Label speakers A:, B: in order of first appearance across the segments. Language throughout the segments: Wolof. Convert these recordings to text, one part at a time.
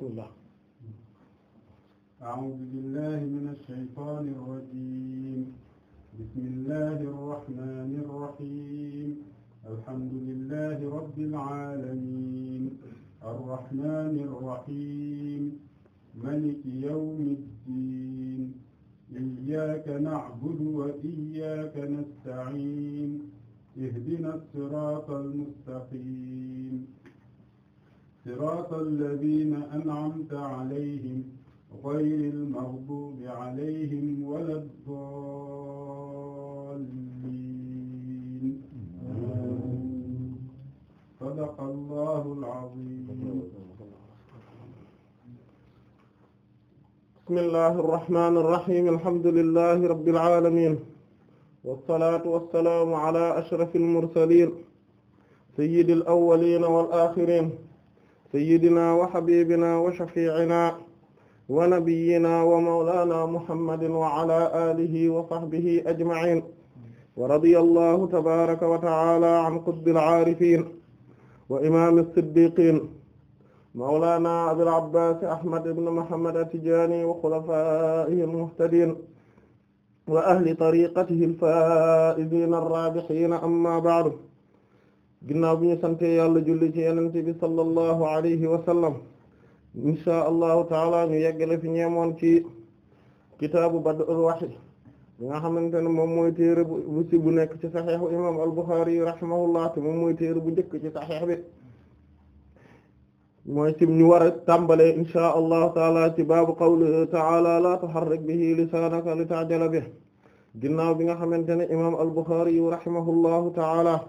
A: bismillah a'uuzu billahi mina shaytaani rajiim bismillahi rahmaani rahiim alhamdulillahi rabbil aalamiin arrahmaani rahiim maliki yawmi ddiin iyyaaka na'budu wa iyyaaka nasta'iin ihdina siraatal mustaqiim صراط الذين أنعمت عليهم غير المغضوب عليهم ولا الضالين صدق الله العظيم بسم الله الرحمن الرحيم الحمد لله رب العالمين والصلاة والسلام على أشرف المرسلين سيد الأولين والآخرين sayyidina wa habibina wa shafi'ina wa nabiyyina wa mawlana muhammadin wa ala alihi wa sahbihi ajma'in wa radiyallahu tabaraka wa ta'ala an qutbil aarifin wa imam as-siddiqin mawlana abil abbas ahmad ibn muhammad at-tijani wa khulafa'ihi al-muhtadin wa ahli tariqatihi al-fa'izin ar-rabihin amma ba'du ginnaaw bi ñu sante yàlla julli ci yenente bi sallallahu alayhi wa sallam inshaa taala ñu yeggale fi moon ci kitaabu bad'ul wahyi bi nga xamante ne moom mooy téere bu ci bu nekk ci saxiixu imam al-Bukhari y moom mooy téere bu njëkk ci saxiix bi ñu war a tàmbalee inshaa allahu taala ci baabu qawlihi taala la tuharrik bihi lisaanaka li ta'jala bihi ginnaaw bi nga xamante ne imam al taala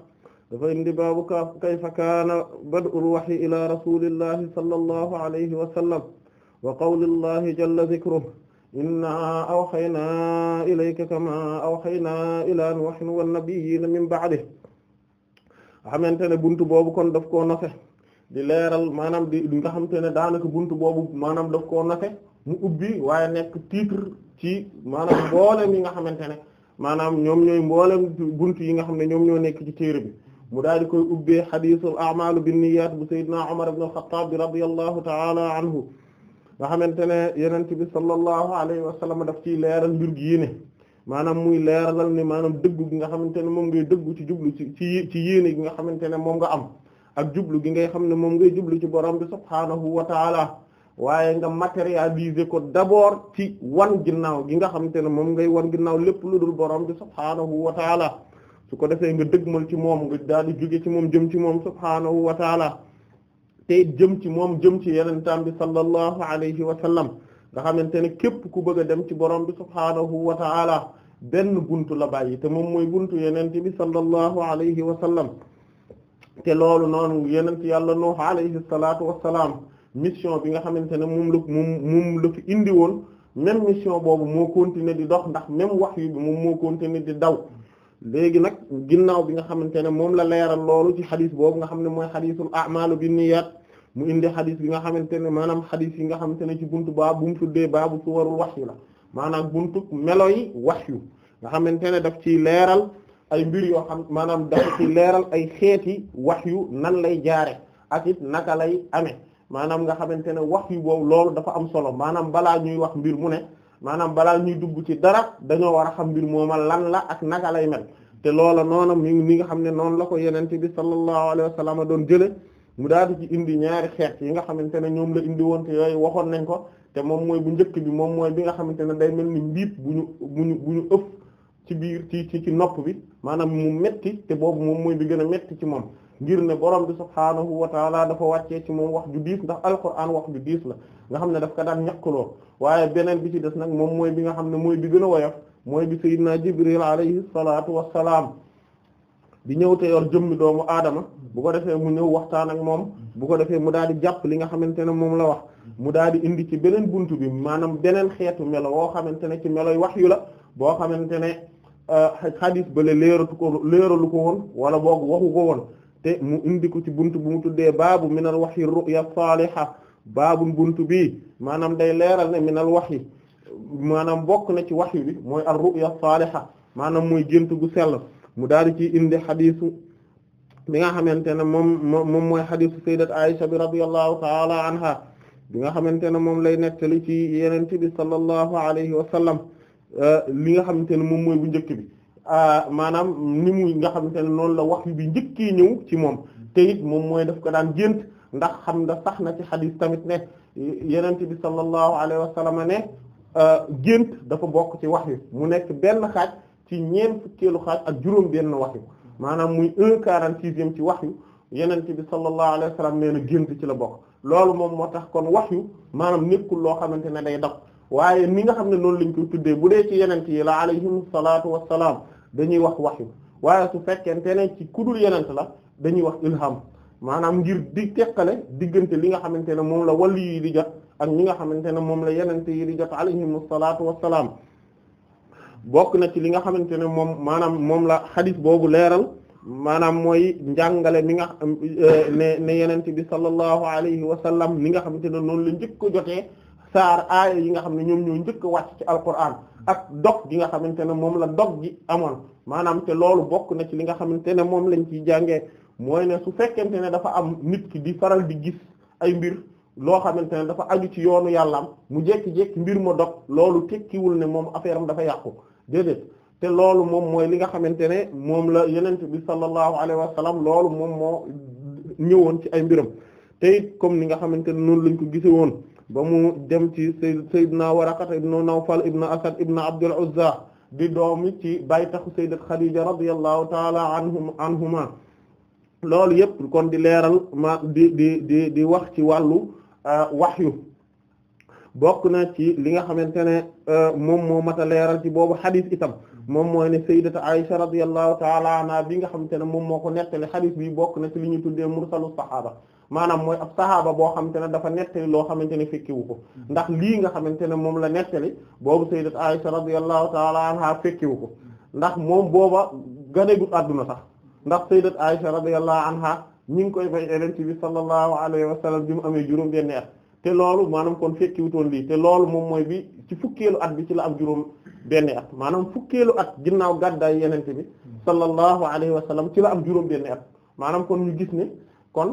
A: dafa indi baabu ka kayfa kaana bad'ul wahyi ila rasulillahi sallallahu alayhi wa sallam wa qawlillahi jalla dhikruhu inna awhaynaa ilayka kama awhaynaa ila nuuhin wan nabiyyiina min ba'dihi xamante ne buntu boobu kon daf ko nafe di leeral maanaam di nga xamante ne daanaka buntu boobu maanaam daf koo nafe mu ubbi waaye nekk titre ci maanaam mboolem yi nga xamante ne maanaam ñoom ñooy mboolem buntu yi nga xam ne ñoom ñoo nekk ci téere bi mu daal di koy ubbee xadisul a'malu binniyat bu sayyidina Umar ibn al-Khattab radiyallahu ta'ala anhu nga xamante ne yonent bi sallallahu alayhi wa sallam daf ci leeral mbir gi yéene maanaam muy leeralal ne maanaam dëggu gi nga xamante ne moom ngay dëggu ci jublu ci ci ci yéene gi nga xamante ne moom nga am ak jublu gi ngay xam ne moom ngay jublu ci borom bi subhaanahu wa ta'ala waaye nga matérialiser ko d'abord ci wan ginnaaw gi nga xamante ne moom ngay wan ginnaaw lépp lu dul borom bi subhaanahu wa ta'ala su ko defee nga dëgmal ci moom nga daal di jóge ci moom jëm ci moom subhaanahu wa taala te jëm ci moom jëm ci yenentaam bi sallallahu alayhi wa sallam nga xamante ne képp ku bëgg a dem ci borom bi subhaanahu wa taala benn buntu la bàyyi te moom mooy buntu yenente bi sallallahu alayhi wa sallam te loolu noon yenent yàlla nuux alayhi salaatu wassalaam mission bi nga xamante ne moom la moom moom la fi indi woon même mission boobu moo continuer di dox ndax même wax yi bi moom moo continuer di daw léegi nag ginnaaw bi nga xamante ne moom la leeral loolu ci xadis boobu nga xam ne mooy bi a'malu binniyat mu indi xadis bi nga xamante ne maanaam xadis yi nga xamante ne ci buntu baa bu mu tuddee baabu suwarul wahyi la maanaam buntu melo yi wahyu nga xamante ne daf ciy leeral ay mbir yoo maanaam daf ciy leeral ay xeeti wahyu nan lay jaare ak it naka lay amee maanaam nga xamante ne wahyu boobu loolu dafa am solo maanaam balaa ñuy wax mbir mu ne maanaam balaa ñuy dugg ci dara dañoo war a xam mbir mooma lan la ak naka lay mel te loola noonu mi ni nga xam ne noonu la ko yenente bi sallallahu alayhi wa sallam doon jële mu daal di ci indi ñaari xeet yi nga xamante ne ñoom la indi woon te yooyu waxoon nañ ko te moom mooy bu njëkk bi moom mooy bi nga xamante ne day mel ni mbiip bu ñu bu ñu bu ñu ëpp ci biir ci ci ci nopp bi maanaam mu metti te boobu moom mooy bi gën a metti ci moom ngir ne borom bi subhaanahu wa taala dafa wàccee ci moom wax ju diis ndax alquran wax ju diis la nga xam ne daf ko daan ñàkkuloo waaye beneen bi ci des nag moom mooy bi nga xam ne mooy bi gën a woyof mooy bi sayyidina jibril alayhi salaatu wassalaam bi ñëw te yor jëmmi doomu aadama bu ko defee mu ñëw waxtaan ak moom bu ko defee mu daal di jàpp li nga xamante ne moom la wax mu daal di indi ci beneen bunt bi maanaam beneen xeetu melo woo xamante ne ci meloy wax yu la boo xamante ne xadis euh, bële leeratu ko leeralu ko wala boog waxu ko woon te mu indi ko ci buntu bu mu tuddee baabu minal waxyi ruya saaliha baabul buntu bi maanaam day leeral ne minal waxyi maanaam bokk na ci waxyi bi mooy ar ruya saaliha maanaam mooy gént gu sell mu daal di ci indi xadiisu bi nga xamante ne moom moom mooy xadiisu sayyidat Aisha bi radiyallahu taala anha bi nga xamante ne moom lay nettali ci yenente bi sallallahu alayhi wa e li nga xamante ne moom mooy bu njëkk bi Euh, maanaam ni mu nga xamante ne noonu la wax yu bi njëkkee ñëw ci moom te it moom mooy daf ko daan gént ndax xam nga sax na ci xadis tamit ne yenente bi sallallahu alayhi wa sallam ne euh, gént dafa bokk ci wax yu mu nekk benn xaaj ci ñeent fukkeelu xaaj ak juróom benn wax maanaam muy un quarante-sixième ci wax yu yenente bi sallallahu alayhi wa sallam nee na gént ci la bokk loolu moom moo tax kon wax yu maanaam nekkul loo xamante ne day dog waaye ni nga xam ne noonu lañ koy tuddee bu dee ci yeneen yi la alayhimu salaatu wassalaam dañuy wax waxyu waaye su fekkente ne ci kudul yenent la dañuy wax ilham maanaam ngir di teqale diggante li nga xamante ne moom la wàllu yi di jot ak ñi nga xamante ne moom la yenente yi di jot alayhim asalaatu wassalaam bokk na ci li nga xamante ne moom maanaam moom la xadis boobu leeral maanaam mooy njàngale mi nga euh, ne ne yenent bi sallallahu alayhi wa sallam li nga xamante ne noonu la njëkk ko jotee saar aaya yi nga xam ne ñoom ñoo njëkk a wàcc ci alquran ak dog gi nga xamante ne moom la dog gi amoon maanaam te loolu bokk na ci li nga xamante ne moom lañ ciy jàngee mooy ne su fekkente ne dafa am nit ki di faral di gis ay mbir loo xamante ne dafa aju ci yoonu yàllaam mu jékki mbir ma dog loolu tekkiwul ne moom affaire am dafa yàqu déedéet te loolu moom mooy li nga xamante ne moom la yenent bi sallallahu alayhi wa sallam loolu moom moo ñëwoon ci ay mbiram te comme ni nga xamante ne noonu lañ ko gise woon ba mu dem ci na Waraqata ibnu Nawfal ibnu Asad ibnu Abdul Uzza di doomi ci baay taxu sayyidat Khadija radiyallahu taala anhum anhuma loolu yëpp kon di leeral ma di di di di wax ci wàllu euh, waxyu bokk na ci li nga xamante ne euh, moom moo mat a leeral ci boobu xadis itam moom mooy ne sayyidat Aisha radiyallahu taala anha bi nga xamante ne moom moo ko nettali xadis bi bokk na ci li ñu tuddee mursalu saxaaba maanaam mooy ab sahaaba boo xamante ne dafa nettali loo xamante ne fekkiwu ko mm-hmm. ndax lii nga xamante ne moom la nettali boobu sayyidat Aisha radiyallahu ta'ala anha fekkiwu ko mm-hmm. ndax moom booba ganegut àdduna sax ndax sayyidat Aisha radiyallahu anha ñi ngi koy may Yonent bi sallallahu alayhi wa sallam bi mu amee juróom benn at te loolu maanaam kon fekkiwutoon lii te loolu moom mooy bi ci fukkeelu at bi ci la am juróom benn at maanaam fukkeelu at ginnaaw gàddaay Yonent bi mm-hmm. sallallahu alayhi wa sallam ci la am juróom benn at maanaam kon ñu gis ne kon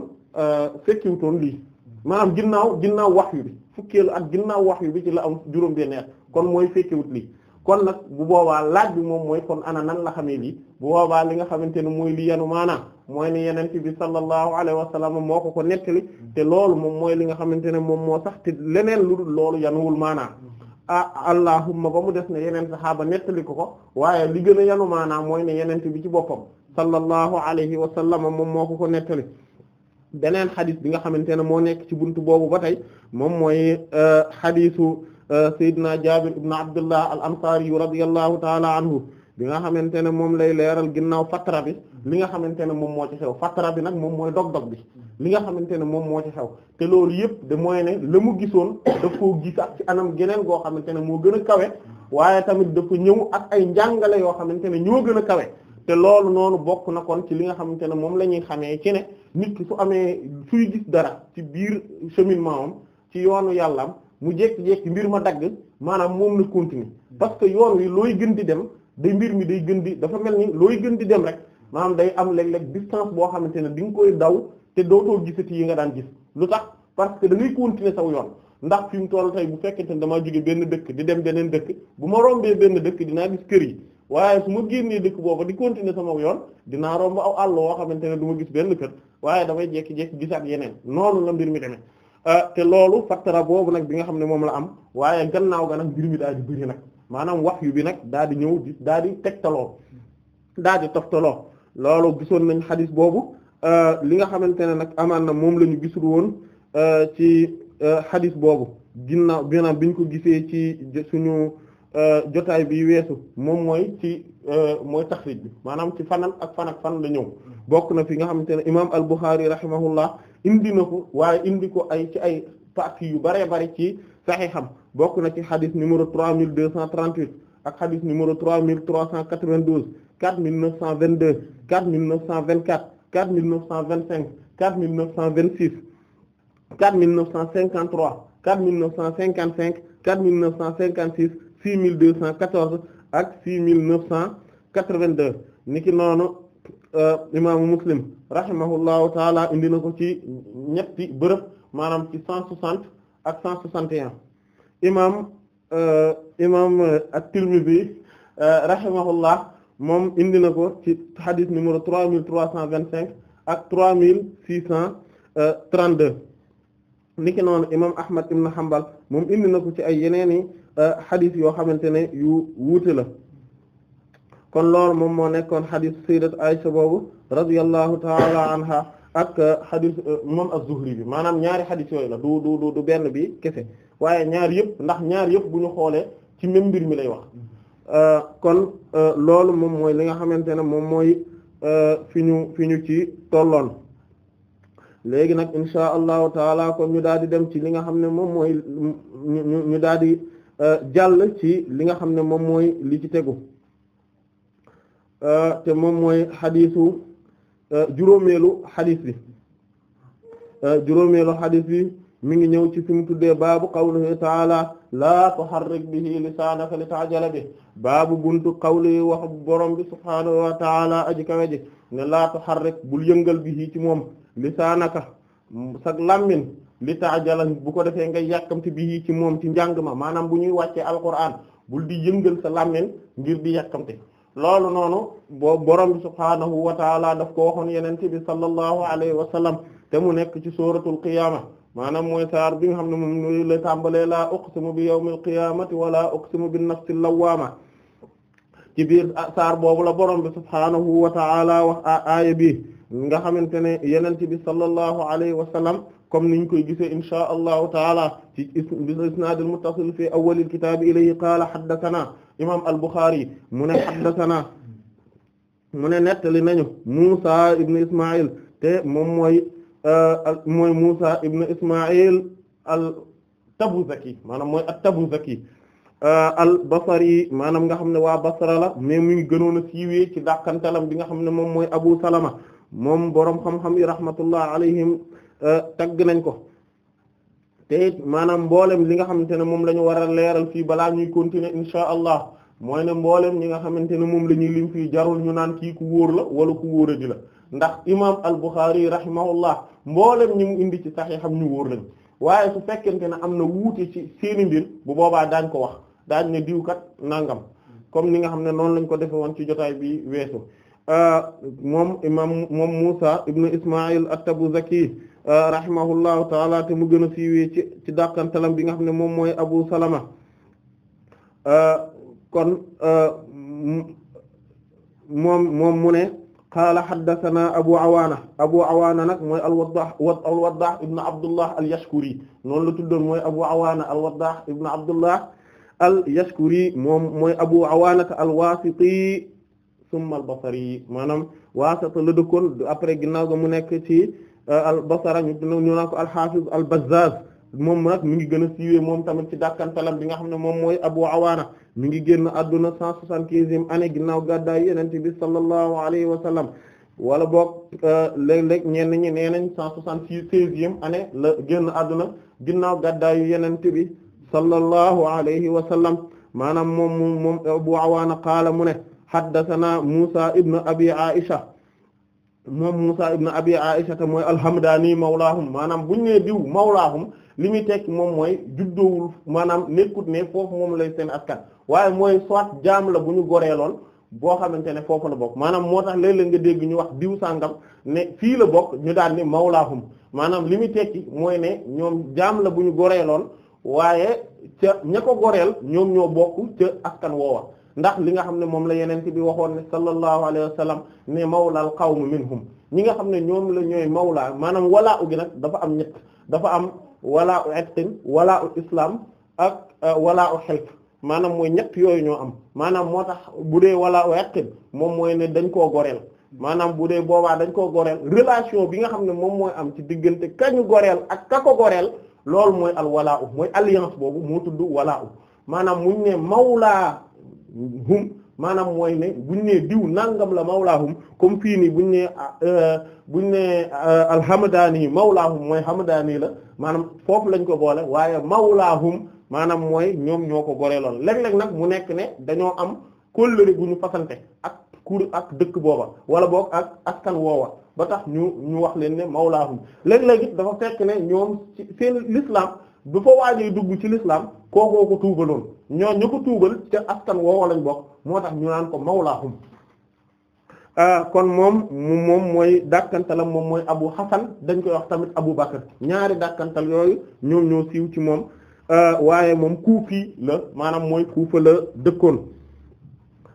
A: fekkiwutoon euh, lii maanaam ginnaaw ginnaaw yu bi fukkeelu ak ginnaaw yu bi ci la am juróom benn kon mooy fekkiwut lii kon nag bu boobaa laaj bi moom mooy kon ana nan la xamee lii bu boobaa li nga xamante ne mooy li yanu maanaam mooy ni yeneen bi sallallahu alayhi wa sallam moo ko ko nettali te loolu moom mooy li nga xamante ne moom moo sax te leneen lu dul loolu yanuwul maanaam ah allahumma ba mu def ne yeneen saxaaba nettali ko ko waaye li gën a yanu maanaam mooy ne yeneen bi ci boppam sallallahu alayhi wa sallam moom moo ko ko nettali beneen xadis bi nga xamante ne moo nekk ci bunt boobu ba tey moom mooy euh, xadisu euh, Seydina Jaabir ibn Abdullah al ansari radiyallahu taala anhu bi nga xamante ne moom lay leeral ginnaaw fatra bi li nga xamante ne moom moo ci xew fatra bi nag moom mooy dog-dog bi li nga xamante ne moom moo ci xew te loolu yëpp de mooy ne la mu gisoon daf koo gis ak ci anam geneen goo xamante ne moo gën a kawe waaye tamit dafa ñëw ak ay njàngale yoo xamante ne ñoo gën a kawe te loolu noonu bokk na kon ci li nga xamante ne moom la ñuy xamee ci ne nit ki su amee suy gis dara ci biir cheminement am ci yoonu yàllaam mu jékki-jékki mbir ma dagg maanaam moom la continuer parce que yoon wi looy gën di dem day mbir mi day gën di dafa mel ni looy gën di dem rek maanaam day am léeg-léeg distance boo xamante ne di nga koy daw te dootoo gisati yi nga daan gis lu tax parce que dangay ngay continuer saw yoon ndax fi mu toll tey bu fekkente ne damaa jóge benn dëkk di dem beneen dëkk bu ma rombee benn dëkk dinaa gis kër yi waaye su ma génnee dëkk boobu di continuer sama yoon dinaa romb aw àll woo xamante ne du ma gis benn kër waaye dafay jékki-jékki gisaat yeneen noonu la mbir mi demee euh, te loolu fattara boobu nag bi nga xam ne moom la am waaye gannaaw ga nag mbir mi daal di nag maanaam wax yu bi nag daal di ñëw daal di tegtaloo daal di toftaloo loolu gisoon nañ xadis boobu euh, li nga xamante ne nag amaan na moom lañu ñu gisul woon euh, ci xadis boobu ginnaaw bi biñ ko gisee ci suñu. Euh, jotaay bi weesu moom mooy ci euh, mooy taxrij bi maanaam ci fanan ak fan ak fan la ñëw bokk na fi nga xamante ne imaam al-Bukhari rahimahullah indi na ko waaye indi ko ay ci ay parti yu baree bari ci saxiixam bokk na ci xadis numéro 3238 ak xadis numéro 3392 4922 4924 4925 4926 4953 4955 4956 six mille deux cent quatorze ak six mille neuf cent quatre-vingt-deux niki noonu euh, imaamu muslim rahimahullahu taala indi na ko ci ñetti bërëb maanaam ci cent soixante ak cent soixante ak un imaam euh, imaam at-Tirmidhi euh, rahimahullah moom indi na ko ci hadith numéro trois mille trois cent vingt-cinq ak trois mille six cent trente-deux niki noonu imaam Ahmad ibn Hanbal moom indi na ko ci ay yeneeni xadis yoo xamante ne yu wuute la kon loolu moom moo nekkoon xadis sayyidat Aisha boobu radiyallahu ta'ala anha ak xadis euh, moom a zuhri bi maanaam ñaari xadis yooyu la du du du benn bi kese waaye ñaar yëpp ndax ñaar yëpp bu ñu xoolee ci même mbir mi lay wax euh, kon euh, loolu moom mooy li nga xamante ne moom mooy fi ñu fi ñu ci tolloon léegi nag insha allahu taala kon ñu daal di dem ci li nga xam ne moom mooy ñu ñu daal di Euh, jàll ci li nga xam ne moom mooy li ci tegu euh, te moom mooy xadisu euh, juróomeelu xadis bi juróomeelu xadis bi mi ngi ñëw ci fi mu tuddee baabu qawlihi taala laa tuharrik bihi lisaanaka li taajala bi baabu buntu qawli wax borom bi subhaanahu wa taala aji kawe ji ne laa tuharrik bul yëngal bihi ci moom lisaanaka sag làmmin li ta taajala bu ko defee ngay yàkkamti bi ci moom ci njàng ma maanaam bu ñuy wàccee alquran bul di yëngal sa làmmiñ ngir di yàkkamti loolu noonu boo borom bi subhaanahu wa taala daf ko waxoon yenente bi sallallahu alayhi wa sallam te mu nekk ci suratul qiyaama maanaam mooy saar bi nga xam ne moom nuyu la tàmbalee laa uqsimu bi yawmil qiyaamati wala uqsimu bi nafsil lawwaama ci biir saar boobu la borom bi subhaanahu wa taala wax aaya bi nga xamante ne yenente bi sallallahu alayhi wa sallam comme niñ koy gisee inshaa allahu taala ci isnaadil muttasil fi awwalil kitaabi ilayhi qaala haddathana imaam al-Bukhari mu ne haddathana mu ne nettali nañu Muusa ibn Ismaa'il te moom mooy euh, mooy Muusa ibn Ismaa'il al-Tabuzaki maanaam mooy at-Tabuzaki euh, al-Basri maanaam nga xam ne waa Basra la mais mu ngi gënoon a siiwee ci dàqantalam bi nga xam ne moom mooy Abu Salama moom boroom xam-xam yi rahmatullah alayhim Euh, tagg nañ ko te it maanaam mboolem li nga xamante ne moom la ñu war a leeral fii balaa ñuy continuer insha allah mooy ne mboolem ñi nga xamante ne moom la ñuy lim fii jarul ñu naan kii ku wóor la wala ku wóor di la ndax imam al-Bukhari rahimahullah mboolem ñi mu indi ci saxiix xam ñu wóor lañ waaye su fekkente ne am na wuute ci seeni mbir bu boobaa daañ ko wax daañ ne diwkat nangam comme ni nga xam ne noonu lañ ko defee woon ci jotaay bi weesu euh, moom imam moom Musa ibnu Ismail rahimahullahu taala te mu gën a ci ci dàqantalam bi nga xam ne moom mooy Abu Salama euh, kon euh, moom moom mu ne qaala haddathana Abu Awaana Abu Awaana nag mooy al-Waddah al-Waddah ibn Abdullah al-Yashkuri noonu tuddoon mooy Abu Awaana al-Waddah ibn Abdullah al-Yashkuri moom mooy Abu Awaana maanaam Wasata la dëkkoon mu nekk ci. Euh, al-Basra ñu ñu naan ko al-Hafiz al-Bazzaz moom nag mu ngi gën a siiwee moom tamit ci dàkkantalam bi nga xam ne moom mooy Abu Awaana mi ngi génn adduna 175e année ginnaaw gàddaay Yonent bi sallallahu alayhi wa sallam wala boog euh, léeg-léeg ñenn ñi nee nañ 176e année la génn adduna ginnaaw gàddaayu Yonent bi sallallahu alayhi wa sallam maanaam moom moom Abu Awaana qaala mu ne haddathana Musa ibn Abi Aisha moom Musa ibn Abi Aisha mooy alhamdani mawlaahum maanaam buñ nee diw mawlaahum li tekk moom mooy juddoowul maanaam nekkut ne foofu lay seen askan waaye mooy soit jaam la bu ñu goreeloon boo xamante ne foofu la bokk maanaam moo tax léeg-léeg nga dégg ñu wax diw sàngam ne fii la bokk ñu daan ne mawlaahum maanaam li muy tekki mooy ne ñoom jaam la bu ñu goreeloon waaye ca ña ko goreel ñoom ñoo bokk ca askan woowa ndax li nga xam ne moom la yeneen bi waxoon ne sallallahu alayhi wa sallam ne mawlaal qawm minhum ñi nga xam ne ñoom la ñooy mawla maanaam walaa u gi nag dafa am ñett dafa am walaa u ettin walaa u islam ak euh, walaa u xelf maanaam mooy ñett yooyu ñoo am maanaam moo tax bu dee walaa u moom mooy ne dañ koo goreel maanaam bu dee boobaa dañ koo goreel relation bi nga xam ne moom mooy am ci diggante kañu goreel ak ka goreel loolu mooy al walaa u mooy alliance boobu moo tudd walaa u maanaam muñ ne mawlaa hum maanaam mooy ne ñu ne diw nangam la mawlaahum comme fii nii buñ ne euh, buñ ne euh, alhamdaani mawlaahum mooy hamdaani la maanaam foofu lañ ko boole waaye mawlaahum maanaam mooy ñoom ñoo ko boole lool léeg-léeg nag mu nekk ne dañoo am kóllëre gu ñu fasante ak kur ak dëkk booba wala boog ak askan woowa ba tax ñu ñu wax leen ne mawlaahum léeg-léeg it dafa fekk ne ñoom seen l'islam du fa waajee dugg ci l'islam kookoo ko tuubaloon ñoo ñu ko tuubal te askan woowa lañ bokk moo tax ñu naan ko mawlaahum ah, kon moom moom mooy la moom mooy abu hasan dañ koy wax tamit abu bakr ñaari dàkkantal yooyu ñoom ñoo siiw ci moom ah, waaye moom kuufi la maanaam mooy kuufa dëkkoon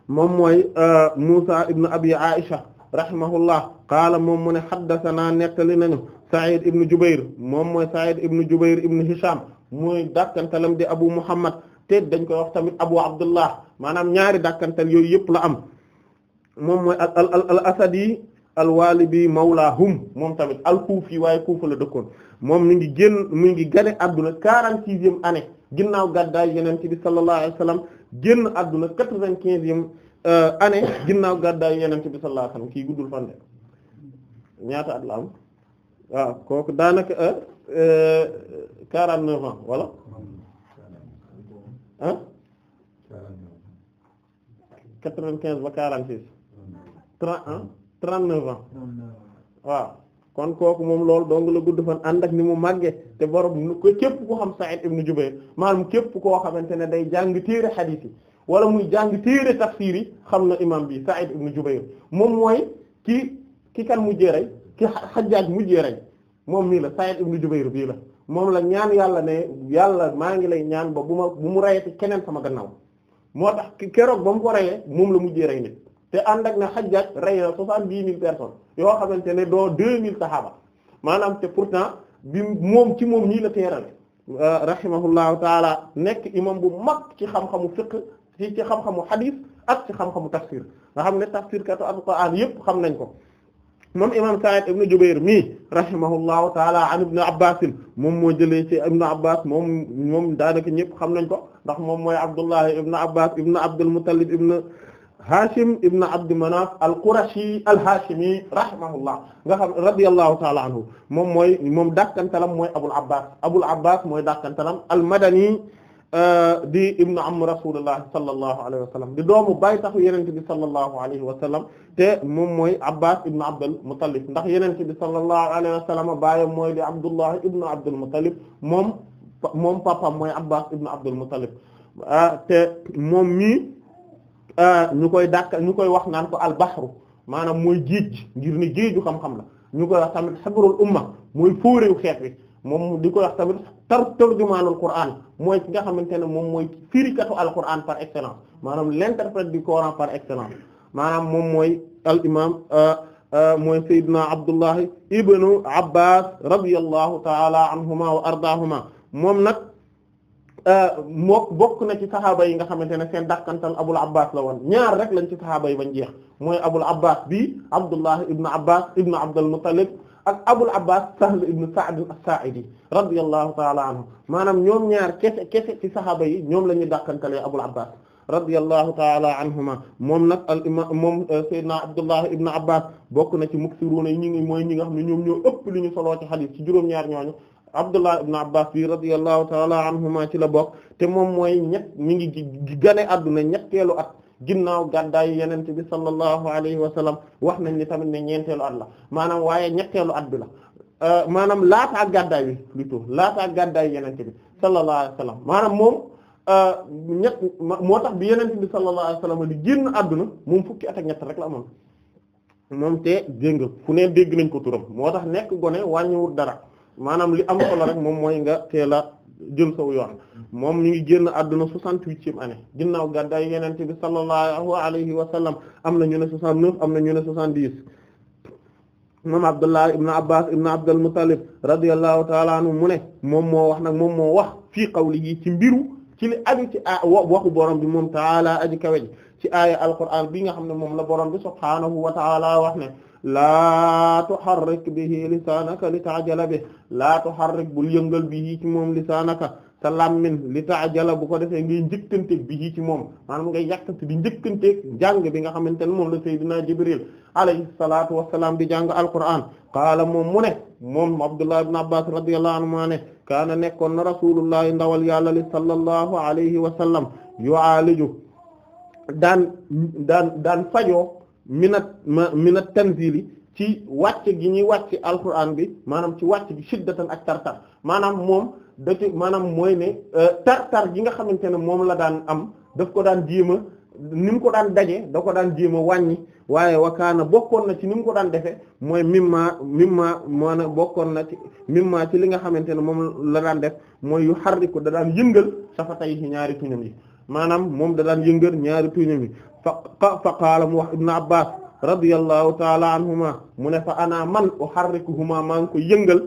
A: moom mooy ah, Musa ibn abi Aisha rahimahullah qaala moom mu ne haddathana nettali nañu Saïd ibn Jubair moom mooy Saïd ibn Jubair ibn Hisham muy dàkkantalam di Abu Muhammad te dañ koy wax tamit Abu Abdullah maanaam ñaari dàkkantal yooyu yëpp la am moom mooy al al al asadi al walibi mawlahum moom tamit al kuufi waaye kuufa la dëkkoon moom mi ngi génn mi ngi gane adduna quarante-sixième année ginnaaw gàddaay Yonent bi sallallahu alayhi wa sallam génn adduna quatre-vingt-quinzième Euh, année ginnaaw gàddaay yenente bi sallallahu alayhi kii guddul fan de ñaata at la am waaw kooku daanaka euh, euh, quarante neuf ans wala ah quatre quinze ba quarante six trente ans trente neuf ans waaw kon kooku moom loolu dong la gudd fan ànd ak ni mu màgge te borom ko képp ko xam Sa'id ibn Jubayr maanaam képp koo xamante ne day jàng téere xadiis wala muy jàng téere tafsir yi xam na imam bi Sa'id ibn Jubayr moom mooy ki ki kan mujjee rey ki Hajjaj mujjee rey moom mii la Sa'id ibn Jubayr bii la moom la ñaan yàlla ne yàlla maa ngi lay ñaan ba bu ma bu mu reyati keneen sama gannaaw moo tax keroog ba mu ko reyee moom la mujjee rey nit te ànd ak ne Hajjaj rey na soixante-dix mille personnes yoo xamante ne doo deux mille saxaaba maanaam te pourtant bi moom ci moom nii la teerale rahimahullahu taala nekk imam bu mag ci xam-xamu ci xam-xamu hadith ak ci xam-xamu tafsir nga xam ne tafsir katu alquran yëpp xam nañ ko moom imam Sa'id ibn Jubayr mi rahimahullahu taala an ibn Abbas moom moo jëlee ci ibn Abbas moom moom daanaka ñëpp xam nañ ko ndax moom mooy Abdullah ibn Abbas ibn Abdul Muttalib ibn Hashim ibn Abd Manaf al-Qurashi al-Hashimi rahimahullah nga xam radiyallahu taala anhu moom mooy moom dàkkantalam mooy Abul Abbas Abul Abbas mooy dàkkantalam al-Madani Euh, di ibnu am rasulullah sallallahu alayhi wa sallam di doomu bàyyi taxu yenente bi sallallahu alayhi wa sallam te moom mooy abbas ibnu abdul muttalib ndax yenente bi sallallahu alayhi wa sallam baayam mooy di abdullah ibnu abdul muttalib moom moom papaam mooy abbas ibnu abdul muttalib euh, te moom mii euh, ñu koy dàkk ñu koy wax naan ko albahru maanaam mooy géej ngir ne géeju xam-xam ñu koy wax tamit xibrul umma mooy fóoréew xeet moom di koy wax tamit tar tarjumaanul qur'aan mooy ki nga xamante ne moom mooy firikatu alquran par excellence maanaam l'interprète du Coran par excellence maanaam moom mooy al imam euh, euh, mooy Seydina Abdullahi ibnu Abbas radiyallahu taala anhuma wa moom nag euh, moo bokk na ci saxaaba yi nga xamante ne seen dàqantal Abul Abbas la woon ñaar rek lañ ci saxaaba bañ jeex mooy Abul Abbas bi Abdullahi ibnu Abbas ibnu Abdul Muttalib ak Abul Abbas Sahl ibnu Sa'd as radiyallahu taala anhu maanaam ñoom ñaar kese kese ci saxaaba yi ñoom la ñuy dàqantalee Abul Abbas radiyallahu taala anhuma moom nag al imam moom euh, Seydina Abdullah Ibn Abbas bokk na ci muksiruuna yi ñi ngi mooy ñi nga xam ne ñoom ñoo ëpp li ñu soloo ci xadiis ci juróom-ñaar ñooñu Abdullah Ibn Abbas bi radiyallahu taala anhuma ci la bokk te moom mooy ñett mi ngi gane àdduna ñetteelu at ginnaaw gàddaayu yenente bi sallallahu alayhi wa sallam wax nañ ni tamit ñeenteelu at la maanaam waaye ñetteelu at la Euh, maanaam laata ak gàddaay bi plutôt laata ak gàddaay yenente bi sallallahu alayhi wa sallam maanaam moom euh, ñett moo tax bi yenente bi sallallahu alayhi wa sallam di génn àdduna moom fukki at ñett rek amoon moom te dégg nga fu ne dégg nañ ko turam moo tax nekk gone wàññiwul dara maanaam li am solo rek moom mooy nga teel a jël saw yoon moom ñu ngi génn àdduna soixante-huitième année ginnaaw gàddaay yenente bi sallallahu alayhi wa sallam am na ñu ne soixante-neuf am na ñu ne soixante-dix moom Abdullah ibn Abbas ibn Abdul Muttalib radiyallahu ta'ala anhu mu ne moom moo wax nag moom moo wax fii qawlihi ci mbiru ci li aju ci a waxu borom bi moom taala aji kawe ji ci aaya alquraan bi nga xam ne moom la borom bi subhaanahu wa taala wax ne laa tuharrik bihi lisaanaka li ta'jala bihi laa tuharrik bul yëngal bihi ci moom lisaanaka sa làmmiñ li taajala bu ko defee ngay njëkkanteeg bi ji ci moom maanaam ngay yàkkante di njëkkanteeg jàng bi nga xamante ne moom la Seydina Jibril alayhi salaatu wassalaam di jàng alquran qaala moom mu ne moom Abdullah ibn Abbas radiyallahu anhuma ne kaana nekkoon na rasulullahi ndawal yàlla li sallallahu alayhi wa sallam yu'aaliju daan daan daan fajoo minat minat tanzili ci wàcc gi ñuy wàcc alquran bi maanaam ci wàcc gi shiddatan ak tartar maanaam moom dëkk maanaam mooy ne euh, tar-tar gi nga xamante ne moom la daan am def ko daan jéema ni mu ko daan daje da ko daan jéema wàññi waaye wakaana bokkoon na ci ni mu ko daan defee mooy mimma mimma maanaam bokkoon na ci mimma ci li nga xamante ne moom la daan def mooy yu xarriku da daan yëngal safatay ci ñaari tuñam yi maanaam moom da daan yëngal ñaari tuñam yi fa fa qaala mu wax ibnu Abbaas radiyallahu taala anhuma mu ne fa ana man uharrikuhuma maa ngi ko yëngal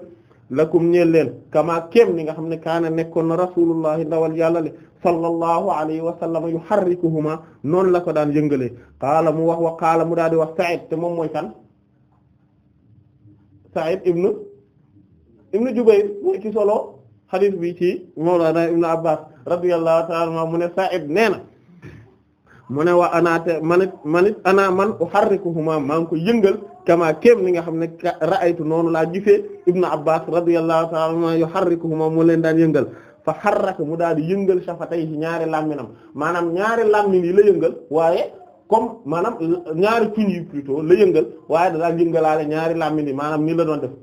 A: lakum ñeel leen kama kéem ni nga xam ne kaana nekkoon na rasulullahi ndawal yàlla le sallallahu alayhi wa yu yuharrikuhuma noonu la ko daan yëngalee qaala mu wax wa qaala mu daal di wax Sa'id te moom mooy kan Sa'id ibnu ibnu Jubayr mooy ci solo hadith bi ci Mawlana ibnu Abbas radiyallahu ta'ala mu ne Sa'id nee mu ne waa anaate manit manit ana man uharrikuhuma maa ngi ko yëngal kama kéem li nga xam ne ra'aytu noonu laa gisee ibnu abbas radiyallahu ta'ala anhuma yuharrikuhuma mu leen daan yëngal fa xarraka mu daal di yëngal shafatay ci ñaari làmminam maanaam ñaari làmmin yi la yëngal waaye comme maanaam ñaari cuñ yi la yëngal waaye da daan yëngalaale ñaari làmmin yi maanaam nii la doon def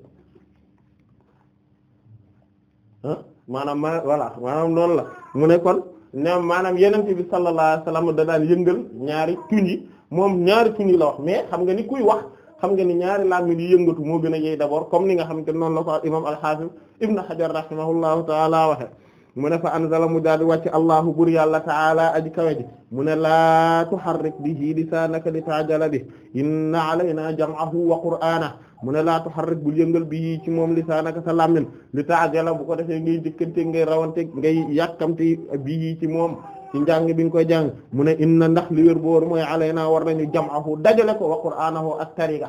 A: ah maanaam ma la mu ne kon na maanaam yenente bi sallallahu alayhi wasallam da daan yëngal ñaari tuñ yi moom ñaari tuñ yi la mais xam nga ni kuy wax xam nga ni ñaari làmmiñ yi yëngatu moo gën a yey d'abord comme ni nga xam te noonu la ko imam al-Hafiz ibn Hajar rahimahullahu ta'ala waxe mu ne fa anzala mu daal di wàcc allahu bur yàlla taala aji kawe ji mu ne laa tuharrik bihi lisaanaka li ta'jala bi inna alayna jam'ahu wa qur'aanahu mu ne laa tuharrik bul yëngal bi yii ci moom lisaanaka sa làmmiñ li ta'jala bu ko defee ngay jëkkante ngay rawante ngay yàkkamte bi yii ci moom ci njàng bi nga koy jàng mu ne inna ndax li wér boor mooy alaynaa war na jam nañu jam'ahu dajale ko wa qur'aanahu ak tariga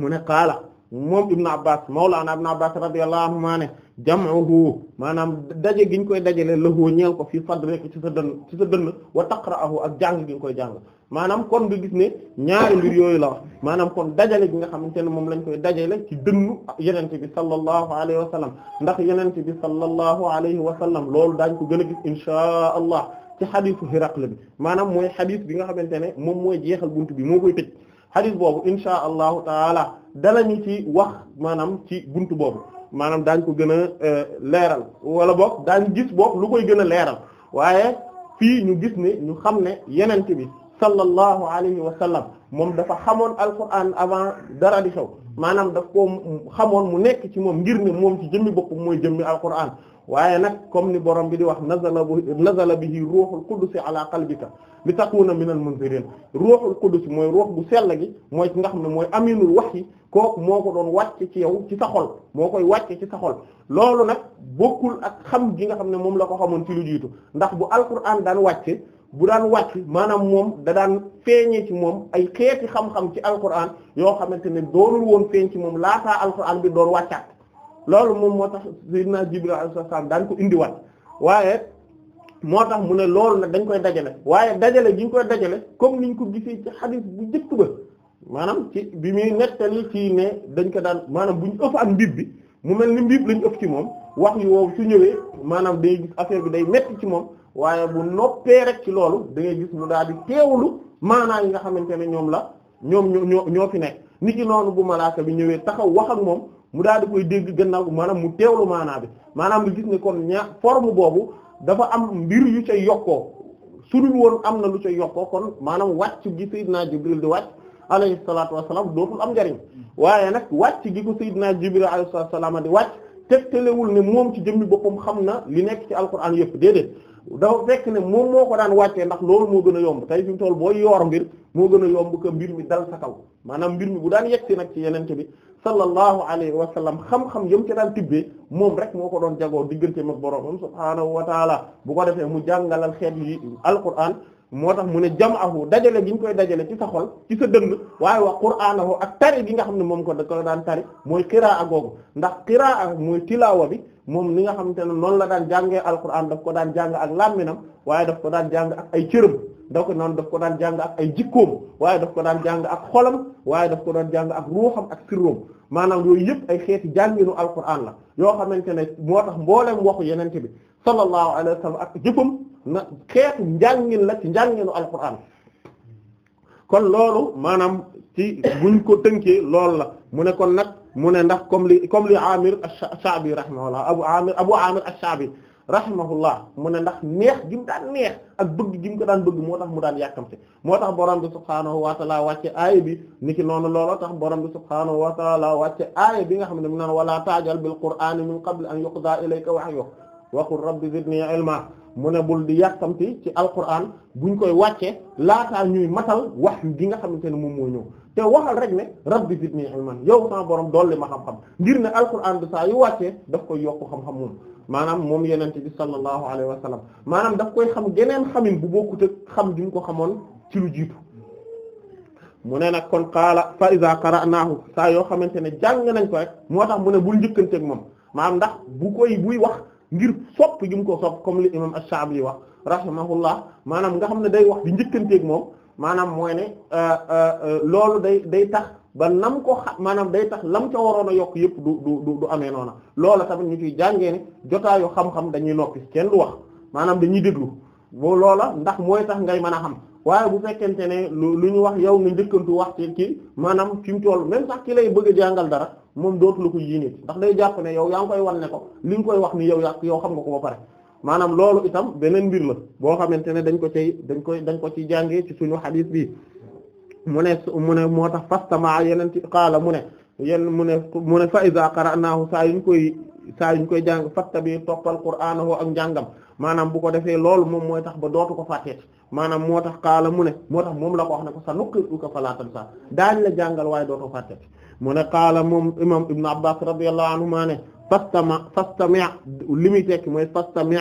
A: mu ne qaala moom ibnu abbas mawlaana ibnu abbas radiyallahu anhuma ne jam'uhu maanaam daje giñ koy dajale lahu ñeel ko fii sadrek ci sa dënn ci sa dënn wa taqra'ahu ak jàng gi koy jàng maanaam kon nga gis ne ñaari mbir yooyu la maanaam kon dajale gi nga xamante ne moom lañ koy dajale ci dënnu yenente bi sallallahu alayhi wa sallam ndax yenente bi sallallahu alayhi wa sallam loolu daañ ko gën a gis inshaa allah ci xadiisu la bi maanaam mooy xadiis bi nga xamante ne moom mooy jeexal buntu bi moo koy tëj xadis boobu insha allahu taala dalañu ci wax maanaam ci buntu boobu maanaam daañ ko gën a euh, leeral wala boog daañ gis boobu lu koy gën a leeral waaye fii ñu gis ne ñu xam ne yenente bi sallallahu alayhi wa sallam moom dafa xamoon alquran avant dara di xew maanaam daf ko xamoon mu nekk ci moom ngir ne moom ci jëmmi boppam mooy jëmmi alquran waaye nag comme ni borom bi di wax nazala bi bihi ruuxul qudus ala qalbika li takuna minal munzirin ruuxul qudus mooy ruux bu sell gi mooy ki nga xam ne mooy aminul wahyi kooku moo ko doon wàcc ci yow ci sa moo koy wàcc ci sa loolu nag bokkul ak xam gi nga xam ne moom la ko xamoon ci lu jiitu ndax bu alquran daan wàcce bu daan wàcc maanaam moom da daan feeñee ci moom ay xeeti xam-xam ci alquran yoo xamante ne doonul woon feeñ ci moom laataa alquran bi doon wàccaat loolu moom moo tax sayyidina Jibril alayhi salaam dañ ko indiwaat waaye moo tax mu ne loolu nag dañ koy dajale waaye dajale gi ñu koy dajale comme ñu ko gisee ci xadiis bu njëkk ba maanaam ci bi muy nettali ci ne dañ ko daan maanaam bu ñu ëpp ak mbib bi mu mel ni mbib lañ ëpp ci moom wax yu woowu su ñëwee maanaam day gis affaire bi day metti ci moom waaye bu noppee rek ci loolu dangay gis mu daal di teewlu maanaa yi nga xamante ne ñoom la ñoom ñoo ñoo fi nekk niki noonu bu malaaka bi ñëwee taxaw wax ak moom mu daal di koy dégg gannaaw maanaam mu teewlu maanaa bi maanaam nga gis ne kon ña forme boobu dafa am mbir yu ca yokkoo su dul woon am na lu ca yokkoo kon maanaam wàcc gi Seydina Jibril di wàcc alayhi salaatu wa salaam dootul am njariñ mm. waaye nag wàcc gi ko Seydina Jibril alayhi salaatu wa salaam di wàcc telewul ne moom ci jëmmi boppam xam na li nekk ci alquran yëpp déedéet daw fekk ne moom moo ko daan wàccee ndax lool moo gën a yomb tey fi mu toll booy yoor mbir moo gën a yomb que mbir mi dal sa kaw maanaam mbir mi bu daan yegg si nag ci yenente bi sallallahu alayhi wa sallam xam-xam yam ci daan tibbee moom rek moo ko doon jagoo diggante mag boroomam subhaanahu wa taala bu ko defee mu jàngalal xeet yi alquran moo tax mu ne jam'ahu dajale gi ñu koy dajale ci sa xol ci sa dënn waaye wax qur'anahu ak tari gi nga xam ne moom ko da ko daan tari mooy qiraa googu ndax qiraa mooy tilaawa bi moom ni nga xamante ne noonu la daan jàngee alquran daf ko daan jàng ak làmminam waaye daf ko daan jàng ak ay cërëm da ko daf ko daan jàng ak ay jikkoom waaye daf ko daan jàng ak xolam waaye daf ko daan jàng ak ruuxam ak sirroom maanaam yooyu yëpp ay xeeti jànginu alquran la yoo xamante ne moo tax mbooleem waxu yenente bi sallallahu alayhi wa sallam ak jëfam na xeetu njàngin la ci njànginu alquran kon loolu maanaam ci buñ ko tënkee loolu la mu ne kon nag mu ne ndax comme li comme li amir ash-sha'bi rahimahullah abu amir abu amir ash-sha'bi rahimahullah mu ne ndax neex gi mu daan neex ak bëgg gi ko daan bëgg moo tax mu daan yàkkamte moo tax boo bi subhaanahu wa ta'ala wàcce aaya ni ki noonu looloo tax borom bi subhaanahu wa ta'ala wàcce aaya bi nga xam ne mu naan wala taajal bil qur'aani min qabli an yuqdaa ilayka wahyuhu wa qul rabbi zidni ilma mu ne bul di yàkkamti ci alquran buñ koy wàcce laataa ñuy matal wax gi nga xamante ne moom moo ñëw te waxal rek ne rabbi zidni ilman yow sama borom dolli ma xam-xam ngir ne alquran bi saa yu wàccee daf koy yokk xam-xam moom maanaam moom yenente bi sallallahu alayhi wa sallam maanaam daf koy xam geneen xamin bu bokkut ak xam duñ ko xamoon ci lu jiitu ne nag kon qaala fa iza qara'nahu saa yoo xamante ne jàng nañ ko rek moo mu ne bul njëkkanteeg moom maanaam ndax bu koy buy wax ngir sopp gi ko sopp comme li imam ash-Sha'bi wax rahimahullah maanaam nga xam ne day wax di njëkkanteeg moom maanaam mooy ne euh, euh, euh, loolu day day tax ba nam ko xa maanaam day tax lam ca waroon a yokk yëpp du du du amee noona loola tamit ñu ciy jàngee ne jotaayu xam-xam dañuy noppi kenn du wax maanaam dañuy déglu boo loola ndax mooy tax ngay mën a xam waaye bu fekkente ne lu ñu wax yow nga njëkkantu wax ci kii maanaam fi mu toll même sax ki lay bëgg a jàngal dara moom dootu la ko yéene ndax day jàpp ne yow yaa ngi koy wan ne ko li nga koy wax ni yow yaa yow xam nga ko pare maanaam loolu itam beneen mbir la boo xamante ne dañ ko cay dañ koy dañ ko ci jàngee ci suñu xadis bi mu ne mu ne moo tax fastama yeneen ci xaala mu ne yenn mu ne mu ne fa iza qara'nahu saa koy saa yuñ koy jàng fattabi toppal qur'anahu ak njàngam maanaam bu ko defee loolu moom mooy tax ba dootu ko fàttee maanaam moo tax kaala mu ne moo tax moom la ko wax ne ko sa nuqiruka fala tansa daañ la jàngal waaye dootu fàttee mu ne xaala moom imam ibnu abbas radiyallahu anhuma ne fastama fastami' li muy tekki mooy fastami'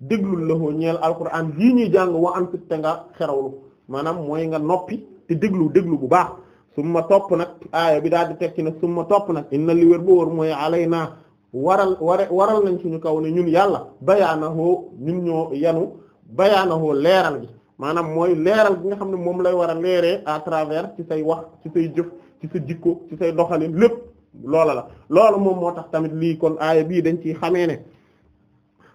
A: déglul lahu ñeel alquran yii ñuy jàng wa anfit te nga xerawlu maanaam mooy nga noppi te déglu déglu bu baax summa topp nag aaya bi daal di tekki nag summa topp nag inna li wér bu wóor mooy alaynaa waral war waral nañ ñu kaw ne ñun yàlla bayaanahoo ñun ñoo yanu bayaanahoo leeral bi maanaam mooy leeral gi nga xam ne moom lay war a leere à travers ci say wax ci say jëf ci sa jikko ci say doxalin lépp loola la loolu moom moo tax tamit lii kon aaya bii dañ ci xamee ne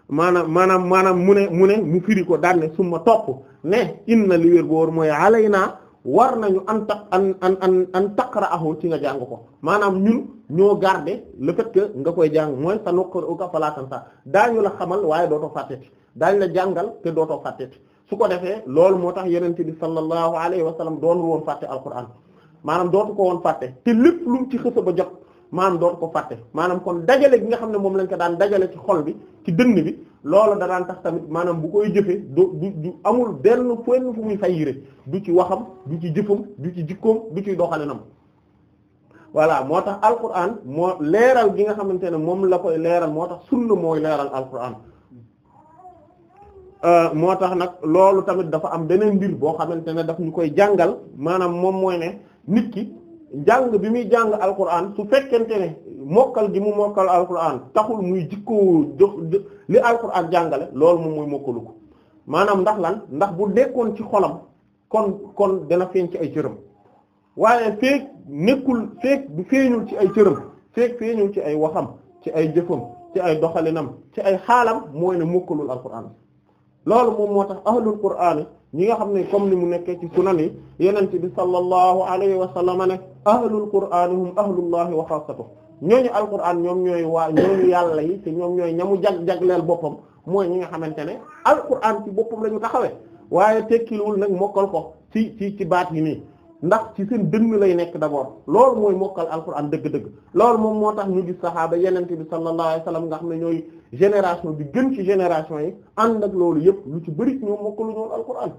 A: maanaam maanaam maanaam mu ne mu ne mu firi ko daal daanne summa topp ne inna li wér boor mooy alay naa war nañu an taq an an an an taqra ahu ci nga jàng ko maanaam ñun ñoo garder le fait que nga koy jàng mooy sa noqar uka falaakan sa daañu la xamal waaye dootoo fàtteti daañu la jàngal te dootoo fàtteti su ko defee loolu moo tax yenente bi sallallahu alayhi wa sallam doon woon fàtte alquran maanaam dootu ko woon fàtte te lépp lu ci xësa ba maanaam doon ko fàtte maanaam kon dajale gi nga xam ne moom lañ ko daan dajale ci xol bi ci dënn bi loolu da daan tax tamit maanaam bu koy jëfee du du du amul benn fenn fu muy fayire du ci waxam du ci jëfam du ci jikkoom du ci doxalinam voilà moo tax alquran moo leeral gi nga xamante ne moom la koy leeral moo tax sunna mooy leeral alquran euh, moo tax nag loolu tamit dafa am beneen mbir boo xamante ne daf ñu koy jàngal maanaam moom mooy ne nit ki. njàng bi muy jàng alquran su fekkente ne mokkal gi mu mokkal alquran taxul muy jikkoo jox li alquran jàngale loolu moom mooy mokkalu maanaam ndax lan ndax bu nekkoon ci xolam kon kon dana feeñ ci ay cëram waaye feek nekkul feek du feeñul ci ay cëram feek feeñul ci ay waxam ci ay jëfam ci ay doxalinam ci ay xaalam mooy ne mokkalul alquran loolu moom moo tax ahlul qur'ani ñi nga xam ne comme ni mu nekkee ci sunan yi yenent bi sallallahu alayhi wa sallam ne ahlul qur'an hum ahlullahi wa xaasatuh ñooñu alqur'an ñoom ñooy waa ñooñu yàlla yi te ñoom ñooy ñamu jag jagleel boppam mooy ñi nga xamante ne alqur'an ci boppam lañu ñu taxawee waaye loolu nag mokkal ko ci ci ci baat yi nii ndax ci seen dënn lay nekk d'abord loolu mooy mokkal alquran dëgg-dëgg loolu moom moo tax ñu gis saxaaba yenente bi sallallahu alayhi wasallam nga xam ne ñooy génération bi gën ci génération yi ànd ak loolu yëpp lu ci bëri ñoom mokkalu ñoon alquran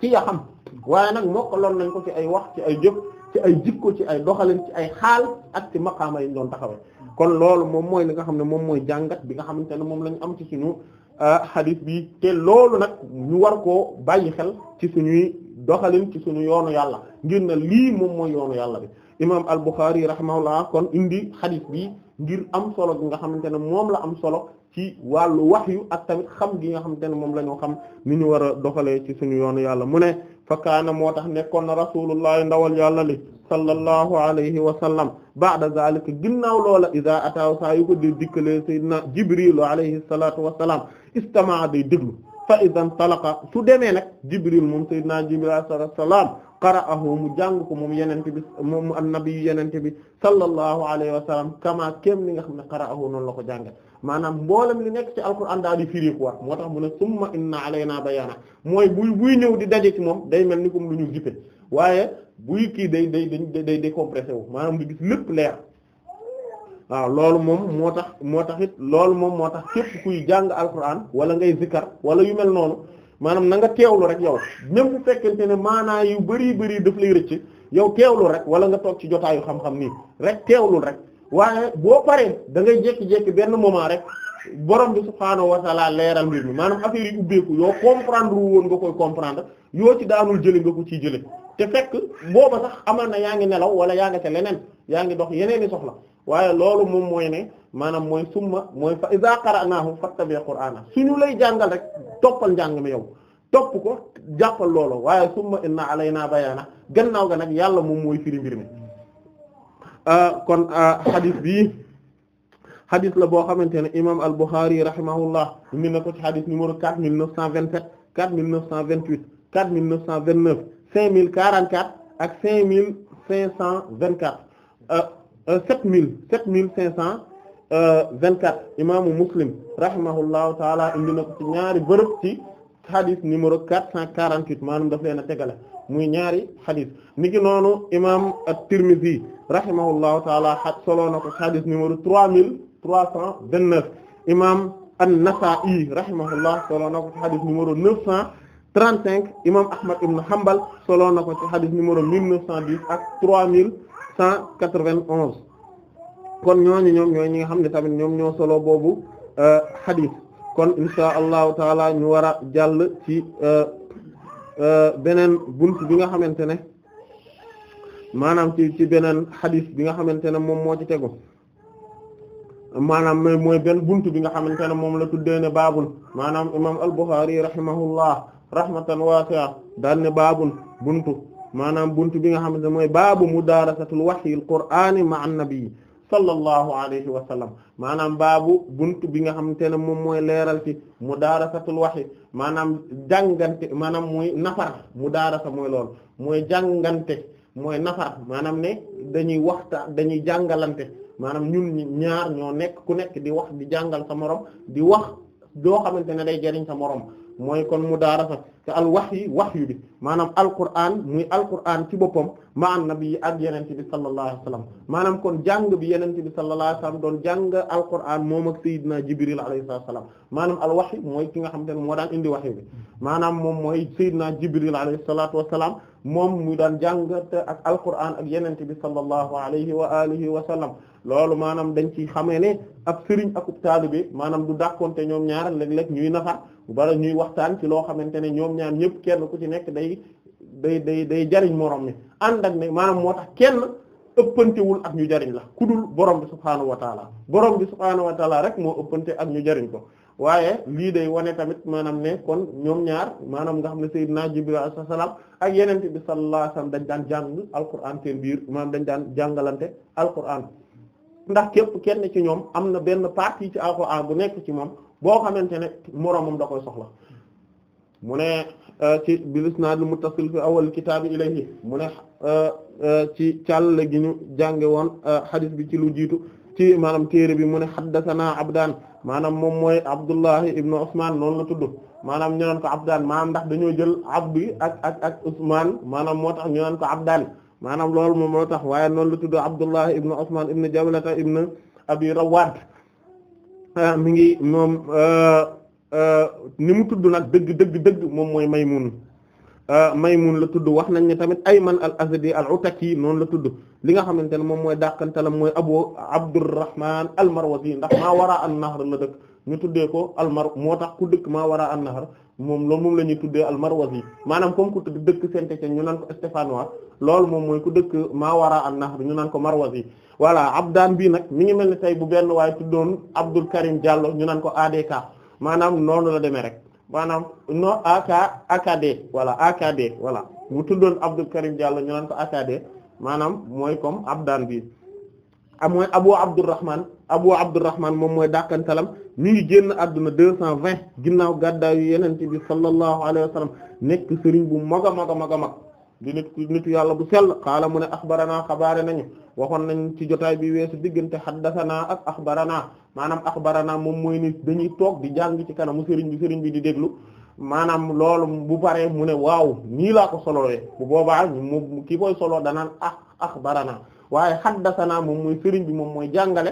A: ci ya xam waaye nag mokkaloon nañ ko ci ay wax ci ay jëf ci ay jikko ci ay doxalin ci ay xaal ak ci maqaama yi ñu doon taxawee kon loolu moom mooy li nga xam ne moom mooy jàngat bi nga xamante ne moom lañu am ci suñu ah, xadis bi te loolu nag ñu war koo bàyyi xel ci doxalin ci suñu yoonu yàlla ngir na lii moom mooy yoonu yàlla bi imam al-Bukhari rahimahullah kon indi xadis bi ngir am solo bi nga xamante ne moom la am solo ci wàllu wax yu ak xam gi nga xamante ne moom la ñu xam ni ñu war a doxalee ci suñu yoon yàlla mu ne fa kaana moo tax nekkoon na rasulullah ndawal yàlla li sallallahu alayhi wa sallam ba'da zalika ginnaaw loola iza ataaw saa yu ko di dikkalee sayyidina jibrilu alayhi salatu wassalam istamaa day déglu fa idan talaqa su demee nag jibril moom sayyidina jibril alayhi salaam qara'ahu mu jàng ko moom yenente bi moom annabi yenente bi sallallahu alayhi wa sallam kama kem li nga xam ne qara'ahu noonu la ko jànge maanaam mboolem li nekk ci alquran daal i firi quoi moo tax mu ne summa inna alayna bayana mooy buy buy ñëw di daje ci moom day mel ni comme lu ñu jippe waaye buy kii day day day day compressé wu maanaam du gis lépp leer waaw loolu moom moo tax moo tax it loolu moom moo tax képp kuy jàng alquran wala ngay zikar wala yu mel noonu maanaam na nga teewlu rek yow même bu fekkente ne maanaa yu bari bari daf lay rëcc yow teewlu rek wala nga toog ci jotaayu xam-xam nii rek teewlu rek waaye boo paree da ngay jékki-jékki benn moment rek borom bi subhaanahu wa ta'ala leeral mbir mi maanaam affaire yi ubbeeku yoo comprendre woon nga koy comprendre yoo ci daanul jële nga ko ciy jële te fekk booba sax amal na yaa ngi nelaw wala yaa nga ca leneen yaa ngi dox yeneen i soxla waaye loolu moom mooy ne maanaam mooy summa mooy fa iza qara'nahu fattabi' qur'ana suñu lay jàngal rek toppal njàng mi yow topp ko jàppal loolu waaye summa inna alaynaa bayaana gannaaw ga nag yàlla moom mooy firi mbir mi ah, kon hadith ah, bi hadith la boo xamante ne imam al-Bukhari rahimahullah indi na ko ci hadith numéro 4927 4928 4929 cinq mille quarante quatre ak cinq mille cinq cent vingt quatre euh, euh, sept mille sept mille cinq cent euh, vingt quatre imaamu muslim rahimahullahu taala indi na ko ci ñaari bërëb ci xadis numéro quatre cent quarante huit maanaam daf leen a tegale muy ñaari xadis niki noonu imaam at-Tirmidhi rahimahullahu taala xaj solo na ko ci xadis numéro trois mille trois cent vingt neuf imaam an-Nasa'i rahimahullah solo na ko ci xadis numéro neuf cent 35 imam Ahmad ibn xambal solo na ko ci xadis numéro 1910 ak 3191 kon ñooñu ñoom ñooy ñi nga xam ne tamit ñoom ñoo solo boobu xadis euh, kon insha allahu taala ñu war a jàll ci euh, euh, beneen bunt bi nga xamante ne maanaam ci ci beneen xadis bi nga xamante ne moom moo ci tegu maanaam mooy benn bunt bi nga xamante ne moom la tuddee ne baabul maanaam imam al-Bukhari rahimahullah rahmatan wasi'a daal ne baabun buntu maanaam buntu bi nga xam ne mooy baabu mudaarasatul wahyil qur'aani ma'an nabiyyi sallallahu alayhi wa sallam maanaam baabu buntu bi nga xamante ne moom mooy leeral ci mudaarasatul wahyi maanaam jàngante maanaam mooy nafar mudaarasa mooy lool mooy jàngante mooy nafar maanaam ne dañuy waxta dañuy jàngalante maanaam ñun ñaar ñoo nekk ku nekk di wax di jàngal sa morom di wax doo xamante ne day jariñ sa morom mooy kon mudaarasa te al wahyi wahyu bi maanaam alqur'an muy alqur'an ci boppam ma'an nabi ak yonent bi sallallahu alayhi wasallam maanaam kon jàng bi yonent bi sallallahu alayhi wasallam doon jàng alqur'an moom ak Seydina Jibril alayhi salaam maanaam al wahyi mooy ki nga xam te ne moo daan indi wahyu bi maanaam moom mooy Seydina Jibril alayhi salaatu wasalaam moom muy daan jàng ak alqur'an ak yonent bi sallallahu alayhi wa alihi wasallam loolu maanaam dañ ci xamee ne ab sëriñ akub taalibe maanaam du dàkkoonte ñoom ñaar léeg-léeg ñuy nafa bala ñuy waxtaan ci loo xamante ne ñoom ñaar ñëpp kenn ku ci nekk day day day day jariñ moroom mi ànd ak ne maanaam moo tax kenn ëppantewul ak ñu jariñ la ku dul borom bi subhaanahu wa taala borom bi subhaanahu wa taala rek moo ëppante ak ñu jariñ ko waaye lii day wane tamit maanaam ne kon ñoom ñaar maanaam nga xam ne sayyidina Jibril alayhi salaam ak yenente bi sallallahu alayhi wasallam dañ daan jàng alquran seen biir maanaam dañ daan jàngalante alquran ndax képp kenn ci ñoom am na benn partie ci alquran bu nekk ci moom boo xamante ne moroomam da koy soxla mu ne euh, ci bil isnaad al muttasil fi awal kitaabi ilayhi mu ne euh, euh, ci càll gi ñu jànge woon hadith bi ci lu jiitu ci maanaam téere bi mu ne haddathana abdaan maanaam moom mooy abdullahi ibnu usman noonu la tuddu maanaam ñu ko abdaan maanaam ndax dañoo jël abdi ak ak ak usman maanaam moo tax ñu naan ko abdaan maanaam loolu moom moo tax waaye noonu lu tudd abdullahi ibnu usman ibnu jabalata ibnu abi rawad Ah, mi ngi moom ah, ah, ni mu tudd nag dëgg dëgg dëgg moom mooy Maymun Maymun la tudd wax nañ ne tamit Ayman al-Azdi al-Utaki noonu la tudd li nga xamante ne moom mooy dàqantalam mooy Abu Abdurrahman al-Marwazi ndax maa wara an-Nahr la dëkk ñu tuddee ko al-Mar moo tax ku dëkk maa wara an-Nahr moom loolu moom la ñuy tuddee al marwazi maanaam comme ku dëkk Saint-Étienne ñu naan ko stéphanois loolu moom mooy ku dëkk maa Mawara an-Nahr ñu naan ko marwazi voilà abdaan bii nag mi ngi mel ni tey bu benn waaye tuddoon Abdul Karim Diallo ñu nan ko ka maanaam noonu la demee rek maanaam no AK AKD voilà AKD voilà bu tuddoon Abdul Karim Diallo ñu naan ko AKD maanaam mooy comme abdaan bi mooy Abu Abdurrahman Abu Abdurrahman moom mooy dàqantalam mi génn àdduna deux cent vingt ginnaaw gàddaa yu yeneen bi sallallahu alayhi wa sallam nekk sëriñ bu mag a mag a mag a mag di nit nitu yàlla bu sell xaala mu ne axbaranaa xabaare nañu waxoon nañ ci jotaay bi weesu diggante xaddasanaa ak axbaranaa maanaam axbaranaa moom mooy nit dañuy toog di jàng ci kanamu sëriñ bi sëriñ bi di déglu maanaam loolu bu paree mu ne waaw nii laa ko solowee bu boobaa mu ki koy solo danaan ah axbaranaa waaye xaddasanaa moom mooy sëriñ bi moom mooy jàngale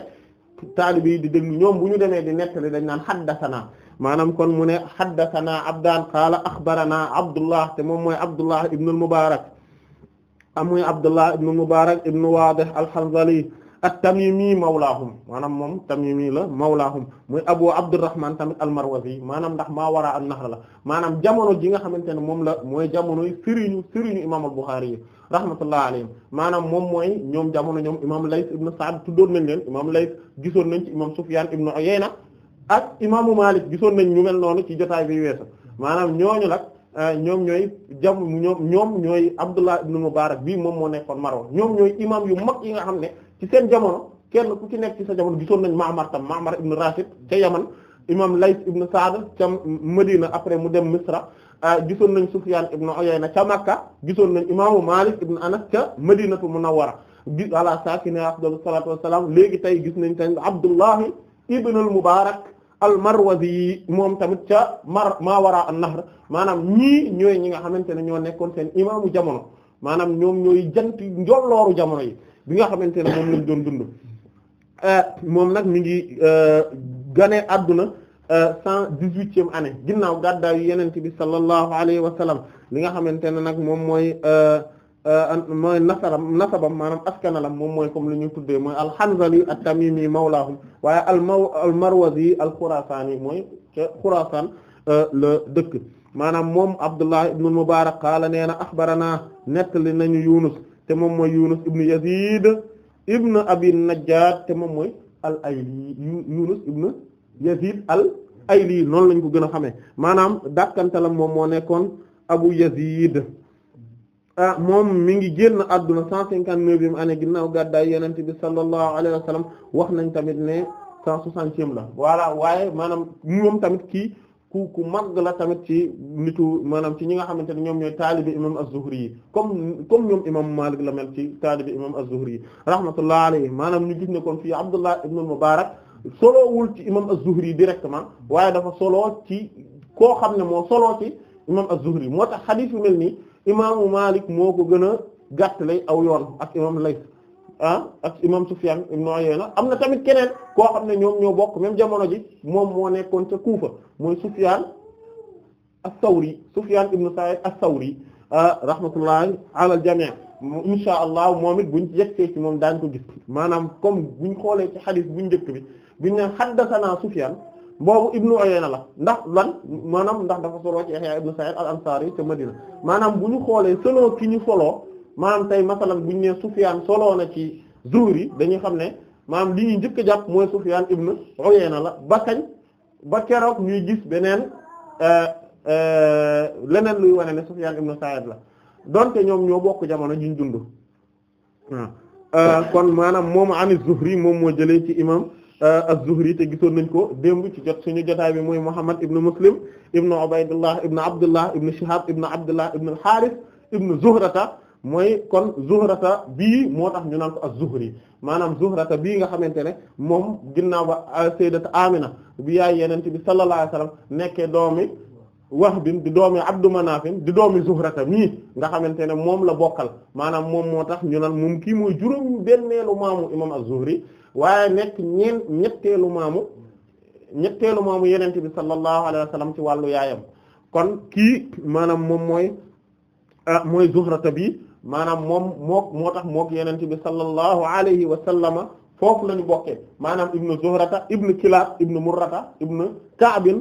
A: taalibe yi di déglu ñoom bu ñu demee di nettali dañ naan haddasanaa maanaam kon mu ne haddasanaa abdaan qaala axbaranaa abdullah te moom mooy abdullah ibn al-Mubaarak amuy abdullah ibn al-Mubaarak ibn Waadih al-Hanzali at-Tamimi mawlaahum maanaam moom Tamimi la mawlaahum muy Abu Abdurrahman tamit al-Marwazi maanaam ndax maa wara an-nahr la maanaam jamono ji nga xamante ne moom la mooy jamonoy sëriñu sëriñu imaam al-Bukhari yi rahmatullah alayhim maanaam moom mooy ñoom jamono ñoom imam Layth ibn Sa'd tuddoon nañ leen imam Layth gisoon nañ ci imam Sufyan ibn Uyayna ak imaamu Malik gisoon nañ ñu mel noonu ci jotaay bi weesu maanaam ñooñu nag eh, ñoom ñooy jam ñoom ñoom ñooy Abdullah ibn Mubarak bii moom moo nekkoon Marwa ñoom ñooy imam yu mag yi nga xam ne ci seen jamono kenn ku ci nekk ci sa jamono gisoon nañ Ma'mar tam Ma'mar ibn Rashid ca Yaman imam Layth ibn Sa'd ca Medina après mu dem Misra Ah, gisoon nañ Sufyaan ibn na ca Makka gisoon nañ imaamu Maalik ibn Anas ca Madinatu Munawwara gi ala saakini afdalu salaatu léegi tey gis nañ tamit Abdullahi ibn al-Mubaarak al-Marwazi moom tamit ca ma maa wara an-nahr maanaam ñii ñooy ñi nga xamante ne ñoo nekkoon seen imaamu jamono maanaam ñoom ñooy jant njollooru jamono yi bi nga xamante ne moom lañ doon dund eh, moom nag mi ngi eh, gane adduna cent dix-huitième année ginnaaw gàddaayu yenente bi sallallahu alayhi wa sallam li nga xamante ne nag moom mooy euh, euh, mooy nasaram nasabam maanaam askanalam moom mooy comme li ñu tuddee mooy al-Hanzali at-Tamimi mawlaahum waaye almaw al-Marwazi al-Khurasani mooy ca Khurasan euh, la dëkk maanaam moom Abdullah ibn al-Mubarak qaala nee na axbarana nettali nañu Yunus te moom mooy Yunus ibn Yazid ibn Abi Najjad te moom mooy al-Ayli Yunus ibn Yazid al Ayli noonu lañu ko gën a xamee maanaam dàkkantalam moom moo nekkoon Abu Yazid ah moom mi ngi génn àdduna cent cinquante-neuvième année ginnaaw gàddaay Yonent bi sallallahu alayhi wa sallam wax nañ tamit ne cent soixantième la voilà waaye maanaam moom tamit kii ku ku màgg la tamit ci nitu maanaam ci ñi nga xamante ne ñoom ñooy taalibi imam az-Zuhri yi comme comme ñoom imam Malik la mel ci taalibi imam az-Zuhri yi alayhi maanaam ñu gis ne kon fii Abdullah ibn al solowul ci imam az-Zuhri directement waaye dafa solo ci koo xam ne moo solo ci imam az-Zuhri moo tax xadiis yu mel nii imaamu Maalik moo ko gën a gàttale aw yoon ak imam Layth ah ak imam Sufyaan ibn Uyayna am na tamit keneen koo xam ne ñoom ñoo bokk même jamono ji moom moo nekkoon ca Kuufa mooy Sufyaan as-Sawri Sufyaan ibn Sa'iid as-Sawri ah, rahmatullahi ala al-jamii' insha allah moom it buñ yegsee ci moom daañ ko gis maanaam comme buñ xoolee ci bu ñu njëkk bi buñ ne xaddasanaa Sufyaan boobu ibnu Uyayna la ndax lan maanaam ndax dafa soloo ci Yahya ibnu Sa'id al-Ansari ca Madina maanaam bu ñu xoolee selon ki ñu soloo maanaam tey masalan buñ ne Sufyaan soloo na ci Zuhri dañuy xam ne maanaam li ñuy njëkk a jàpp mooy Sufyaan ibnu Uyayna la ba kañ ba keroog ñuy gis beneen euh, euh, leneen luy wane ne Sufyaan ibnu Sa'id la donte ñoom ñoo bokk jamono ñu dund waaw euh, kon maanaam moom ani Zuhri moom moo jëlee ci imam euh, az-Zuhri te gisoon nañ ko démb ci jot suñu jotaay bi mooy Muhammad ibn Muslim ibn Ubaydullah ibn Abdullah ibn Shihab ibn Abdullah ibn al-Harith ibn Zuhrata mooy kon Zuhrata bii moo tax ñu naan ko az-Zuhri maanaam Zuhrata bii nga xamante ne moom ginnaaw ba euh, sayyidat Amina bi yaay yenente bi sallallahu alayhi wasallam doomi Wahb di doomi Abdu Manaaf di doomi Zuhrata mii nga xamante ne moom la bokkal maanaam moom moo tax ñu naan moom kii mooy juróom benneelu maamu imam az-Zuhri waaye nekk ñeen ñetteelu maamu ñetteelu maamu yenente bi sallallahu alayhi wa ci wàllu yaayam kon kii maanaam moom mooy ah, mooy Zuhrata bi maanaam moom mook moo tax mook yenente bi sallallahu alayhi wa sallama foofu la ñu bokkee maanaam ibnu Zuhrata ibnu Kilaab ibnu Murrata ibnu Kaabin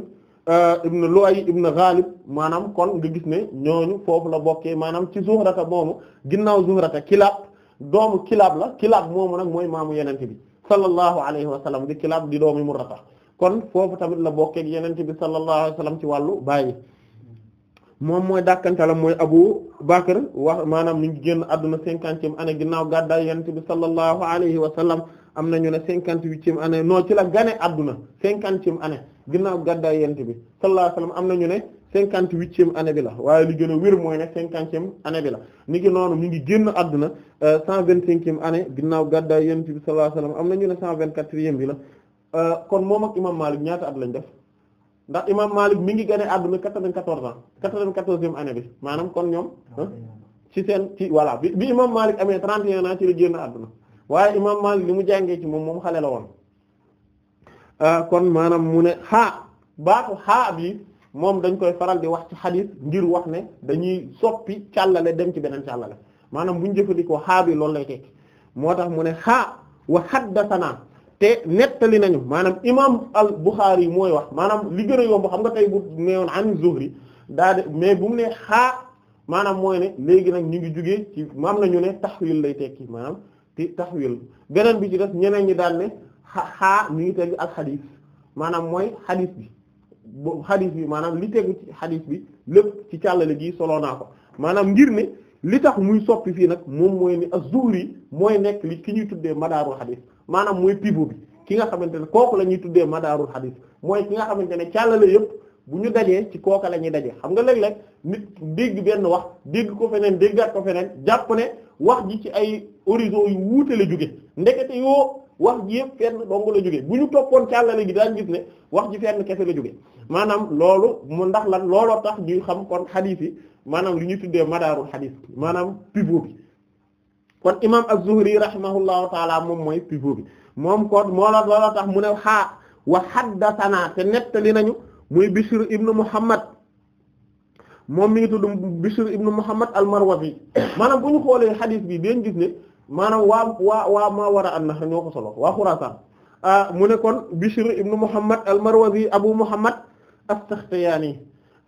A: Euh, ibn Lu'ay ibn Ghalib maanaam kon nga gis ne ñooñu foofu la bokkee maanaam ci Zuhrata moomu ginnaaw Zuhrata Kilaab doomu Kilaab la Kilaab moomu nag mooy maamu yenente bi sallallahu alayhi wa sallam di Kilaab di doomi Murrata kon foofu tamit la bokkee yenente bi sallallahu alayhi wa ci wàllu bàyyi moom mooy dàkkantalam mooy Abu Bakr wax maanaam mi ngi génn àdduna cinquantième année ginnaaw gàddaay yenente bi sallallahu alayhi wa sallam am nañu ne cinquante-huitième année non ci la gane àdduna cinquantième année ginnaaw gàddaay yent bi sallallahu alayhi wasallam am na ñu ne cinquante-huitième année bi la waaye li gën a wér mooy ne cinquantième année bi la ni ngi noonu ñu ngi génn àdduna euh, bi sallallahu alayhi wasallam am na ñu ne cent vingt bi la euh, kon moom ak imam Malik ñaata at lañ def ndax imam Malik mi ngi gane adduna quatre-vingt-quatorze ans quatre-vingt-quatorzième année bi maanaam kon ñoom ci seen ci voilà bi imam Malik amee trente et ci la génn àdduna waaye imam Malik li mu jàngee ci moom moom xale la woon Euh, kon maanaam mu ne xaa baatu xaa bi moom dañ koy faral di wax ci xadis ngir wax ne dañuy soppi càllale dem ci beneen càllale maanaam bu ñu jëfandikoo xaa bi loolu lay tekki moo tax mu ne xaa wax wa haddathana te nettali nañu maanaam imam al Bukhari yi mooy wax maanaam li gën xam nga tey bu neewoon an Zuhri daa de mais bu mu xaa maanaam mooy léegi nag ñu ngi jugee ci maam nañu ne taxwil lay tekki maanaam ti taxwil beneen bi ci def ñeneen ñi daal ne xaa mu ngi tegu ak xadis maanaam mooy xadis bi boobu xadis bi maanaam li tegu ci xadis bi lépp ci càllale gi solo naa ko maanaam ngir ne li tax muy soppi fii nag moom mooy ne az-Zuhri mooy nekk li ki ñuy tuddee madaarul xadis maanaam mooy pivot ki nga xamante ne kooku la ñuy tuddee madaarul xadis mooy ki nga xamante ne càllale yëpp bu ñu dajee ci kooka la ñuy dajee xam nga léeg-léeg nit dégg benn wax dégg ko feneen déggaat ko feneen jàpp ne wax ji ci ay horizon yu wuute la jóge ndekete yoo wax ji yëpp fenn dong la jógee bu ñu toppoon càllale gi daañ gis ne wax ji fenn kefe la jógee maanaam loolu mu ndax lan looloo tax ñuy xam kon xadiis yi maanaam li ñuy tuddee madaarul xadiis maanaam pivot bi kon imam az-Zuhri rahimahullahu taala moom mooy pivot bi moom kon moo la looloo tax mu ne xaa wa haddathana te nettali nañu muy Bishr ibn Muhammad moom mi ngi tudd Bishr ibn Muhammad al-Marwazi maanaam bu ñu xoolee xadiis bi dañ gis ne maanaam waa waa waa maa war a an nax ñoo ko solo waa Xuraasaan ah, mu ne kon Bishr ibnu Muhammad al-Marwazi Abu Muhammad as-Saxtiyaani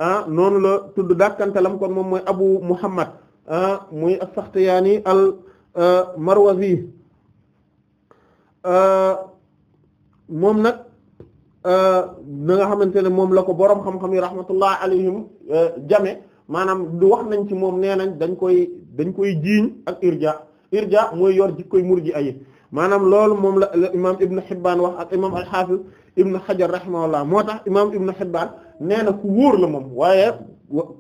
A: ah noonu la tudd dàkkantalam kon moom mooy Abu Muhammad ah muy as-Saxtiyaani al-Marwazi ah, ah, moom nag na nga xamante ne moom la ko boroom xam-xam yi rahmatullah alayhim jame maanaam du wax nañ ci moom nee nañ dañ koy dañ koy jiiñ ak irja irja mooy yor jikkoy murji ayi maanaam loolu moom la imam ibnu Hibbaan wax ak imam al-Haafiz ibnu Hajar rahimahullah moo tax imam ibnu Hibbaan nee na ku wóor la moom waaye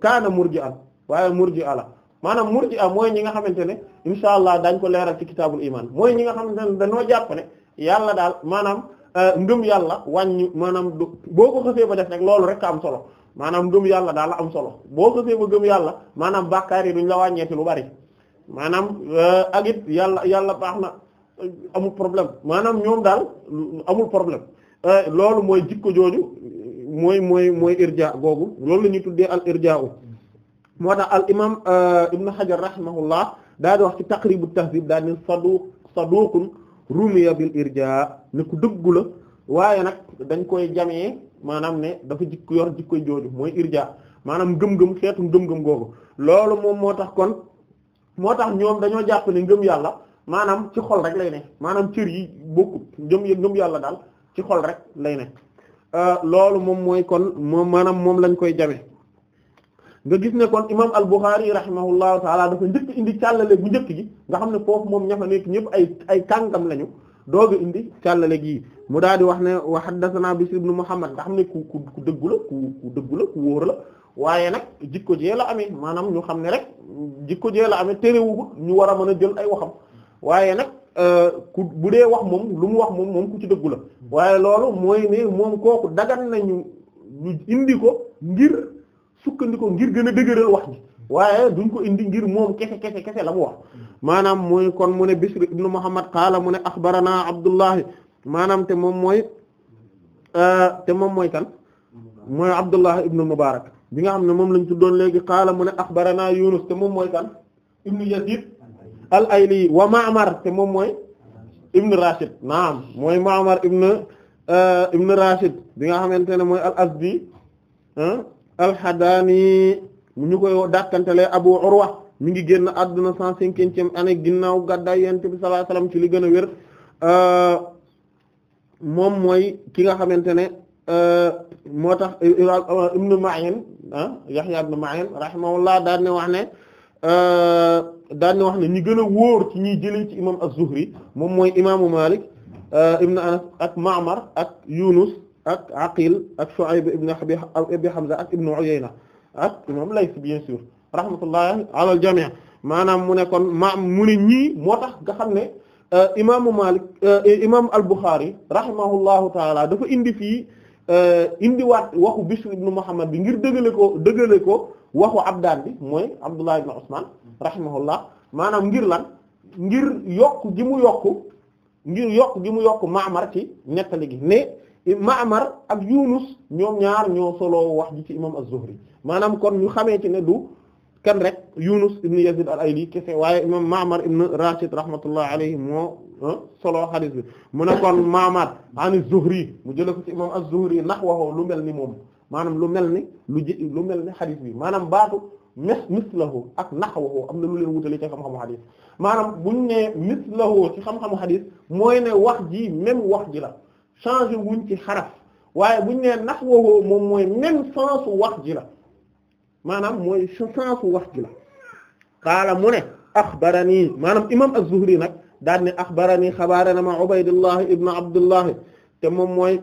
A: kaana murji an waaye murji ala maanaam murji am mooy ñi nga xamante ne insha allah daañ ko leeral ci kitaabul imaan mooy ñi nga xamante ne dañoo jàpp ne yàlla daal maanaam euh, ngëm yàlla wàññi maanaam boo ko xësee ba def rek loolu rek am solo maanaam ngëm yàlla daal la am solo boo xësee ba gëm yàlla maanaam bàkkaar yi duñ la wàññeeti lu bari maanaam euh, ak yàlla yàlla baax na amul problème maanaam ñoom daal amul problème euh, loolu mooy jikko jooju mooy mooy mooy irja googu loolu la ñuy tuddee al irja u moo tax al imam euh, ibnu hajar rahimahullah daa di wax ci taqribu tahzib daa ni saduq saduqun rumiya bil irja ne ku dëggu waaye nag dañ koy jamee maanaam ne dafa jikko yor jikko jooju mooy irja maanaam ngëm-ngëm xeetu ngëm-ngëm googu loolu moom moo tax kon moo tax ñoom dañoo jàpp ne ngëm yàlla maanaam ci xol rek lay ne maanaam cër yi bokkut ngëm ngëm yàlla daal ci xol rek lay ne euh, loolu moom mooy kon moom maanaam moom lañ koy jame nga gis ne kon imam al-Bukhari rahimahullahu taala dafa njëkk indi càllale bu njëkk gi nga xam ne foofu moom ñafa nekk ñëpp ay ay kàngam lañu dooga indi càllale gii mu daal di wax ne wa haddathana Bishr ibn Muhammad nga xam ne ku ku ku dëggu la ku ku dëggu la ku wóor la waaye nag jikko jee la amee maanaam ñu xam ne rek jikko jee la amee terewul ñu war a mën a jël ay waxam waaye nag euh, ku bu dee wax moom lu wax moom moom ku ci dëggu la waaye loolu mooy ne moom kooku dagan nañu ñu indi ko ngir sukkandiku ngir gën a dëgëral wax ji waaye duñ ko indi ngir moom kefe kese kese la mu wax maanaam mooy kon mu ne Bisr ibn Muhammad kaala mu ne axbarana Abdullahi maanaam te moom mooy euh, te moom mooy kan mooy Abdullahi ibn Mubarak bi nga xam ne moom lañ tuddoon léegi qaala mu ne axbarana Yunus te moom mooy kan ibnu Yazid al Ayli wa Ma'mar te moom mooy ibnu Rashid naam mooy Ma'mar ibnu euh, Rashid bi nga xamante ne mooy al Azdi al Hadani ñu koy dàkkantele Abu Urwa mi ngi génn àdduna cent cinquantième année ginnaaw gàddaay Yonent bi sallallahu alayhi wasallam ci li gën a wér euh, moom mooy ki nga xamante ne euh, moo tax euh, euh, euh, ibnu Ma'in ah Yahya ibnu Ma'in rahimahullah daan na wax ne daan wax ne ñi gën a wóor ci ñuy jëlee ci imam az-Zuhri moom mooy imaamu Malik ibnu Anas ak Ma'mar ak Yunus ak Aqil ak Shu'ayb ibn Abi Hamza ak ibnu Uyayna ak imam Layth bien sûr rahmatullahi ala al-jami' maanaam mu ne kon ma mu ne ñii moo tax nga xam ne imaamu Malik imaam al-Bukhari rahimahullahu taala dafa indi fii. Euh, indiwaat waxu Bishr ibn Muhammad bi ngir dëgale ko dëgale ko waxu Abdaan bi mooy Abdullah ibn Usman rahimahullah maanaam ngir lan ngir yokk gi mu yokk ngir yokk gi mu yokk Ma'mar ci nettali gi ne Ma'mar ak Yunus ñoom ñaar ñoo solo wax ji ci imam az-Zuhri maanaam kon ñu xamee ci ne du kan rek Yunus ibn Yazid al-Ayli kese waaye imam Ma'mar ibn Rashid rahmatullah alayhi moo ah, solo hadith bi mu ne kon Ma'mar an Zuhri mu jële ko ci imam az-Zuhri nahwahu lu mel ni moom maanaam lu mel ni lu ji lu mel ni hadith bi maanaam baatu mis mislahu ak nahwahu am na lu leen wutale ci xam-xamu hadith maanaam buñ ne mislahu ci xam-xamu hadith mooy ne wax ji même wax ji la changé wuñ ci xaraf waaye buñ ne nahwahu moom mooy même sens wax ji la maanaam mooy sensu wax ji la qaala mu ne axbarani maanaam imam az-Zuhri nag daal ne axbarani xabaarana ma Ubaydullah ibn Abdullah te moom mooy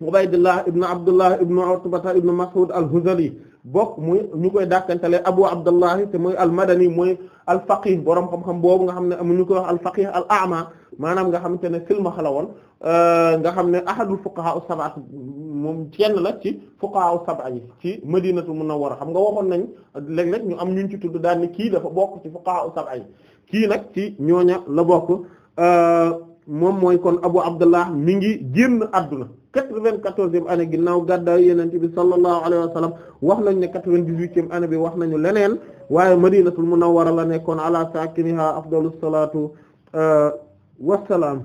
A: Ubaydullah ibn Abdullah ibn Utbata ibn Mas'ud al-Huzali bok muy ñu koy dàkkantele Abu Abdullah te mooy al-Madani mooy al-faqih borom xam-xam boobu nga xam ne amu ñu koy wax al-faqih al-a'ma maanaam nga xamante ne silmaxa la woon euh, nga xam ne ahadul fuqaha as-sab'a moom kenn la ci fuqaha as-sab'a yi ci madinatu munawwara xam nga waxoon nañ léeg-léeg ñu am ñun ci tudd daal ni kii dafa bokk ci fuqaha as yi kii nag ci ñooña la bokk euh, moom mooy kon abu abdullah mi ngi génn adduna quatre-vingt-quatorzième année ginnaaw gàddaay yenente bi sallallahu alayhi wa sallam wax nañ ne quatre-vingt-dix-huitième année bi wax nañu leneen waaye madinatul munawwara la nekkoon ala sakiniha afdalus salatu euh, wasalaam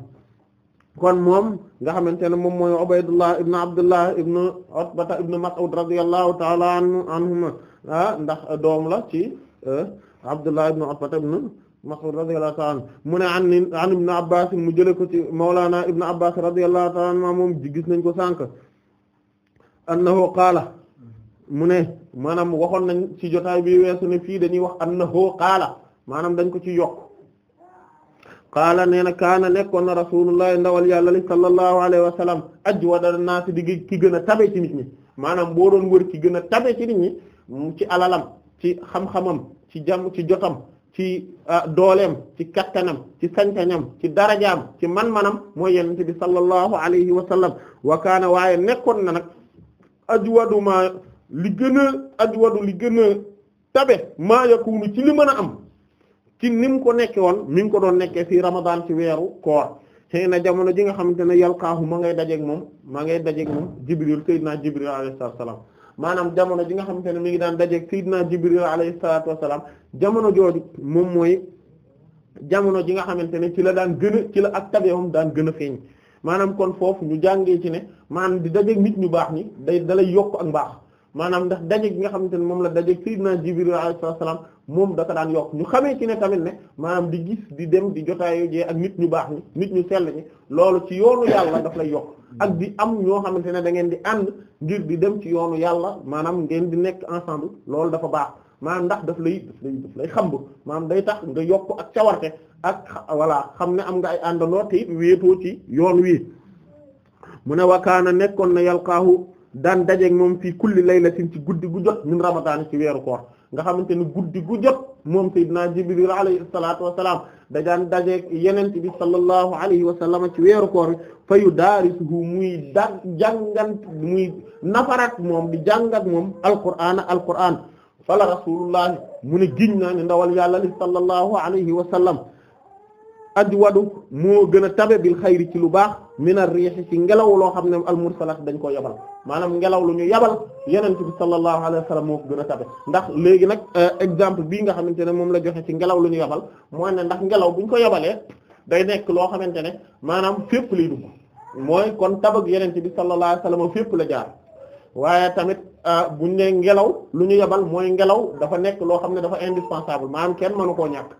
A: kon moom nga xamante ne moom mooy Ubaydullah ibn Abdullah ibn Utbata ibn Mas'ud radiyallahu ta'ala anhuma ah, ndax doom la ci eh, Abdullah ibn Utbata ibn Mas'ud radiyallahu ta'ala mu ne an an ibn Abbas mu jële ko ci Mawlana ibn Abbas radiyallahu ta'ala anhuma moom gis nañ ko sànq annahu qaala mu ne maanaam waxoon nañ ci jotaay bi weesu ne fii dañuy wax annahu qaala maanaam dañ ko ci yokk qaala nee na kaana nekkoon na rasulullah ndawal yàlla li sallallahu alayhi wa sallam ajwada naasi di ki gën a tabe ci nit ñi maanaam boo doon wër ki gën a tabe ci nit ñi ci alalam ci xam-xamam ci jàmm ci jotam ci ah, dooleem ci kattanam ci sañtañam ci darajaam ci man-manam mooy yenente bi sallallahu alayhi wa wa kaana waaye nekkoon na nag ajwadu maa li gën a ajwadu li gën a tabe maa yakunu ci li mën a am ci ni mu ko nekkee woon mi ngi ko doon nekkee fii Ramadan ci weeru koor xëy na jamono ji nga xamante ne yalqaahu ma ngay dajeek moom maa ngay dajeeg moom Jibril Seydina Jibril alayhi salaam maanaam jamono ji nga xamante ne mi ngi daan dajeeg Seydina Jibril alayhi salaatu wasalaam jamono jooju moom mooy jamono ji nga xamante ne ci la daan gën a ci la ak tabeewam daan gën a feeñ maanaam kon foofu ñu jàngee ci ne maanaam di dajeeg nit ñu baax ñi day dalay yokk ak mbaax. maanaam ndax daje gi nga xamante ne moom la daje sayyidina Jibril alayhi salaam moom dafa daan yokk ñu xamee ci ne tamit ne maanaam di gis di dem di jotaayu jee ak nit ñu baax ñi nit ñu sell ñi loolu ci yoonu yàlla daf lay yokk ak di am ñoo xamante ne dangeen di ànd ngir di dem ci yoonu yàlla maanaam ngeen di nekk ensemble loolu dafa baax maanaam ndax daf lay daf lay daf lay xamb maanaam day tax nga yokk ak cawarte ak voilà xam ne am nga ay àndandoo te it wéetoo ci yoon wi mu ne wakaana nekkoon na yalqaahu daan dajeeg moom fii kulli laylatin ci guddi gu jot min ramadaan ci weeru koor nga xamante ni guddi gu jot moom sayyidina jibril alayhi salaatu wa salaam da daan dajeeg yenent bi sallallahu alayhi wa sallam ci weeru koor fa yu daarisuhu muy da jàngan muy nafarat moom di jàngat moom alqur'aan alqur'aan fala rasulullahi mu ne giñ naa ne ndawal yàlla li sallallahu alayhi wa sallam ajwadu moo gën a tabe bil xayri ci lu baax minar riixi ci ngelaw loo xam ne al mursalaat dañ koo yabal maanaam ngelaw lu ñu yabal yenent bi sallallahu alayhi wa moo ko gën a tabe ndax léegi nag euh, exemple bii nga xamante ne moom la joxe ci ngelaw lu ñu yabal mooy ne ndax ngelaw buñ ko yabalee day nekk loo xamante ne maanaam fépp lay dugg mooy kon tabag yenent bi sallallahu alayhi wa sallam la jaar waaye tamit euh, buñ ne ngelaw lu ñu yabal mooy ngelaw dafa nekk loo xam ne dafa indispensable maanaam kenn mënu koo ñàkk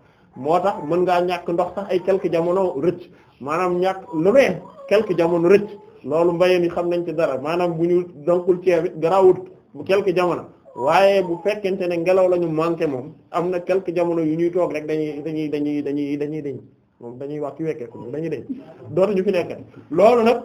A: moo tax mën ngaa ñàkk ndox sax ay quelques jamono rëcc maanaam ñàkk lu ne quelques jamono rëcc loolu mbayeen yi xam nañ ci dara maanaam bu ñu donkul ceeb it garawut bu quelques jamono waaye bu fekkente ne ngelaw la manqué moom am na quelques jamono yu ñuy toog rek dañuy dañuy dañuy dañuy dañuy dañ moom dañuy wax ci wekkeeku dañuy dañ dootuñu fi nekk loolu nag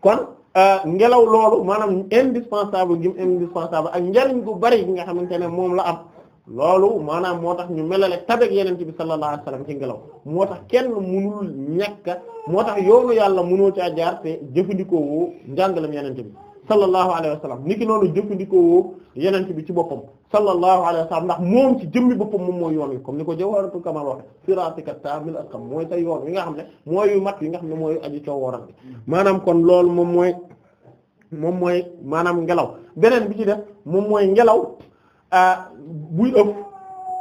A: kon euh, ngelaw loolu maanaam indispensable gi indispensable ak njariñ gu bari gi nga xamante ne moom la am loolu maanaam moo tax ñu melale tabeg yenente bi sallallahu alayhi wasallam ci ngelaw moo tax kenn mënul ñàkka moo tax yoonu yàlla mënoo caa jaar te jëfandikoo woo njàngalem yenente bi sallallahu alayhi wasallam niki noonu jëfandikoo woo yenente bi ci boppam sallallahu alayhi wasallam ndax moom ci jëmmi boppam moom mooy yoon wi comme ni ko jawharatul kamal waxe siratika kamil akam mooy sa yoon wi nga xam ne mooy mat yi nga xam ne mooy aji coowooral bi maanaam kon loolu moom mooy mooy maanaam ngelaw beneen bi ci def moom mooy ngelaw Ah, buy ëpp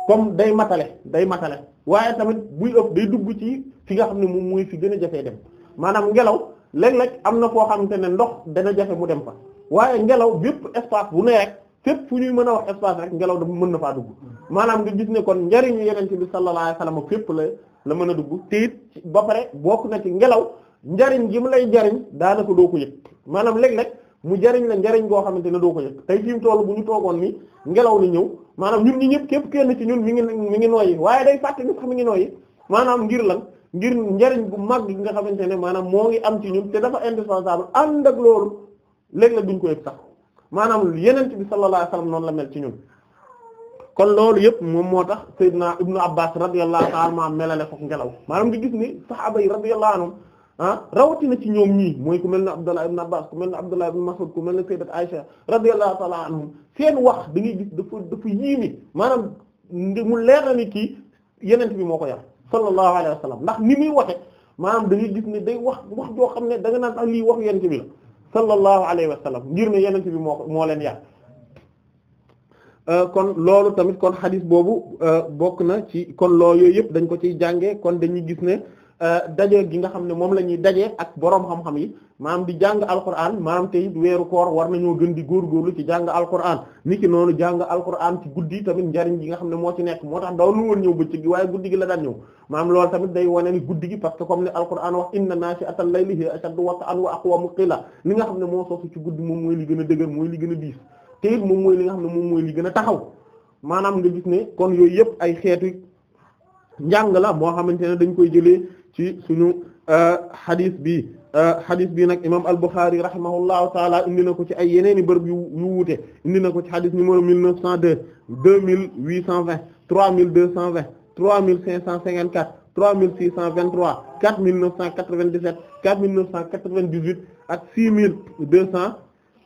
A: comme day matale day matale waaye tamit buy ëpp day dugg ci fi nga xam ne moom muy fi gën a jafee dem maanaam ngelaw léeg-léeg am na foo xamante ne ndox dana jafe mu dem fa waaye ngelaw bépp espace bu neex rek fépp fu ñuy mën a wax espace rek ngelaw dafa mën na faa dugg maanaam nga gis ne kon njariñu yenente bi sallallahu alayhi wasallam fépp la la mën a dugg te it ba pare bokk na ci ngelaw njariñ gi mu lay jariñ daanaka doo ko yëpp maanaam léeg-léeg mu jariñ la njariñ goo xamante ne doo ko yëg tey fi mu bu ñu toogoon ni ngelaw li ñëw maanaam ñun ñi ñëpp képp kenn ci ñun mi ngi mi ngi nooyi waaye day fàtte ni sax mi ngi nooyi maanaam ngir lan ngir njariñ bu mag gi nga xamante ne maanaam moo ngi am ci ñun te dafa indispensable ànd ak loolu léeg la duñ ko yëg maanaam yeneen bi sallallahu alayhi noonu la mel ci ñun kon loolu yëpp moom moo tax Seydina Ibnu Abbas radiyallahu ta'ala anhu melale ko ngelaw maanaam di gis ni saxaaba yi radiyallahu anhum ah rawatina ci ñoom ñii mooy ku mel ne Abdullah ibn Abbas ku mel ne Abdullah ibn Mas'ud ku mel ne Sayyidat Aisha radiyallahu ta'ala anhum seen wax da ngay gis dafa dafa yéeme maanaam mu leer na ni kii yeneen bi moo ko yar sallallahu alayhi wa sallam ndax ni muy waxe maanaam da ngay gis ne day wax wax joo xam ne da nga naan sax lii wax yeneen bi la sallallahu alayhi wa sallam ngir ne yeneen bi moo ko moo leen yar kon loolu tamit kon xadis boobu bokk na ci kon loolu yooyu yëpp dañ ko ciy jàngee kon dañuy gis ne. Euh, daje gi nga xam ne moom la ñuy daje ak boroom xam-xam yi maanaam di jàng alquran maanaam te it weeru koor war nañoo gën di góorgóorlu ci jàng alquran niki noonu jàng alquran ci guddi tamit njariñ gi nga xam ne moo ci nekk tax daaw lu woon ñëw bëccëg la daan ñëw maanaam loolu tamit day wane ni guddi que comme ne alquran wax inna naashi'atal layli hiya ashaddu wat'an wa aqwamu nga xam ne moo soosu ci guddi moom li gën a dëgër mooy li a diis te it moom mooy li ne moom mooy li gën a taxaw maanaam gis ne kon yooyu yëpp ay xeetu la moo xamante ne dañ koy jëlee ci suñu euh, xadis bi euh, xadis bi nag imam al-Bukhari rahimahullahu taala indi na ko ci ay yeneeni bërëb yu yu wuute na ko ci xadis numéro mille neuf cent deux deux mille huit cent vingt trois mille deux cent vingt trois mille cinq cent cinquante quatre trois mille six cent vingt trois quatre mille neuf cent quatre vingt dix sept quatre mille neuf cent quatre vingt dix huit ak six mille deux cent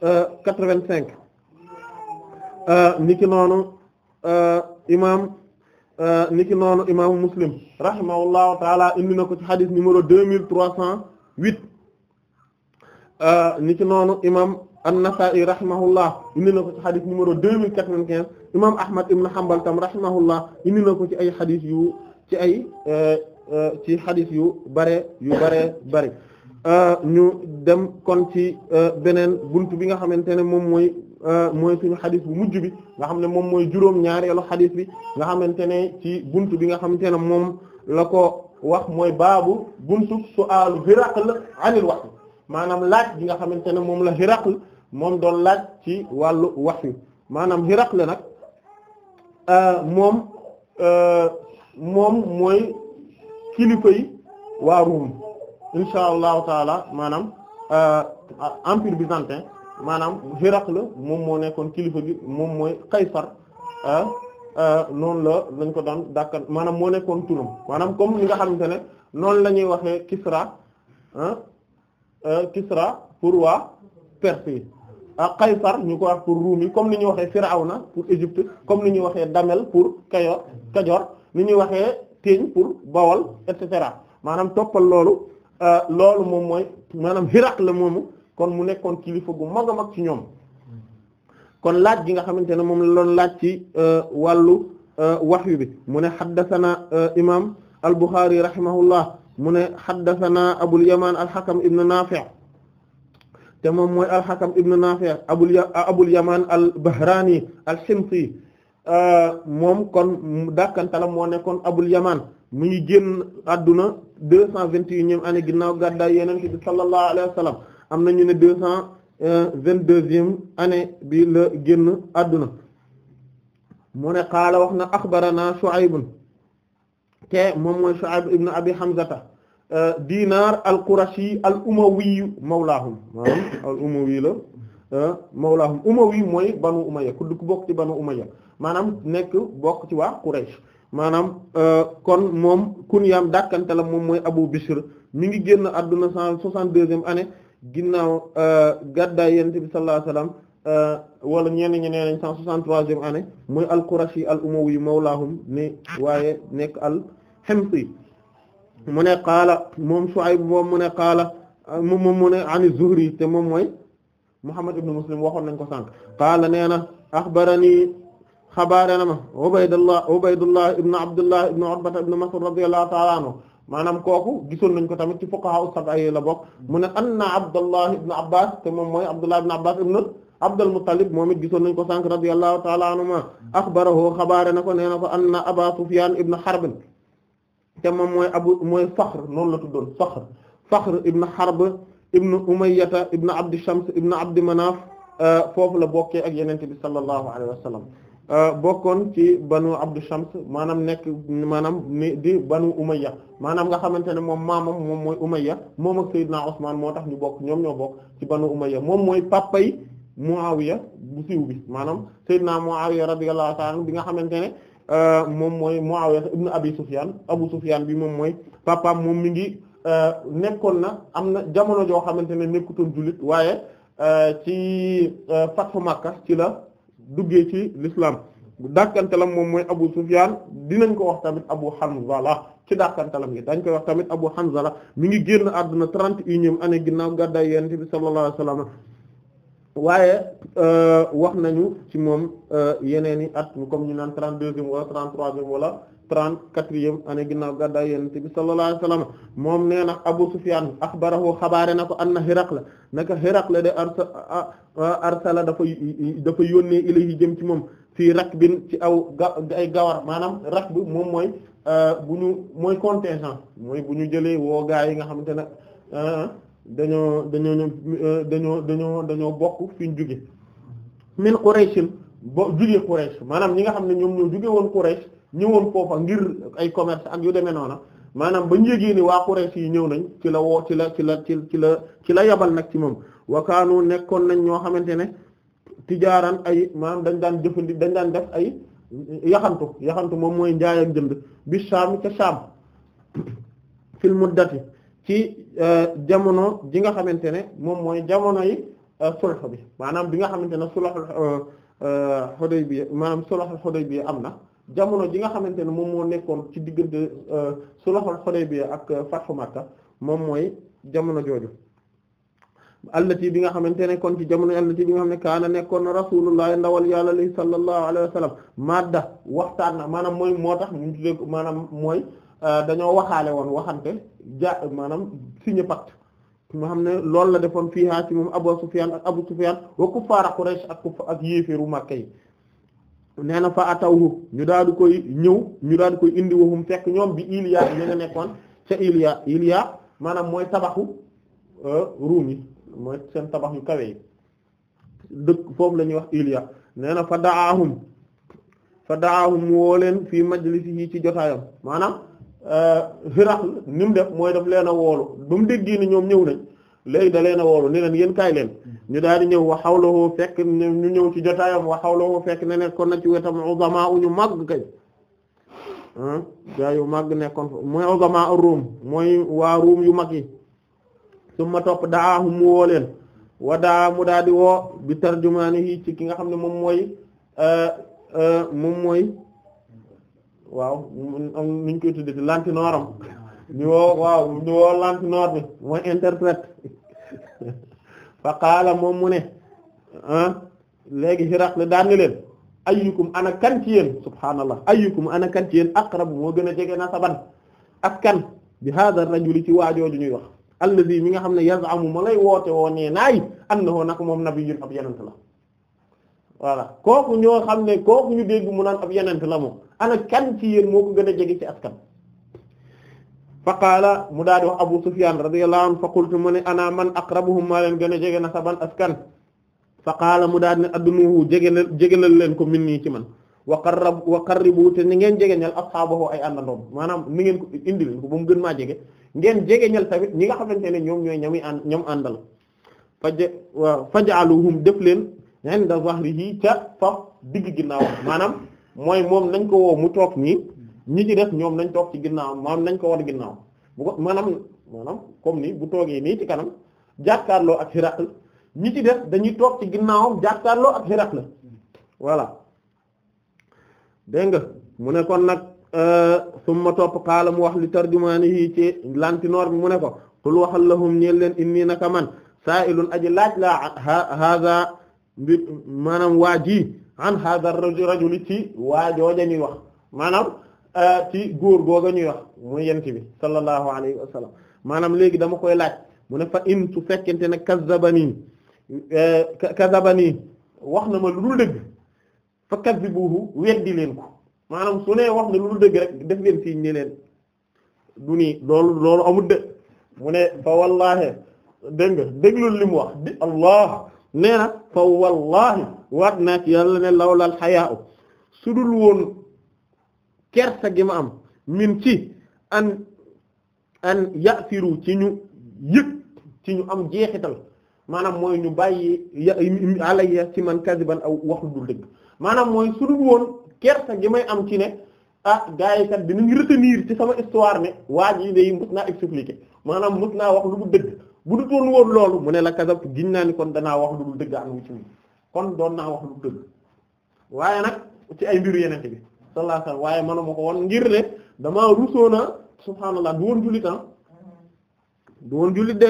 A: euh, quatre vingt cinq niki noonu Euh, niki noonu imaamu muslim rahimahullahu taala indi na ko ci xadis numéro deux mille trois cent huit euh, niki noonu imaam an-Nasa'i rahimahullah indi na ko ci xadis numéro deux mille quatre-vingt-quinze imaam Ahmad ibn Hanbal tam rahimahullah indi na ko ci ay xadis yu ci ay euh, ci xadis yu bare yu bare bare ñu dem kon ci beneen buntu bi nga xamante ne moom mooy Euh, mooy suñu xadis bu mujj bi nga xam ne moom mooy juróom elu xadis bi nga xamante ne ci buntu bi nga xamante ne moom la ko wax mooy baabu buntu su Hiraql anil wahyi maanaam laaj bi nga xamante ne moom la Hiraql moom doon laaj ci wàllu wahyi maanaam Hiraql nag euh, moom euh, moom mooy kilifa yi waa Ruum insha allahu taala maanaam empire byzantin maanaam la moom moo nekkoon kilifa gi moom mooy Qaysar ah, ah, noonu la dañ ko daan dàkkan maanaam moo nekkoon turam maanaam comme li nga xamante ne noonu la ñuy waxee Kisra ah, Kisra pour waa Perse yi ah Qaysar ñu ko wax pour Ruum yi comme ni ñuy waxee na pour Égypte comme ni ñuy waxee Damel pour kayo Kajoor ni ñuy waxee Téeñ pour Bawol et cetera maanaam toppal loolu loolu moom mooy maanaam Hiraql la moomu. kon mu nekkoon kilifa gu mag a mag ci ñoom kon laaj gi nga xamante ne moom la laaj ci euh, wàllu euh, waxyu bi mu ne xaddasana euh, imam al-Bukhari rahimahullah mu ne xaddasana Abul Yaman al-Hakam ibn Nafi' te moom mooy al-Hakam ibn Nafi' abul Abul Yaman al-Bahrani al-Himsi moom kon dàkkantalam moo nekkoon Abul yamaan mu ngi génn àdduna deux cent vingt et unième année ginnaaw gàddaay Yonent am na ñu ne deux cent euh, vingt deuxième année bi la génn àdduna moo ne qaala wax na axbarana Shu'ayb te moom mooy Shu'ayb ibn Abi Hamzata euh, Dinar al-Qurashi al-Umawi mawlaahum maanaam al wii la euh, mawlaahum Umawi mooy banu Umayya ku dugg bokk ci banu Umayya maanaam nekk bokk ci waa Quraysh maanaam kon moom kun yaam dàkkante la moom mooy Abu Bishr mi ngi génn adduna cent soixante-deuxième année ginnaaw euh, gàddaay yonent bi sallallahu alayhi wasallam euh, wala ñenn ñi nee nañ 163e année muy al-Qurashi al-Umawi mawlaahum ni waaye nekk al-Himsi mu ne qaala moom Shuayb moom mu ne qaala moom mu ne an az-Zuhri te moom mooy Muhammad ibn Muslim waxoon nañ ko sànq qaala nee na axbarani xabaare na ma Ubaydullah Ubaydullah ibn Abdullah ibn Utbah ibn Mas'ud radiyallahu ta'ala anhu maanaam kooku gisoon nañ ko tamit ci fuqaha sab'a yi la bokk mu ne anna Abdullah ibn Abbas te moom mooy Abdullah ibn Abbas ibn Abdul Muttalib moom it nañ ko sànq radiyallahu ta'ala anhuma akhbarahu xabaare na ko nee na ko anna Aba Sufyan ibn Harb te moom mooy abu mooy Fakhr noonu la tuddoon Fakhr Fakhr ibn Harb ibn Umayyata ibn Abdi Shams ibn Abdi Manaf euh, foofu la bokke ak yenente bi sallallahu alayhi wa sallam Euh, bokkoon ci banu Abdu Shams maanaam nekk maanaam ni di banu Umayya maanaam nga xamante ne moom maamam moom mooy Umayya moom ak Seydina Usmaan moo tax ñu bokk ñoom ñoo bokk ci banu Umayya moom mooy papa yi Muawiya bu siiw bi maanaam Seydina Muawiya radiyallahu ta'ala bi nga xamante ne euh, moom mooy Muawiya ibn Abi Abu Sufyaan bi moom mooy papaam moom mi ngi euh, nekkoon na am na jamono joo xamante ne nekkutoon jullit waaye ci fatfu Makka ci la. duggee ci l'islam dàkkantalam moom mooy Abu Sufyan dinañ ko wax tamit Abu Hanzala ci dàkkantalam gi dañ koy wax tamit Abu Hanzala mi ngi génn àdduna trente et unième année ginnaaw gàddaay yonent bi sallallahu alayhi wasallam waaye euh, wax nañu ci moom euh, yeneen i at comme ñu naan trente deuxième wala trente troisième wala trente-quatrième année ginnaaw gàddaay yonent bi sallallahu alayhi moom nee na Abu Sufyan axbarahu xabaare na ko na anna la naka la de arta arsala dafa dafa yónnee ilayhi jëm ci moom fii rakbin ci aw ga ay gawar maanaam rakb moom mooy euh, bu ñu mooy contingent mooy bu ñu jëlee woo gaa yi nga xamante ne euh, dañoo dañoo euh, dañoo dañoo dañoo bokk fi ñu jóge min Quraysh bo jóge Quraysh maanaam ñi nga xam ne ñoom ñoo jóge woon Quraysh ñëwoon foofa ngir ay commerce ak yu demee noona maanaam ba ñu yëgee ni waa Quraysh yi ñëw nañ ci la woo ci la ci la ci ci yabal nag ci moom wakaanu nekkoon nañ ñoo xamante ne tijaaraan ay maanaam dañ daan jëfandi dañ daan def ay yaxantu yaxantu moom mooy njaay ak jënd bi saam ca saam fil muddati ci euh, jamono ji nga xamante ne moom mooy jamono yi euh, sulh bi maanaam bi nga xamante ne sulh euh, Hudaybiya maanaam sulh Hudaybiya am na jamono ji nga xamante ne moom moo nekkoon ci digg euh, su diggante sulhul Hudaybiya ak euh, fathu Makka moom mooy jamono jooju allati bi nga xamante ne kon ci jamono allati bi nga xam ne kaana nekkoon rasulullah ndawal yàlla li sallallahu alayhi wa sallam madda waxtaan mooy moo tax ñu tuddee ko maanaam mooy euh, dañoo waxaale woon waxante ja maanaam signé pacte nga xam ne loolu la defoon fiihaa ci moom Abu Sufyaan ak Abu Sufyaan wa kuffaar Quraysh ak ak yéeféeru yi nee na fa atawhu ñu daal di koy ñëw ñu daal di koy indi waxum fekk ñoom bi Iliya ñu nekkoon ca Iliya Iliya maanaam mooy tabaxu euh, ruum yi mooy seen tabax yu kawe yi dëkk foofu la ñuy wax Iliya nee na fa daahum fa daahum woo leen fii majlisihi ci jotaayam maanaam euh, Hiraql ni mu def mooy daf leen a woolu ba mu déggee ñoom ñëw nañ léegi da leen a woolu ne leen yéen kaay leen ñu daal di ñëw wa xawlahu fekk ñu ñëw ci jotaayam wa xawlahu fekk ne nekkoon na ci wetam uzama uñu màgg kay gaa yu màgg nekkoon mooy uzama ar-Rum mooy waa Rum yu mag yi ma topp daa mu woo leen wa daa mu daal di woo bi yi ci ki nga xam ne moom mooy euh, euh, moom mooy waaw nuñ koy tuddee ci lantinooram ñu waaw ñu woo lantinoor bi mooy interprète fa qaala moom mu ne ah léegi Hiraql daan na leen ayyukum ana kan ci yéen subhaanallah ayyukum ana kan ci yéen aqrab moo gën a jege nasaban askan bi hadha rajuli ci waajooju ñuy wax alladhi mi nga xam ne yaz'amu ma lay woote woo nee naay annahu nak moom nabiyyun ab yenent la voilà kooku ñoo xam ne kooku ñu dégg mu naan ab yenent la moom ana kan ci yéen moo ko gën a jege ci askan fa qaala mu daa di wax Abu Sufyan radiyallahu anhu fa qultu mu ne anaa man aqrabuhum maa leen gën a jege nasaban askan fa qaala mu daa di ne addunuhu jegena jégalal leen ko min nii ci man wa qarrab wa qarribu te ni ngeen jegeñal ashaabahu ay àndandoom maanaam ni ngeen ko indi leen ko ba mu gën maa jege ngeen jege ñal tamit ñi nga xamante ne ñoom ñooy ñami an ñoom àndal faja fajaaluhum def leen da inda zahrihi ca fa digg ginnaaw maanaam mooy moom nañ ko woo mu toog nii ñi ci def ñoom nañ toog ci ginnaaw maanaam nañ ko war ginnaaw bu ko maanaam maanaam comme ni bu toogee nii ci kanam jàkkaarloo ak Hiraql ñi ci def dañuy toog ci ginnaawam jàkkaarloo ak Hiraql voilà dégg nga mu nekkoon kon nag euh, summa topp xaala mu wax li tarjumaani yi ci lantinoor bi mu ne ko qul waxal lahum ñeel leen inni naka man sa'ilun aji laaj laa hadha mbir maanaam waa ji an hadha rajuli ci waa jooja ñuy wax maanaam Euh, ci góor googa ñuy wax muy yent bi sallallahu alayhi wa sallam maanaam léegi dama koy laaj mu ne fa in su fekkente ne kazzabani euh, kazzabani wax na ma lu dul dëgg fa kazzibuhu weddi leen ko maanaam su ne wax na lu dul dëgg rek def leen siiñ ne leen du nii loolu loolu amul de mu ne fa wallaahi dégg nga déglul li mu wax di allah nee na fa wallaahi waat naa ci yàlla ne lawlal xayaa u woon kersa gi ma am min ci an an yasiru ci ñu yëg ci ñu am jeexital maanaam mooy ñu bàyyi ya ya ci man kasiban aw wax lu dul dëgg maanaam mooy su dul woon kersa gi may am ci ne ah gars yi kat dinañ retenir ci sama histoire ne waa ji day mës naa expliquer maanaam mës naa wax lu dul dëgg bu du toon woon loolu mu ne la kasab giñ naa ni kon danaa wax lu dul dëgg am ci kon doon naa wax lu dëgg waaye nag ci ay mbiru yeneen bi sallallahu alayhi wasallam waaye manuma ko woon ngir ne damaa rusoona subhaanallah du woon jullit ah mm-hmm. du woon jullit de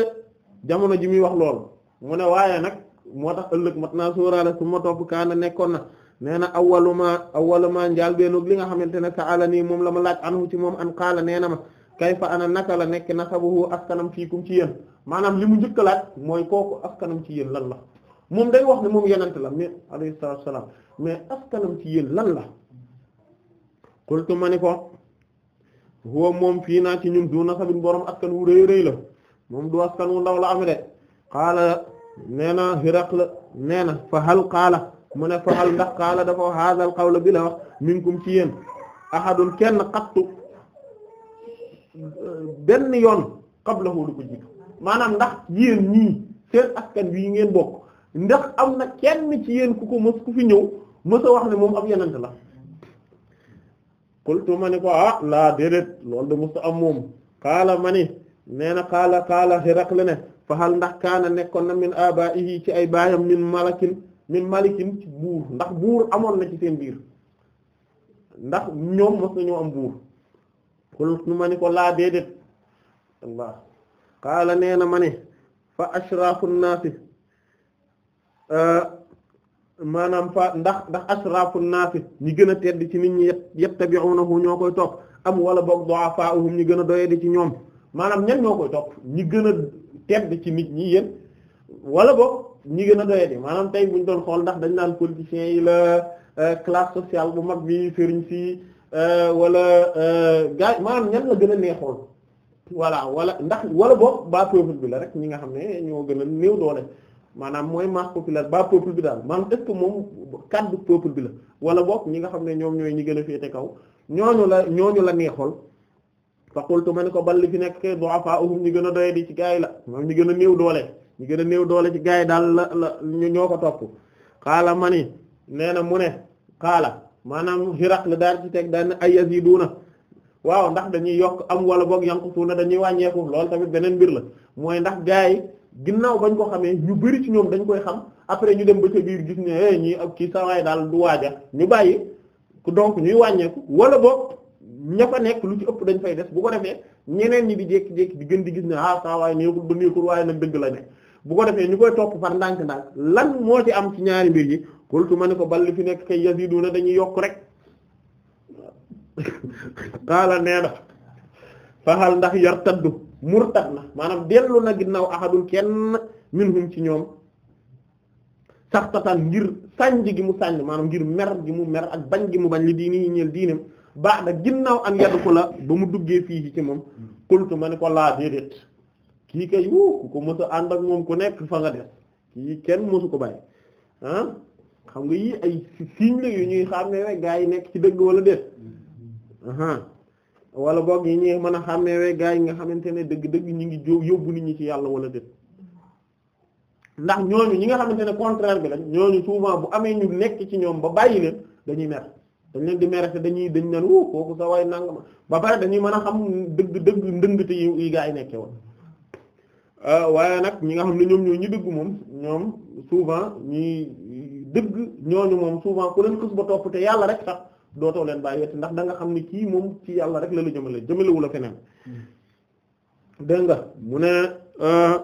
A: jamono ji muy wax loolu mu ne waaye nag moo tax ëllëg mat naa sóoraale su ma topp kaana nekkoon na nee na awwaluma awwaluma njaal beenug li nga xamante ne saala nii moom la ma laaj anhu ci moom an qaala nee na ma kayfa ana naka la nekk nasabuhu askanam fiikum ci yéen maanaam li mu njëkk laaj mooy kooku askanam ci yéen lan la moom day wax ne moom yenante la mais alayhi salaam mais askanam ci yéen lan la qultu ma ni ko huwa moom fii naa ci ñun du nasabin borom askan wu rëy rëy la moom du askan wu ndaw la am de qaala nee na Hiraql nee na fa hal qaala mu ne fa hal ndax qaala dafa haadal qawla bi la wax minkum ci yéen ahadun kenn qattu benn yoon qablahu lu ko jiitu maanaam ndax yéen ñii seen askan wi ngeen bokk ndax am na kenn ci yéen ku ko mës ku fi ñëw mës wax ne moom ab yenente la qultu ma ni ko ah laa déedéet loolu de musta am moom kaala ma ni nee na kaala kaala Hiraql ne fa hal ndax kaana nekkoon na min abaa'ihi ci ay baayam min malakin min malikin ci buur ndax buur amoon na ci seen biir ndax ñoom mos nañoo am buur qultu ma ni ko laa déedéet kaala nee na fa ashraafu naasi maanaam fa ndax ndax asrafun naasi ñi gën a tedd ci nit ñi yattabi'unahu ñoo koy topp am wala boog du'afaa'uhum ñi gën a doyadi ci ñoom maanaam ñan ñoo koy topp ñi gën a tedd ci nit ñi yéen wala boog ñi gën a doyadi maanaam tey buñ doon xool ndax dañ naan politiciens yi la euh, classe sociale bu mag bi sëriñ si euh, wala euh, gaa maanaam ñan la gën a neexoon voilà wala ndax wala boog ba peuple bi la rek ñi nga xam ne ñoo gën a néew doole maanaam mooy masse populaire ba peuple bi daal maanaam est-ce que moom kaddu peuple bi la wala boog ñi nga xam ne ñoom ñooy ñi gën a féete kaw ñooñu la ñooñu la neexool fa qultu ma ni ko balli fi nekk kay du'afaa'uhum ñi gën a doye di ci gaay la moom ñi gën a néew doole ñi gën a néew doole ci gaay yi daal la la ñoo ko topp xaala ma ni nee na mu ne xaala maanaam xiraq la daal ci teg daan ay na waaw ndax dañuy yokk am wala boog yanqusuuna dañuy wàññeeku loolu tamit beneen mbir la mooy ndax gaay ginnaaw bañ ko xamee ñu bëri ci ñoom dañ koy xam après ñu dem ba ca biir gis ne eh, ñii ak kii sawaay daal du waaja ñu bàyyi ku donc ñuy wàññeeku wala boog ña fa nekk lu ci ëpp dañ fay des bu ko defee ñeneen ñi di jékki-jékki di gën di gis ne ah saawaay neexul ba neexul waaye nag dëgg la ne bu ko defee ñu koy topp par ndànk-ndànk lan moo ci am ci ñaari mbir yi kultu ma ne ko bal li fi nekk kay yasidu na dañuy yokk rek xaala nee na faxal ndax yar taddu murtad na maanaam dellu na ginnaaw ahadul kenn minhum ci ñoom saxtatan ngir sànj gi mu sànj maanaam ngir mer gi mu mer ak bañ gi mu bañ li diini ñeel diineem baax na ginnaaw an yaddu ko la ba mu duggee fii ci moom kultu ma ne ko laa déedéet kii kay wu ko mës ànd ak moom ku nekk fa nga def kii kenn mësu ko bàyyi ah, xam nga yii ay signe la yu ñuy xam ne rek yi nekk ci dëgg wala déet wala boog yi ñuy mën a xàmmeewee gaa yi nga xamante ne dëgg-dëgg ñu ngi jóg yóbbu nit ñi ci yàlla wala déet ndax ñooñu ñi nga xamante ne contraire bi lañ ñooñu souvent bu amee ñu nekk ci ñoom ba bàyyi leen dañuy mer dañ leen di mer te dañuy dañ naan wuu kooku sa waay ba pare dañuy mën a xam dëgg dëgg ndëngte yi gaa yi nekkee woon euh, waaye nag ñi nga xam ne ñoom ñoo ñi dëgg moom ñoom souvent ñi dëgg ñooñu moom souvent ku leen xës ba topp te yàlla rek sax dootoo leen bàyyi wetti ndax danga nga xam ne kii moom ci yàlla rek la la jëmale jëmalewu la feneen dégg nga mu ne euh,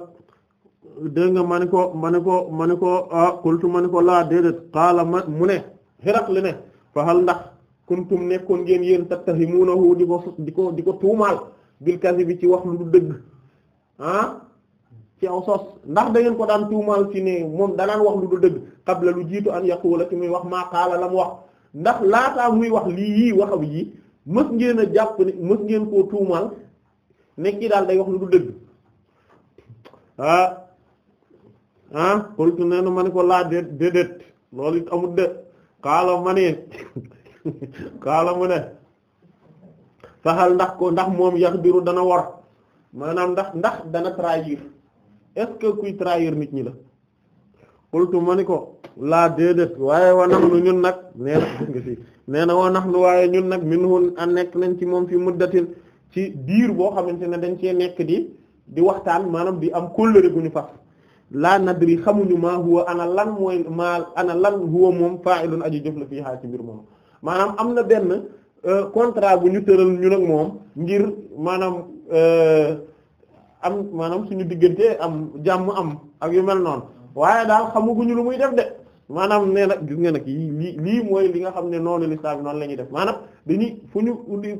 A: dégg nga ma ne ko ma ne ko ma ne ko ah kultu ma ne ko laa déedéet xaala ma mu ne xiraq li ne faxal ndax kuntum nekkoon ngeen yéen tattahimunahu di ko di ko di ko tuumaal bil kasi bi ci wax lu dëgg ah ci aw sos ndax da ngeen ko daan tuumaal ci ne moom danaan wax lu du dëgg qabla lu jiitu an yaqula ci muy wax maa xaala la mu wax ndax laataa muy wax lii yii waxam yi mës ngeen a jàpp ne mës ngeen koo tuumaal nekki daal day wax lu du dëgg ah ah xultu nee ma ni ko laa dé déedéet loolu it amul de xaala ma ne xaala mu ne saxal ndax ko ndax moom yax diru dana war maanaam ndax ndax dana trahir est-ce que kuy trahir nit ñi la xultu ma ni ko laa déedéet waaye wa nax nu ñun nag nee na nee na wa nax nu waaye ñun nag minhu a nekk nañ ci moom fi muddatin ci diir boo xamante ne dañ cee nekk di di waxtaan maanaam di am kóllëre gu ñu fa laa nadri xamuñu maa huwa lan mooy maa ana lan huwa moom fa'ilun aji jëf la fii xaa ci mbir moom maanaam am na benn euh, contrat bu ñu tëral ñu nag moom ngir maanaam euh, am maanaam suñu diggante am jàmm am ak yu mel noonu waaye daal xamuguñu lu muy def de maanaam nee na gis nga nag lii lii mooy li nga xam ne noonu l'islam bi noonu lañuy def maanaam dañuy fu ñu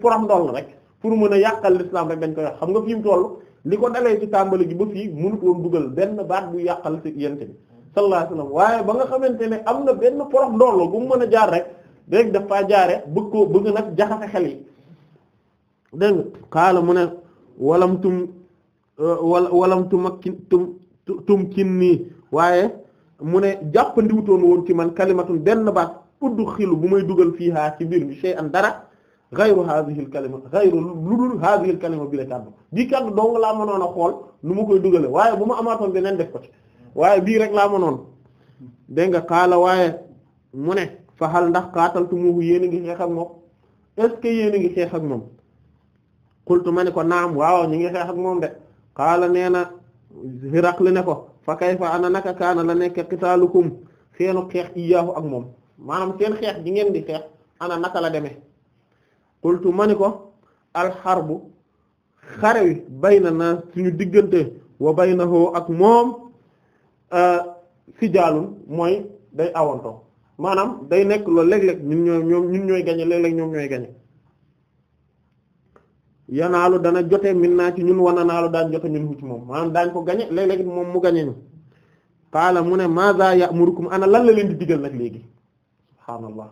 A: poram ndoll rek pour mën a yàqal l'islam rek dañ koy wax xam nga fi mu toll li ko dalee ci tàmbali gi ba fii mënut woon dugal benn baat bu yàqal ci yente bi sallallahu alayhi wasallam waaye ba nga xamante ne am na benn poram ndoll bu mu mën a jaar rek rek daf faa jaare bëgg koo bëgg nag jaxase xel yi dégg nga xaala mu ne walam tum euh, walam tumakkin tum tum kin nii waaye mu ne jàppandiwutoon woon ci man kalimatun benn baat udd xilu bu may dugal fii haa ci biir bi shay'an dara ghayru hadhihi al kalima ghayru lu dul hadhihi al kalima bi la kàddu bii kàddu dong laa mënoon a xool nu ma koy dugale waaye bu ma amaatoon beneen def ko ci waaye bii rek laa mënoon dégg nga xaala waaye mu ne faxal ndax qaataltumuhu yéen a ngi xeex ak moom est ce a ngi xeex ak moom qultu ma ne ko naam waaw ñi ngi xeex ak moom de xaala nee na Hiraql ne ko fa kayfa ana naka kaana la nekk qitaalukum seenu xeex iyaahu ak moom maanaam kenn xeex gi ngeen di xeex ana naka la demee qultu ma ni ko alxarbu xare wi bayna na suñu diggante wa baynahu ak moom fi euh, sijaalun mooy day awantoo maanaam day nekk loolu léeg-léeg ñun ñooy ñoom ñun ñooy gañe léeg-léeg ñoom ñooy gañe yanaalu dana jote min naa ci ñun wananaalu daan jote min hu ci moom maanaam daañ ko gañe léeg-léeg moom mu gañe ñu qaala mu ne maza ya'murukum ana lan la leen di digal nag léegi subhaanallah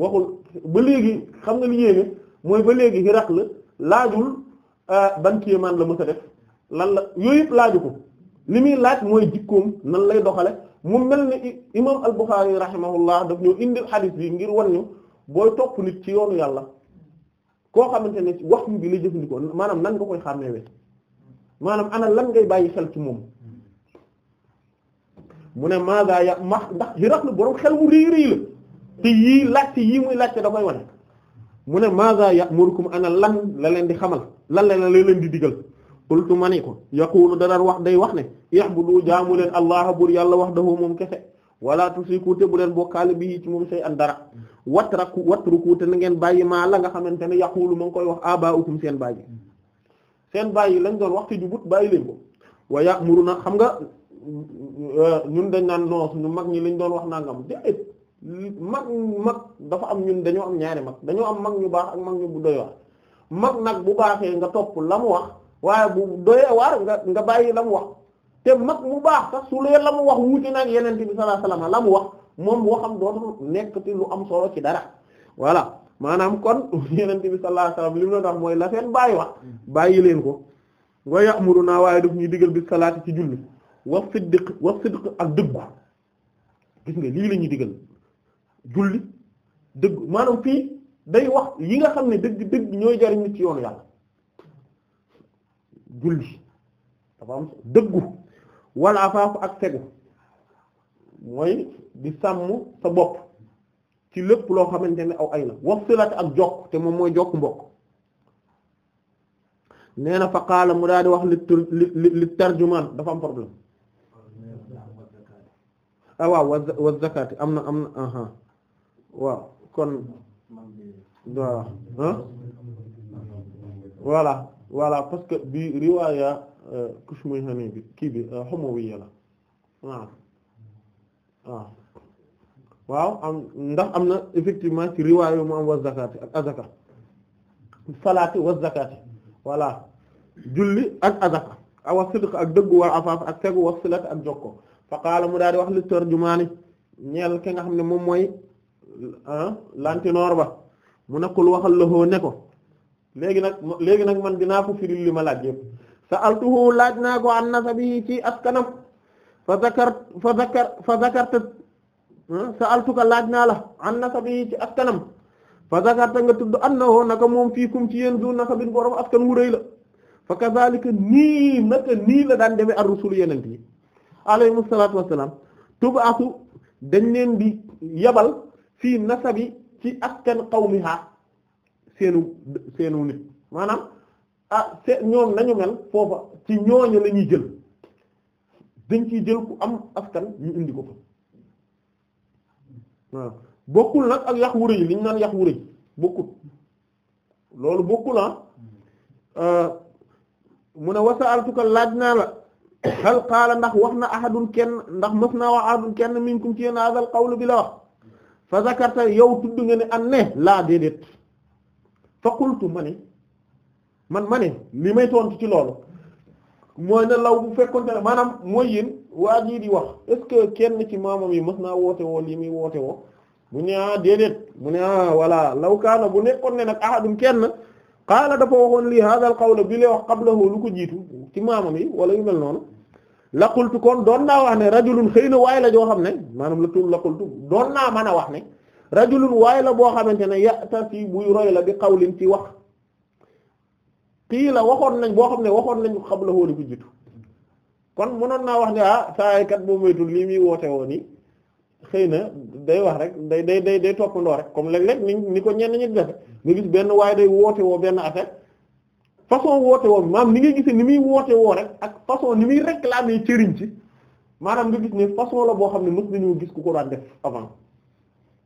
A: waxul ba léegi xam nga li yéene mooy ba léegi xiraq la laajul euh, ban kéemaan la mës a def lan la yooyu laaju ko li muy laaj mooy jikkoom nan lay doxale mu mel ni imam al-Bukhari daf ñëw indi hadith bi ngir wan ñu booy topp nit ci yoonu yàlla koo xamante ne wax yu bi la jëfandikoo maanaam nan nga koy xàmmeewee maanaam ana lan ngay bàyyi xel ci moom mu ne maaga ya max ndax Hiraql borom xel mu rëy rëy la te yii laajte yii muy laaj da koy wane mu ne ya mu ya'murukum ana lan la leen di xamal lan la leen di digal qultu ma ni ko yaqulu da wax day wax ne ya'budu jaamu leen allah buur yàlla wax wahdahu moom kese wala tusiku te bu leen bokkaale bi ci moom sey an dara watraku watruku te na ngeen bàyyi maa la nga xamante ne yaqulu ma ngi koy wax aba'ukum seen bàyyi seen bàyyi lañ doon wax waxtu jubut bàyyi leen ko wa ya'muruna xam nga ñun dañ naan non suñu mag ñi lañ doon wax nangam déedéet mag mag dafa am ñun dañoo am ñaari mag dañoo am mag ñu baax ak mag ñu bu doy wax mag nag bu baaxee nga topp la mu wax waaye bu doyee waar nga nga bàyyi la mu wax te mag mu baax sax su lee la mu wax wuute nag yeneen bi sallallahu alayhi wasallam la mu wax moom boo xam dootul nekk ti lu am solo ci dara voilà maanaam kon yeneen bi sallallahu li mu la wax mooy la seen bàyyi wax bàyyi leen ko wa naa waaye daf ñuy digal bi salaati ci julli wa siddiq wa siddiq ak dëggu gis nga lii lañuy ñuy julli dëggu maanaam fii day wax yi nga xam ne dëgg dëgg ñooy jariñ ci yoonu yàlla julli dafa am dëggu wala afaaf ak segu mooy di sàmm sa bopp ci lépp loo xamante ne aw ay la wax silat ak jokk te moom mooy jokk mbokk nee fa qaala mu daal di wax li li tarjumaan dafa am problème ah waaw wa zakati am na am na waaw kon waaw ah? voilà voilà parce bi riwaaya Kushmayhani bi kii bi Umayya euh, la waaw waaw waaw am ndax am na effectivement ci riwaayu mu am ak azaka salaati wa zakaati voilà julli ak azaka ak dëggu wal afaaf ak tegu wax silat ak jokko fa qaala mu daal di wax li tarjumaani ñeel ki nga xam ne moom mooy euh, lantinoor ba mu nekkul waxal la ne ko léegi nag léegi man dinaa ko firil li ma yëpp sa'altuhu laaj naa ko an nasabi ci askanam fa zakar fa zakar fa zakarta ah, sa'altuka laaj naa la an nasabi ci askanam fa zakarta nga tudd annahu naka moom fiikum ci yéen zu nasabin borom askan wu rëy la fa kazalika nii naka nii la daan demee ar-rusul yenent yi alayhimu salaatu wassalaam tub'asu dañ leen di yabal fii nasabi ci askan qawmiha seenu seenu nit maanaam ah seet ñoom nañu mel foofa ci ñooñu la ñuy jël dañ ciy jël ku am askan ñu indi ko fa bokkul nag ak yax wuré yi li naan yax wuré bokkul loolu bokkul ah euh, mu ne wasaaltuka laaj naa la hal qaala ndax wax na ahadun kenn ndax mës naa wax ahadun kenn minkum ci yéen hadal qawl bi la wax fa zakarta yow tudd nga ne an ne laa déedéet fa qultu ma ni man ma ne li may tontu ci loolu mooy ne law bu fekkoon ne maanaam mooy yéen waa jii di wax est-ce que kenn ci maamam yi mës naa woote woo lii muy woote woo mu ne ah, mu ne ah law kaana bu nekkoon ne nag ahadum kenn qaala dafa waxoon lii hadal qawla bi lay wax qablahu lu ko jiitu ci maamam yi wala yu mel noonu laqultu kon doon naa wax ne rajulun xëy na waay la joo xam ne maanaam la tuul doon naa mën a wax ne rajulun waay la boo xamante ne ya'tasi buy roy la bi qawlin ci wax. kii la waxoon nañ boo xam ne waxoon nañ xam la wóolu ko jiitu kon mënoon naa wax ne ah saa yi kat boo moytul lii muy woote woon yi xëy na day wax rek day day day day toppandoo rek comme léeg-léeg ni ko ñenn ñi defe benn waaye day benn affaire façon woote woo maam ni nga ni muy woote woo rek ak façon ni muy réclamer cëriñ ci maanaam nga gis ne façon la boo xam ne mës nañoo gis ku ko daan def avant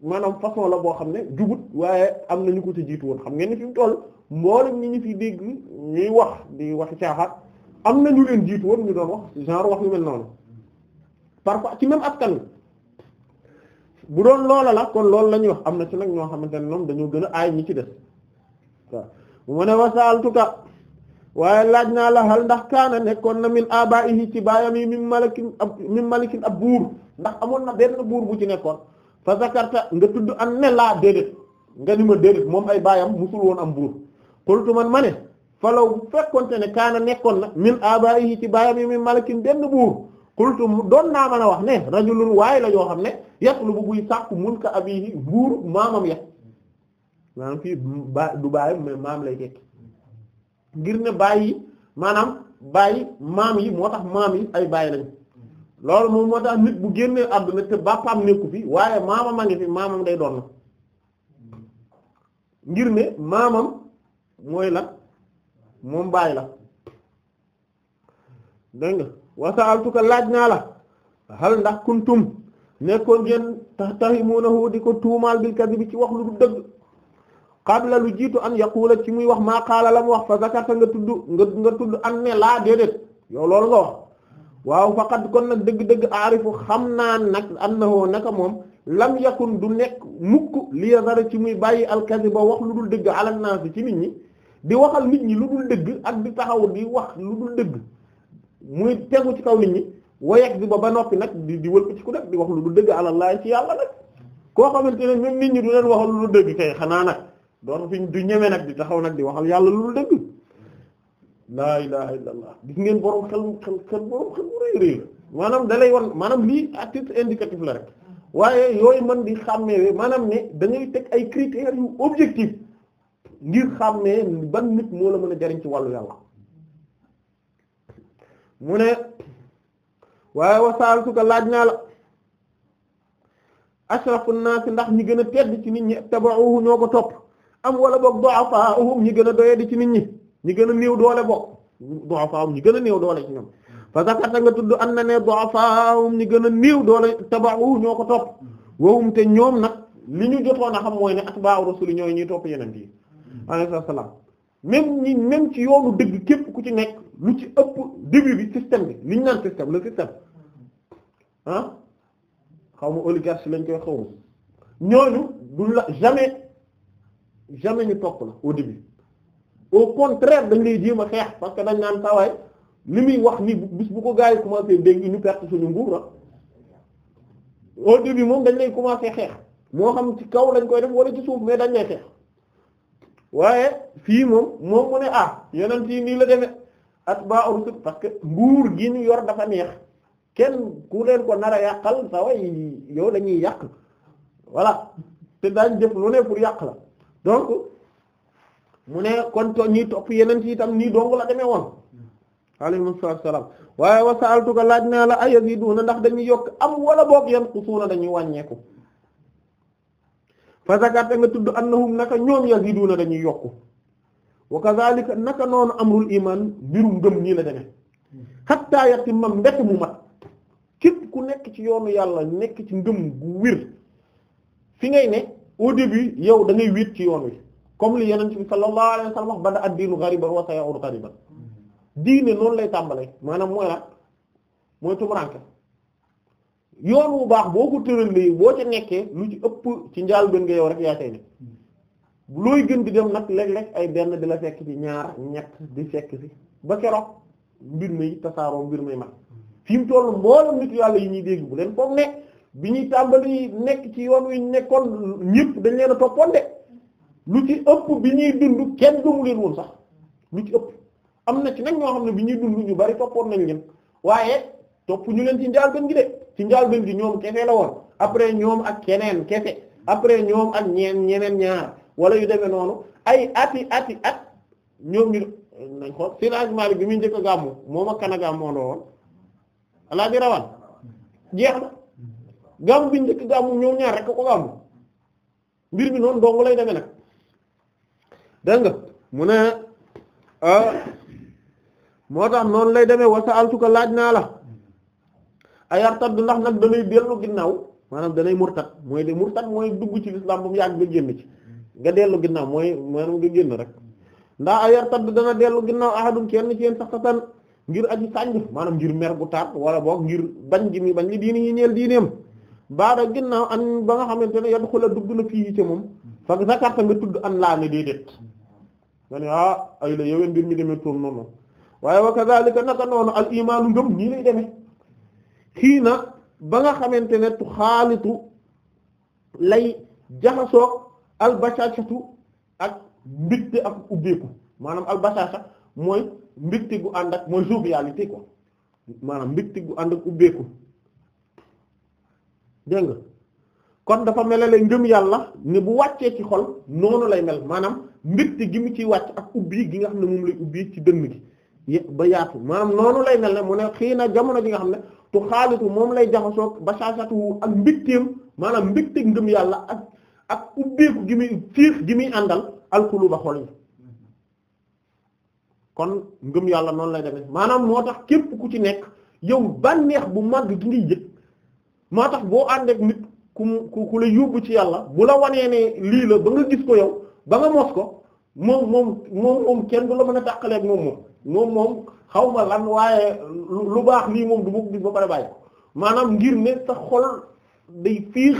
A: maanaam façon la boo xam ne jubut waaye am na ñu ko ci jiitu woon xam ngeen ni fi mu toll mboolem ñi ñu fi dégg ñuy wax di wax caaxaat am na ñu leen jiitu woon ñu doon wax genre wax yu mel noonu ci même askan bu doon loola la kon loolu la ñuy wax am na ci nag ñoo xamante ne ñoom dañoo gën a aay ñi ci des waaw mu ne wasaal tuka laaj naa la xal ndax kaana nekkoon na min abaihi ci baayam yi min malikin ab min malikin ab buur ndax amoon na benn buur bu ci nekkoon. fa zakarta nga tudd an ne laa déedéet nga ni ma déedéet moom ay baayam musul woon am buur xultu man ma ne falaw fekkonte ne kaana nekkoon na min abaayihi ci baayam yi min malakin benn buur xultu doon naa man a wax ne rajulun waaye la yoo xam ne yatlubu buy mun ko mulka abiihi buur maamam ya maanaam fii du baayam mais maam lay tekki ngir ne baay yi maanaam baay maam yi moo tax maam yi ay baay lañ loolu moom moo tax nit bu génnee àdduna te bàppaam nekku fi waaye maamam a ngi fi maamam day doon ngir ne maamam mooy la moom bàyyi la dégg nga wasaaltuka laaj naa la hal ndax kuntum nekkoon ngeen tax taximunahu di ko tuumaal bil kadhib ci wax lu du dëgg qabla lu jiitu an yaqula ci muy wax maa qaala mu wax fa zakarta nga tudd nga nga tudd am ne laa déedéet yow loolu nga wax waaw faqad kon nag dëgg-dëgg aarifu xam naa nag annahu naka moom lam yakun du nekk mukk li yazara ci muy bàyyi alkaziba wax lu dul dëgg ala naas ci nit ñi di waxal nit ñi lu dul dëgg ak di taxaw di wax lu dul dëgg muy tegu ci kaw nit ñi wayeeg bi ba ba noppi nag di di ci ku nag di wax lu dul dëgg ala laa ci yàlla nag koo xamante ne même nit ñi du leen waxal lu dul dëgg kay xanaa nag doon fi du ñeme nag di taxaw nag di waxal yàlla lu dul dëgg laa ilaha illa allah gis ngeen borom xel xel xel xel bu rëy rëy maanaam dalay wan maanaam lii ak titre indicatif la rek waaye yooyu man di xàmmee maanaam ne da teg ay critères yu objectif ngir xàmmee ban nit moo la mën a jariñ ci wàllu yàlla mu ne waaye wasaal su ko laaj naa la ashrafu naas ndax ñi gën a tedd ci nit ñi taba'uhu ñoo ko topp am wala boog du'afa'uhum ñi gën a doyadi ci nit ñi ñi gën a néew doole bokk du'afaahum ñi gën a néew doole ci ñoom fa zakarta nga tudd an na ne du'afaahum ñi gën a néew doole taba'u ñoo ko topp wawum te ñoom nag li ñu jotoon a xam mooy ne atba'u rasul ñooy ñuy topp yeneen yi alayhi salaam même ñi même ci yoonu dëgg képp ku ci nekk lu ci ëpp début bi système bi li ñu naan système le système ah xaw ma oligarchie lañ koy xaw ma ñooñu du la jamais jamais ñu topp la au début au contraire dañ lay jéem a xeex parce que dañ naan sawaay li muy wax ni bis bu ko gars yi commencé dégg ñu perte suñu nguur ah. au bi moom dañ lay commencé xeex moo xam ci kaw lañ koy def wala ci suuf mais dañ lay xeex waaye fii moom moom mu ne ah yeneen fii nii la demee atba'u rusul parce que nguur gi ñu yor dafa neex kenn ku leen ko nar a yàqal saway yow dañuy yàq voilà te daañ def lu ne pour yàq la mu ne kon to ñi topp yeneen ci itam nii dong la demee woon alayhi salaam waaye wa sa'altuka laaj naa la ayaziduuna ndax dañuy yokk am wala boog yanqusuuna dañuy wàññeeku fa zakarta nga tudd na annahum naka ñoom yaziduuna dañuy yokku wa kazaalika naka noonu amrul imaan mbiru gëm nii la demee hatta yatimma mbett mu ma képp ku nekk ci yoonu yàlla nekk ci ngëm gu wir fi ngay ne au début yow da ngay wéet ci yoon wi comme li yeneen bi sallallahu alayhi wa sallam wax bada ad-diinu ghariban wa sayaudu qariban diine noonu lay tàmbalee maanaam mooy la mooy tumuranke yoon wu baax boo ko tëralee boo ci nekkee lu ci ëpp ci njaal benn nga yow rek yaa tay ne looy gën di dem nag léeg-léeg ay benn di la fekk ci ñaar ñett di fekk ci ba keroog mbir may tasaaroo mbir may mag fi mu toll nit yàlla yi ñuy dégg bu leen foog ne bi ñuy tàmbali nekk ci yoon wi nekkoon a lu ci ëpp bi ñuy dundu kenn gëmu leen woon sax lu ci ëpp am na ci nag ñoo xam ne bi ñuy dund ñu bari toppoon nañ leen waaye topp ñu leen ci njaal gën gi de ci njaal gën gi ñoom kese la woon après ñoom ak keneen kese après ñoom ak ñeen ñeneen ñaar wala yu demee noonu ay ati ati at ñoom ñu nañ xool si Malik bi muy njëkk a gàmmu moom ak a gàmmoo la woon alaaji rawaan jeex na bi njëkk gàmmu ñaar rek ko gàmmu mbir mi noonu dong lay demee nag dégg nga mu ne ah, moo tax noonu lay demee wasaaltuka laaj naa la ayartat du ndax nag danay dellu ginnaaw maanaam danay murtat mooy de murtat mooy dugg ci lislaam ba mu yàgg nga génn ci nga dellu ginnaaw mooy maanaam nga génn rek ndax ayartat du dana dellu ginnaaw ahadum kenn ci yenn yéen saxatan ngir aji sànj maanaam ngir mer gu tar wala boog ngir bañ gi mi bañ li diini yi ñeel baa baada ginnaaw an ba nga xamante ne yadu xula dugg na fii ci moom fa zakarta nga tudd an laa ne nga ne ah ay la mbir mi demee toon noonu waaye wa kadhalika naka noonu al imaanu ngëm nii lay demee xii na ba nga xamante ne tu xaalitu lay jaxasoog albasasatu ak mbitte ak ubbeeku maanaam albasasa mooy mbitte gu ànd ak mooy jovialité quoi maanaam mbitte gu ànd ak ubbeeku dégg nga kon dafa melale njëm yàlla ne bu wàccee ci xol noonu lay mel maanaam mbirti gi mu ci wàcc ak ubbi gi nga xam ne moom lay ubbi ci dënn gi ba yaatu maanaam noonu lay mel ne mu ne xëy na jamono ji nga xam ne tu xaalitu moom lay jaxasoog ba saasatu ak mbigteem maanaam mbigteeg ngëm yàlla ak ak ubbeeku gi muy àndal alkuluba xol yi ngëm yàlla noonu lay demee maanaam moo tax képp ku ci nekk yow bànneex bu màgg gi ngay jëg moo tax boo ànd nit ku ku la yóbbu ci yàlla bu la wanee ne lii la ba nga gis ko yow ba nga mos ko moom moom moom moom kenn du la mën a tàqaleeg moom moom moom moom xaw ma lan waaye lu baax nii moom du ma ko gis ba pare bàyyi ko maanaam ngir ne sa xol day fiix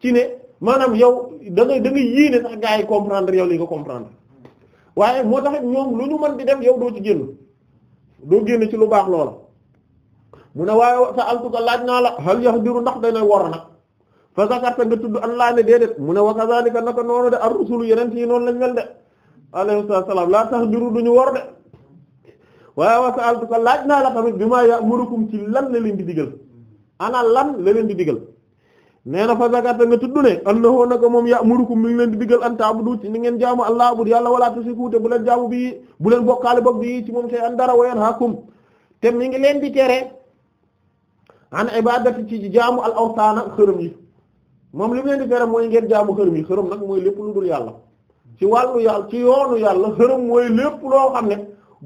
A: ci ne maanaam yow da ngay da ngay yéene sax gaa yi comprendre yow li nga comprendre waaye moo tax ñoom lu ñu mën di def yow doo ci génn doo génn ci lu baax loola mu ne waaye sa altuka laaj naa la hal yahdiru ndax dana wor nag fa zakarta nga tudd an laa ne déedéet mu ne wa kadhalika naka noonu de ar-rusulu yeneen ci noonu lañ mel de alayhi salaam laa tax biru duñu wor de waaye wa sa'altuka laaj naa la tamit bi ma ya'murukum ci lan la leen di digal ana lan la leen di digal nee na fa zakata nga tudd ne annahu naka moom ya'murukum mi ngi leen di digal an ta'budu ci ni ngeen jaamu allah bu yàlla wala tusiku te bu leen jaamu bi bu leen bokkaale bokk bi ci moom say an dara wayan hakum te mi ngi leen di tere an ibadati ci jaamu al awsaana xërëm yi moom li mu leen di tere mooy ngeen jaamu xërëm yi xërëm yàlla ci wàllu yàlla ci yàlla xërëm mooy lépp loo xam ne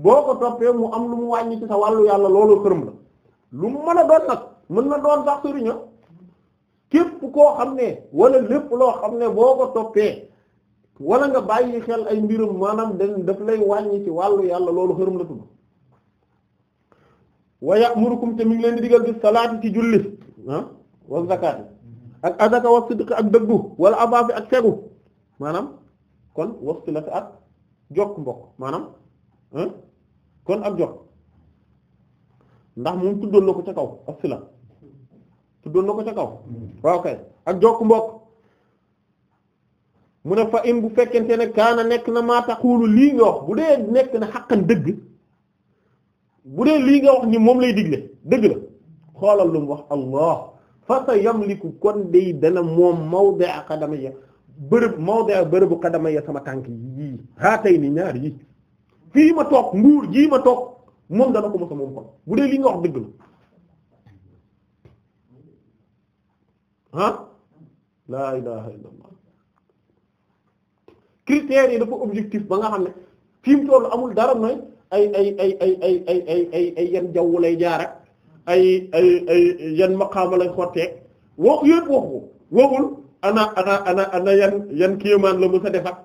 A: boo ko toppee mu am lu mu wàññi ci sa wàllu yàlla loolu xërëm la lu mu man a doon nag mën na doon sax sëriña ah. képp koo xam ne wala lépp loo xam ne boo ko toppee wala nga bàyyi xel ay mbirum maanaam daf lay wàññi ci wàllu yàlla loolu xërëm la tudd wa ya'murukum te mi ngi leen di digal bi salaati ci julli ah wa zakaati ak azaka wa sidq ak dëggu wala abaafi ak fegu maanaam kon waxtu la ak jokk mbokk maanaam kon ak jokk ndax moom tuddoon na ko ca kaw waxtu la tuddoon na ko ca kaw waaw kay ak jokk mbokk mu ne fa in bu fekkente ne kaana nekk na maa taqulu lii nga wax bu dee nekk na xaqan dëgg bu dee lii nga wax ni moom lay digle dëgg la xoolal lu wax allah fa sa yamliku kon day dana moom mawdi'a qadamiya bërëb mawda bërëbu xadama ya sama tànk yii haa ni ñaar yii fii ma toog nguur jii ma toog moom dana ko mosa moom kon bu dee li nga wax dëgg la ah laa ilaha illa allah yi dafa objectif ba nga xam ne fi mu tollu amul dara nooy ay ay ay ay ay ay ay ay yan jaww lay jaar ak ay ay ay yan maqaama lay xotteeg wax yëpp waxu waxul ana ana ana ana yan yan kéemaan la mës a defat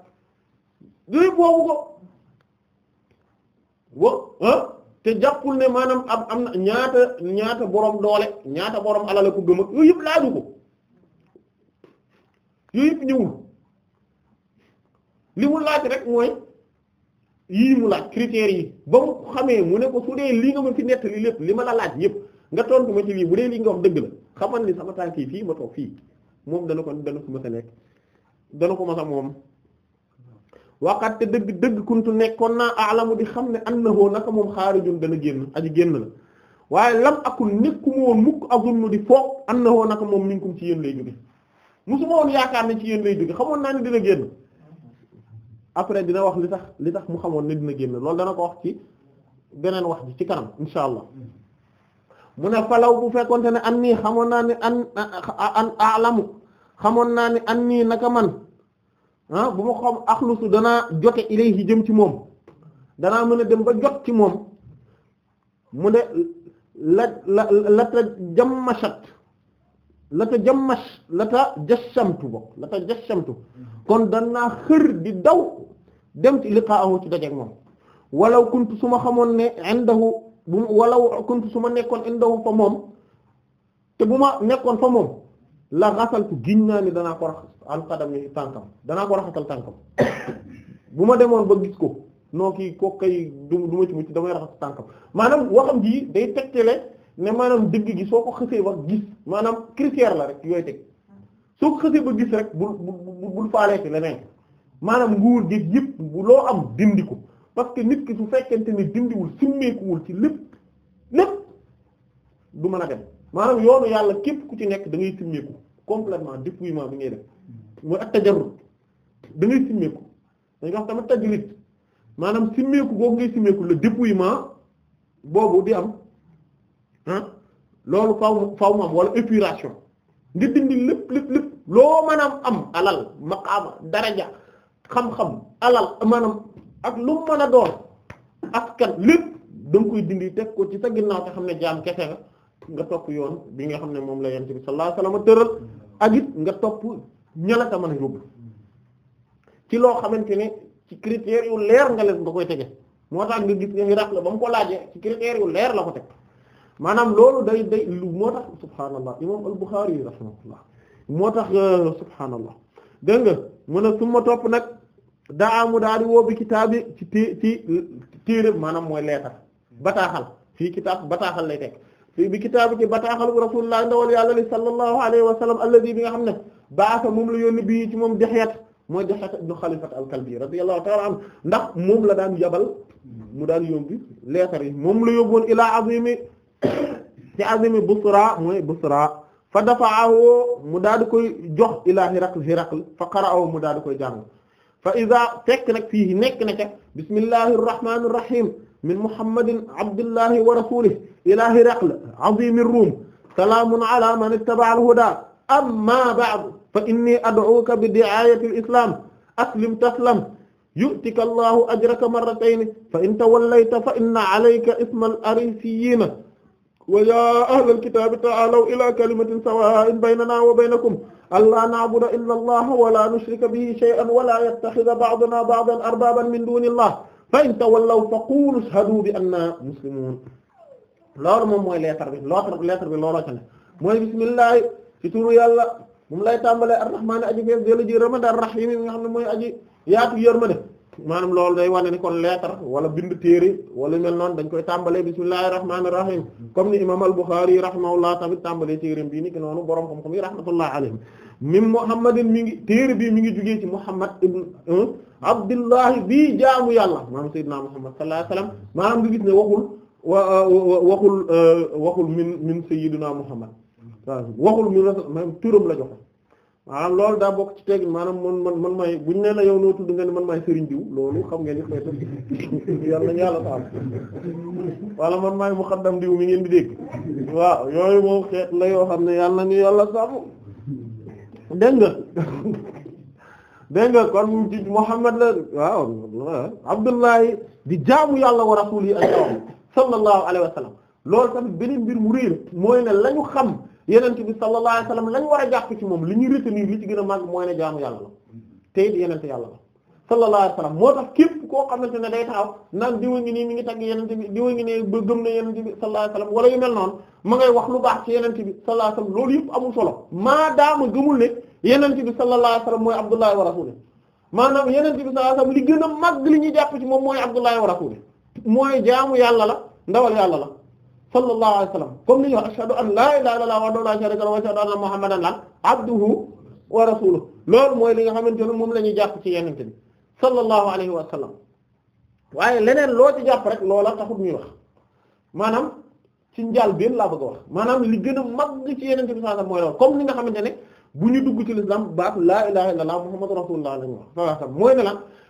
A: yooyu boobu ko wa ah te jàppul ne maanaam am am na ñaata ñaata borom doole ñaata borom alal ko gëm ak yooyu yëpp laaju ko yooyu yëpp ñëwul li laaj rek mooy yii mu laaj critères yi ba mu xamee mu ne ko su dee lii nga ma fi nettali lépp li ma la laaj yëpp nga tontu ma ci lii bu dee lii nga dëgg la xamal ni sama tànk yi fii ma toog fii moom dana ko dana ko mës a nekk dana ko mës a moom waqat te dëgg dëgg kuntu nekkoon naa alamu di xam ne annahu naka moom xaarijun dana génn aji génn la waaye lam akul nekkuma woon mukk azunnu di foog annahu naka moom ko ci yéen lay jóge musuma woon yaakaar na ci yéen lay jóge xamoon naa ne dina génn après dina wax li tax li tax mu xamoon ne dina génn loolu dana ko wax ci beneen wax ji ci kanam insha allah mu ne falaw bu fekkonte ne an nii xamoon naa ne an an alamu xamoon naa ne an nii naka man ah bu ma xam axlusu danaa jote ilayhi jëm ci moom danaa mën a dem ba jot ci moom mu ne la la la ta jammashat la ta jammash la ta jashamtu bokk la ta jashamtu kon danaa xër di daw dem ci liqaahu ci dajeek moom walaw kuntu su xamoon ne indahu bu wala kuntu su ma nekkoon indaw fa moom te bu ma nekkoon fa moom la xasaltu giñ naa ni danaa ko raxas an tànkam danaa ko raxasal tànkam bu ma demoon ba gis ko noo kii ko kay du ma ci mucc damay raxas tànkam maanaam waxam ji day tegtale ne maanaam dëgg gi soo ko xësee wax gis maanaam critère la rek yooyu teg soo ko xësee ba gis rek bul bul bul faaleeti leneen maanaam nguur gi yëpp loo am dindi ko parce que nit ki su fekkente ni dindiwul simmeekuwul ci lépp lépp du mën a dem maanaam yoonu yàlla képp ku ci nekk dangay ngay simmeeku complètement dépouillement bi ngay def mooy ak tajarut da ngay simmeeku dañ maanaam simmeeku boobu ngay simmeeku le dépouillement boobu di am ah loolu faw faw mu am wala épuration nga dindi lépp lépp loo mën a am alal maqaama daraja xam-xam alal maanaam ak lu mu mën a doon askan lépp da nga koy dindi teg ko ci sa ginnaaw te xam ne jaam kese la nga topp yoon bi nga xam ne moom la yonent bi sallallahu alayhi wasallam tëral ak it nga topp ñala sa mën a yóbbu ci loo xamante ne ci critères yu leer nga leen nga koy tege moo tax nga gis nga Hiraql la ba mu ko laajee ci critères leer la ko teg maanaam loolu day day moo tax subhaanallah imaam al-Bukhari rahimahullah moo tax euh, subhaanallah dégg nga mu ne topp nag. daa mu daal di woo bi kitaab bi ci ti ci téere maanaam mooy leetar bataaxal fii kitaab bataaxal lay teg fii bi kitaab bi ci bataaxal bu rasulullah ndawal yàlla li sallallahu alayhi wa sallam alladhi bi nga xam ne baasa moom la yónni bii ci moom dexeet mooy dexeet ibn xalifat alkalbi radiyallahu ta'ala anhu ndax moom la daan yabal mu daan yóbbi leetar yi moom la yóbboon ilaa azimi ci azimi busra mooy busra fa dafa'ahu mu daal koy jox ilaa hiraql hiraql fa qara'ahu mu daal di koy jàng fa iza fekk nag fii nekk na ca bismillahi irrahmani irrahim min muhammadin abdillahi wa rasulih ila hiraql azimi ruum salaamun ala man ittaba'a al-huda amma ba'du fa inni ad'uka bi di'ayati al-islam aslim taslam yu'tika allahu ajraka marratayn fa in tawallayta fa inna alayka isma al-arisiyyin wa ya ahlal kitabi ta'aalaw ila kalimatin sawaa'in baynana wa baynakum allaa na'buda illa allah wa la nushrika bihi shay'an wa la yattakhidha ba'duna ba'dan arbaban min duni allah fa in tawallaw faqulu ashhadu bi anna muslimun loolu moom mooy lettre bi loolu lettre bi looloo ca ne mooy bismillahi ci turu yàlla moom lay tàmbalee arrahmaani aji fees delu ji ramadan rahim yi nga xam ne mooy aji yaatu yërmande maanaam loolu day wane ni kon leetar wala bind téere wala mel noonu dañ koy tàmbalee bismillahir rahmanir rahim comme ni imam al-Bukhari rahimahullah tamit tàmbalee téereem bii ni ki noonu boroom xam-xam yi rahmatullah alayhim min muhammadin mi ngi téere bii mi ngi jugee ci muhammad ibn abdullahi bii jaamu yàlla maanaam sayyidina muhammad sallallahu alayhi wasallam maanaam nga gis ne waxul waxul euh, waxul min min sayyidina muhammad waxul min maanaam turam la joxe maanaam loolu daa bokk ci teggin maanaam man man may bu ñu la yow noo tudd nga ne man maay Serigne Diouf loolu xam ngeen ni xëy na yàlla nañu yàlla taal wala yàlla nañu yàlla sàmm kon mu ci Muhammad la waaw Abdullahi di jaamu yàlla wa rasuuli ak sallallahu wa sallam loolu tamit beneen mbir mu réer mooy ne lañu xam. yenente bi sallallahu alayhi wasallam lañ war a jàpp ci moom li ñuy retenir li ci gën a màgg mooy ne jaamu yàlla la tey di yenente yàlla la sallallahu alayhi wasallam moo tax képp koo xamante ne day taxaw naan diwa ngi nii mi ngi tagg yenente bi diwa ngi ne ba gëm na yenente bi sallallahu alayhi wasallam wala yu mel noonu ma ngay wax lu baax ci yenente bi sallallahu alayhi loolu yëpp amul solo maadaama gëmul ne yenente bi sallallahu alayhi wasallam mooy abdullahi wa rasuli maanaam yenente bi sallallahu alayhi wasallam li gën a màgg li ñuy jàpp ci moom mooy abdullahi wa rasuli mooy jaamu yàlla la ndawal yàlla la sallallahu alayhi wa sallam comme li ñu wax ashhadu an la ilaha illallah wahdahu la sharika lahu wa ashhadu anna muhammadan lan abduhu wa rasuluhu loolu mooy li nga xamante ne moom la ñuy jàpp ci yenente bi sallallahu alayhi wa sallam waaye leneen loo ci jàpp rek loola taxut ñuy wax maanaam ci njaal benn laa bëgg a wax maanaam li gën a mag ci yenente bi sallallahu li nga xamante ne bu ñu dugg ci l'islam baat laa ilaha illallah muhammadur rasulullah lañu wax mooy ne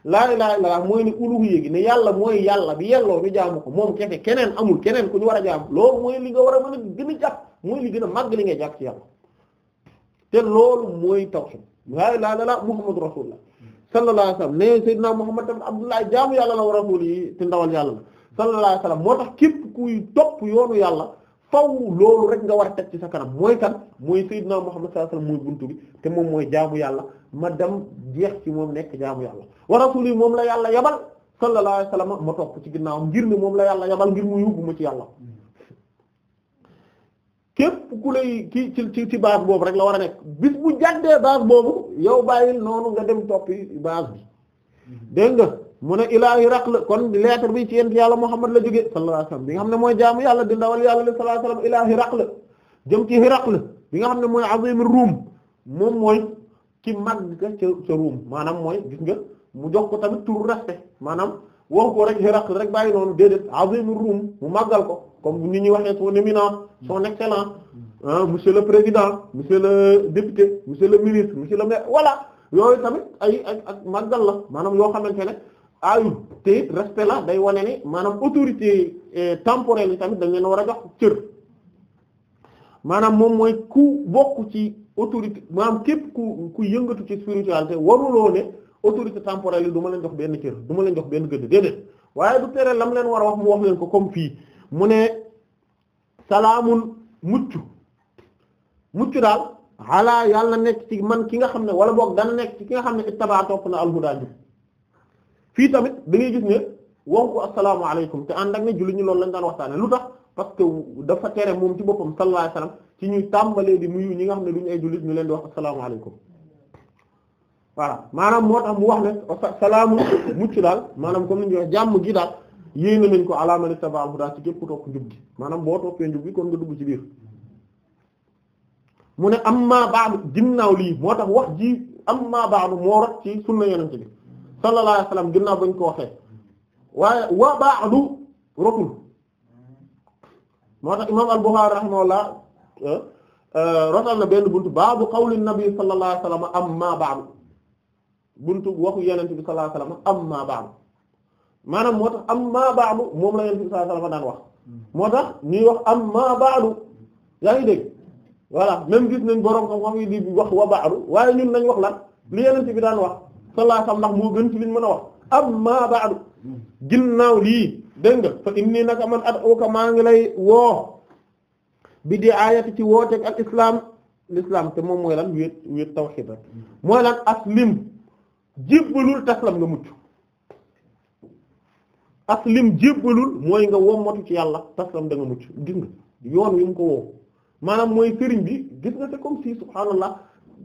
A: laa ilaaha illallaah mooy ne uluhiyya gi ne yàlla mooy yàlla bi yelloo ñu jaamu ko moom kefe keneen amul keneen ku ñu war a jaam loolu mooy li nga war a mën a gën a jàpp mooy li gën màgg li nga jàpp ci loolu mooy tawhid laa ilaaha illallaah muhammadu rasulullah sallallahu alayhi wa sallam ne sayyidina muhammad tam abdullah jaamu yàlla la wa rasul yi te ndawal yàlla la sallallahu alayhi wa moo tax képp kuy topp yoonu yàlla faw loolu rek nga war a teg ci sa kanam mooy kan mooy sayyidina muhammad sallallahu alayhi wa sallam bi te moom mooy jaamu yàlla ma dem jeex ci moom nekk jaamu yàlla wa rasuli moom la yàlla yabal sallallahu alayhi wasallam ma topp ci ginnaawam ngir ne moom la yàlla yabal ngir mu yóbbu ma ci yàlla képp ku lay ci ci ci boobu rek la war a nekk bis bu jàddee base boobu yow bàyyil noonu nga dem toppi base bi dégg nga mu ne ilaa Hiraql kon lettre bi ci yent yàlla Muhammad la jógee sallallahu alayhi wasallam bi nga xam ne mooy jaamu yàlla di ndawal yàlla sallallahu alayhi wasallam ilaa Hiraql jëm ci Hiraql bi nga xam ne mooy azimur Rum moom mooy ki mag ca ca Ruum maanaam mooy gis mu jox ko tamit turu respect maanaam woo ko rek Héracle rek bàyyi noonu déedéet azimu Ruum mu màggal ko comme ni ñuy waxee son éminence son excellence ah monsieur le président la le mu monsieur le ministre monsieur la maire voilà yooyu tamit ay ay ak màggal la maanaam yoo xamante ne ayut te it la day wane ne maanaam autorité eh, temporelle yi tamit dañ leen war a jox cër maanaam moom mooy ku bokk ci. autorité maanaam képp ku ku yëngatu ci spiritualité waruloo ne autorité temporelle duma leen jox benn cër du ma leen jox benn gëdd déedéet waaye du tere lam leen war a wax mu wax leen ko comme fii mu ne salaamun mucc mucc daal xalaa yàlla nekk ci man ki nga xam ne wala boog dana nekk ci ki nga xam ne ittaba topp na alhuda jub fii tamit da ngay gis ne won ko assalaamu alaykum te ànd ak ne julli ñu lool lañ daan waxtaane lu tax parce que dafa tere moom ci boppam sallallahu ci ñuy tàmbalee di nuyu ñi nga xam ne duñu ay jullit ñu leen di wax asalaamaaleykum voilà maanaam moo tax mu wax ne salaamu mucc daal maanaam comme ni ñu wax jàmm gi daal yéene nañ ko ala man ittaba al-huda ci képp topp njub gi maanaam boo toppee njub gi kon nga dugg ci biir mu ne amma ba'du ginnaaw lii moo tax wax ji amma ba'du moo rot ci sunna yonent bi sallallahu alayhi ginnaaw bañ ko waxee waaye wa ba'du rotul moo tax imaam al Euh, rotal na benn buntu baabu qawli nabi sallallahu alayhi wa sallam amma ba'du buntu waxu yenente bi sallallahu alayhi wa sallam amma ba'du maanaam moo tax amma ba'du moom la yenente bi sallallahu wa sallam daan wax moo tax ñuy wax amma ba'du yaa ngi dégg voilà gis nañ boroom xam-xam yi di wax wa ba'du waaye ñun nañ wax lan li yenente bi daan wax sallallahu alayhi ndax moo gën ci mën a wax amma ba'du ginnaaw lii dégg nga fa inni naka man ad'uka maa ngi lay woo bi dee ayati ci woo wooteeg ak islam l'islam te moom mooy lan wéet wéet tawhid rek mooy lan aslim jébbalul taslam nga mucc aslim jébbalul mooy nga wommatu ci yàlla taslam da nga mucc gis nga yoon wi mu ko woo maanaam mooy sëriñ bi gis nga c'est comme si subhaanallah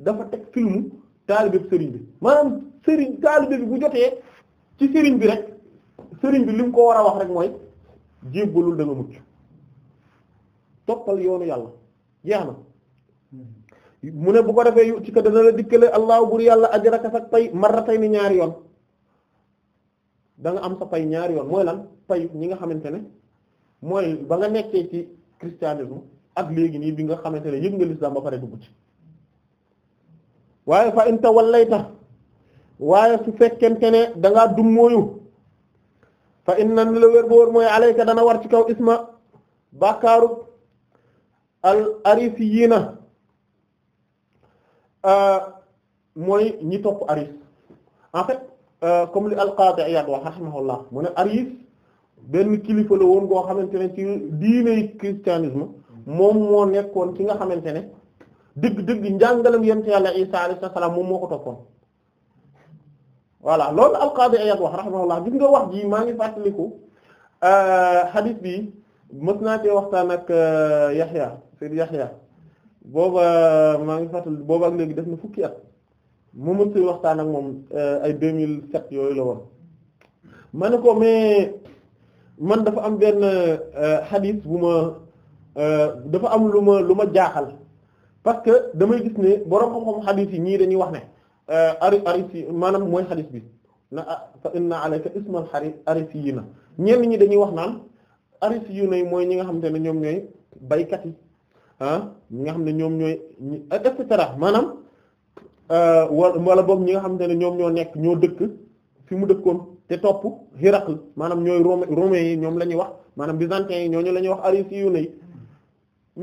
A: dafa teg filmu taalibe sëriñ bi maanaam sëriñ taalibe bi bu jotee ci sëriñ bi rek sëriñ bi li mu ko war a wax rek mooy jébbalul danga mucc toppal yoonu yàlla jeex na hmm. mu ne bu ko defee yu ci ko dana la dikkale allahu bur yàlla ajraka sa pay marratay ni ñaari yoon danga am sa pay ñaari yoon mooy lan pay ñi nga xamante ne mooy ba nga nekkee ci christianisme ak léegi nii bi nga xamante ne yëg nga lislaam ba pare dugg ci waaye fa inta wallayta waaye su fekkente ne danga ngaa dummóoyu fa inna la wér ba wóor mooy alayka dana war ci kaw isma bàkkaaru al na euh, mooy ñi topp aris en fait euh, comme li al-Qaadi Iyaad wax rahimahullah mu ne aris benn kilifa la woon goo xamante ne ci diiney christianisme moom moo nekkoon ci nga xamante ne dëgg-dëgg njàngalam yent yàlla Isaa alayhi salaam moom moo ko toppoon voilà loolu al-Qaadi Iyaad wax rahimahullah gis nga wax ji maa ngi fàttaliku euh, hadith bi. mës naa cee waxtaan ak euh, Yaxya Seydou Yaxya booba euh, maa ngi fàttali booba ak léegi def na fukki at mu mës ci waxtaan ak moom euh, ay 2007 yooyu la woon ma ne ko mais man dafa am benn xadis bu ma dafa am lu ma lu ma jaaxal parce que damay gis ne borom xam-xam xadis yi ñii dañuy wax ne ari arisi maanaam mooy xadis bi na fa inna alayka ismal xari arisi yii na ñenn ñi dañuy wax naan. arifiyuuna yi mooy ñi nga xamante ne ñoom ñooy baykat yi ah ñi nga xam ne ñoom ñooy et cetera maanaam euh, wala boog ñi nga xamante ne ñoom ñoo nekk ñoo dëkk fi mu dëkkoon te topp Hiraql maanaam ñooy Rome romains yi ñoom la ñuy wax maanaam byzantins yi ñoo ñu lañuy wax yu yi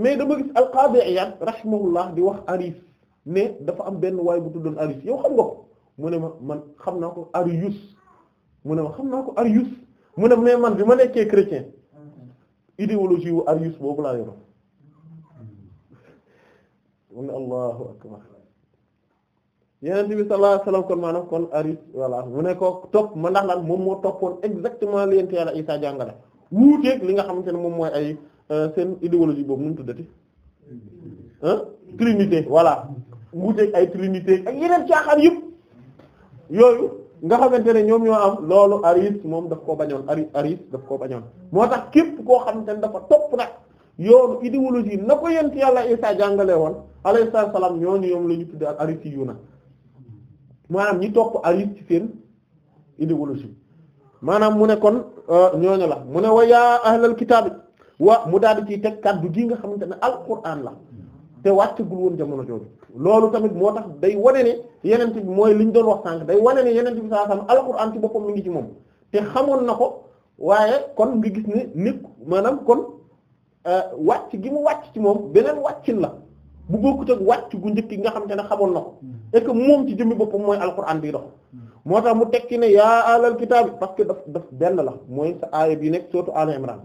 A: mais dama gis al-Qaadi Iyaad rahimahullah di wax arif ne dafa am benn waay bu tuddoon arif yow xam nga ko mu ne ma man xam naa ko Arius mu ne ma xam naa ko Arius mu ne mais man bi ma nekkee chrétien. idéologie wu Arius boobu laa yoroon mu allahu akbar yeneen bi sallallahu alayhi wasallam kon maanaam kon Arius voilà mu ne ko topp ma ndax lan moom moo toppoon exactement li yent yàlla Isaa jàngale wuuteeg li nga xamante ne moom mooy ay euh, seen idéologie boobu nu mu tuddati trinité voilà wuuteeg ay trinité ak yeneen caaxaan yëpp yooyu nga xamante ne ñoom ñoo am loolu aris moom daf koo bañoon aris aris daf koo bañoon moo tax képp koo xamante ne dafa topp nag yoonu idéologie na ko yent yàlla Isa jàngale woon alayhi salaam ñooñu ñoom la ñu tuddee ak aris yu na maanaam ñi topp aris ci seen idéologie maanaam mu ne kon euh, ñooñu la mu ne wa yaa ahlal kitaab wa mu daal di ciy teg kaddu gi nga xamante ne alquran la te wàccagul woon jamono jooju. loolu tamit moo tax day wane ne yenent bi mooy li ñu doon wax sànq day wane ne yenent bi sallallahu alayhi wasallam alxuraan ci boppam mi ngi ci moom te xamoon na ko waaye kon nga gis ne nit maanaam kon euh, wàcc gi mu wàcc ci moom beneen wàccin la bu bokkut ak wàcc gu njëkk gi nga xam te ne xamoon na ko mm-hmm. et que moom mooy alxuraan bi dox moo tax mu tekki ne yaa alal kitaabi parce que daf daf benn la mooy sa aaya bi nekk surtout mm-hmm.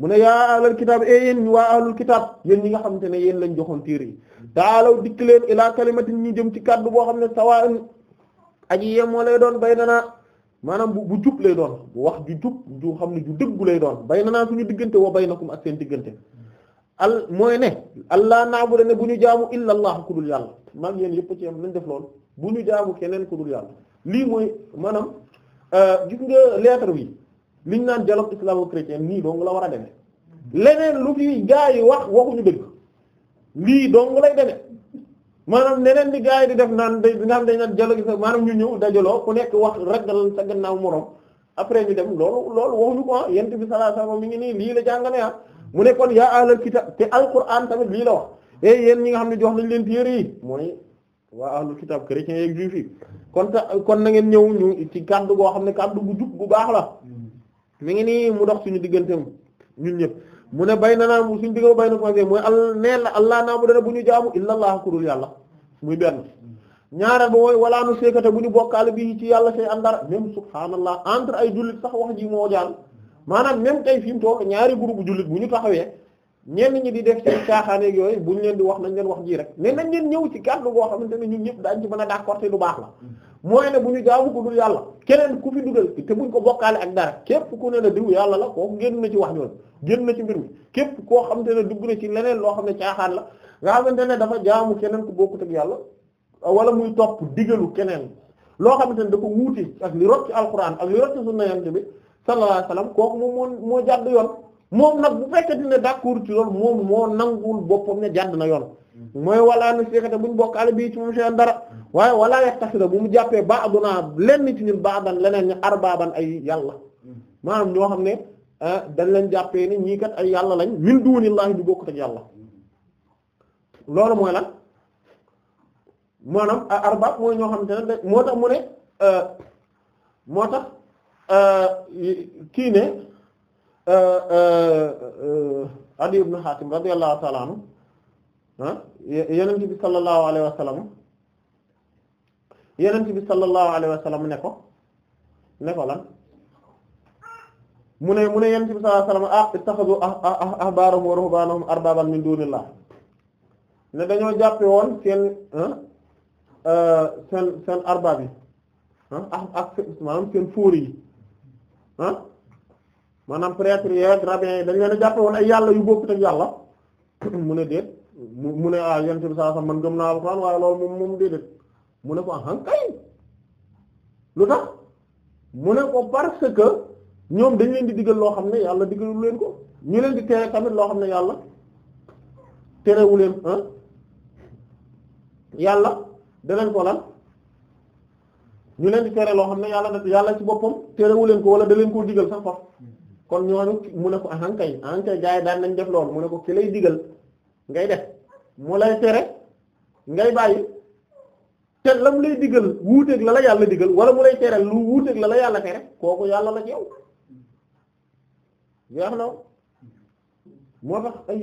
A: mu ne yaa alal kitaab e yéen waa alul kitaab yéen ñi nga xamante ne yen lañ joxoon téere yi taalaw dikk leen ilaa kalimatin ñu jëm ci kaddu boo xam ne sawaa'un aji yemoo lay doon bay nanaa maanaam bu bu jub lay doon bu wax ju jub ju xam ne ju dëggu lay doon bay nanaa suñu diggante wa baynakum ak seen diggante al mooy ne allah naabuda ne bu ñu jaamu illa allah ku dul yàlla maag yéen yëpp ci am lañ def loolu bu ñu jaamu keneen ku dul yàlla lii mooy maanaam euh, gis nga lettre bi liñ naan dialogue islamo-chrétien nii dong la war a demee leneen lu fi gaa yi wax waxuñu dëgg lii dong lay demee maanaam neneen di gars yi di def naan nga xam dañ naan jalo gi sax maanaam ñu ñëw dajaloo ku nekk wax ragal sa gannaaw morom après ñu dem loolu loolu waxuñu ko ah yent bi sallallahu alayhi wasallam mi ngi nii lii la jàngale ah mu ne kon yaa ahlal kitab te alquran tamit la wax eh, yéen ñi nga xam ne jox nañ leen téere yi mooy waa ahlul kitab chrétiens yeeg juif yi kon kon na ngeen ñëw ci kàddu goo xam ne kàddu gu jub bu baax la hmm. mi ngi nii mu dox suñu digganteem ñu ñëpp. mu ne bay na naa suñ digga bay na conseil mooy al allah naa bu dana bu ñu jaamu illa allah ku dul yàlla muy benn ñaareel ba mooy walaa nu seekate bu ñu bokkaale bi ci yàlla say andara même subhaanallah entre ay jullit sax wax ji moo jàll maanaam même tey fi mu toog ñaari groupe jullit bu ñu taxawee ñenn ñi di def seen caaxaan ak yooyu buñ leen di wax nañ leen wax jii rek ne nañ leen ñëw ci kàddu boo xamante ne ñun ñëpp daañu ci mën a d'accord lu baax la mooy bu ñu jaamu ko dul yàlla keneen ku ko bokkaale ak dara képp ku ne yàlla la kooku génn na ci wax ñoon génn na ci mbir mi képp koo xamante ne dugg na ci leneen loo xam ne caaxaan la nga xamante ne dafa jaamu keneen ku bokkut yàlla wala muy topp digalu keneen loo xamante ne dafa wuute ak li rot ci alxuraan ak li rot ci sunna yante bi sallallahu alayhi wasallam kooku moom moo moo jàdd yoon moom nag bu fekkee dina d'accord ci loolu moom moo nangul boppam ne jàdd na yoon mooy walaa na siekata buñ bokkaale bii ci moom seen dara waaye walaa yax taxida bu mu jàppee ba adunaa lenn ci ñun baadan leneen ñu arbaaban ay yàlla maanaam ñoo xam ne ah, dañ leen jàppee ne ñii kat ay yàlla lañ min dunillahi du bokkut ak yàlla loolu mooy lan maanaam arbaab mooy ñoo xam te ne moo tax mu ne ah, moo tax ah, kii ne Euh, euh, euh, Adi ibn Hatim radiyallahu ta'ala anhu ah yonent bi sallallahu alayhi wa sallam yonent bi sallallahu lan mu ne mu ne yonent bi sallallahu alayhi wa sallam ah ittakhadhu ah, ah, ah, ahbaarahum wa ruhbaanahum arbaaban dañoo jàppe woon ah ak maanaam seen yi maanaam prêtre yeeg yi dañ leen a jàppe woon ay yàlla yu bokkut ak yàlla mu ne déet mu ne ah yonent bi sallallahu alayhi man gëm naa alxuraan waaye loolu moom moom déedéet mu ne ko ah lu tax mu ne ko parce que ñoom dañ leen di diggal loo xam ne yàlla digalu leen ko ñu leen di tere tamit loo xam ne yàlla terewu leen ah ko lan ñu leen di tere loo xam ne yàlla yàlla ci boppam terewu leen ko wala da leen koo digal sax faf kon ñooñu mu ne ko ahankay ahankay gars yi daan nañ def loolu mu ne ko ki lay digal ngay def mu lay tere ngay bàyyi te lam lay digal wuuteeg la la yàlla digal wala mu lay tere lu la la yàlla tere kooku yàlla la ci na moo tax ay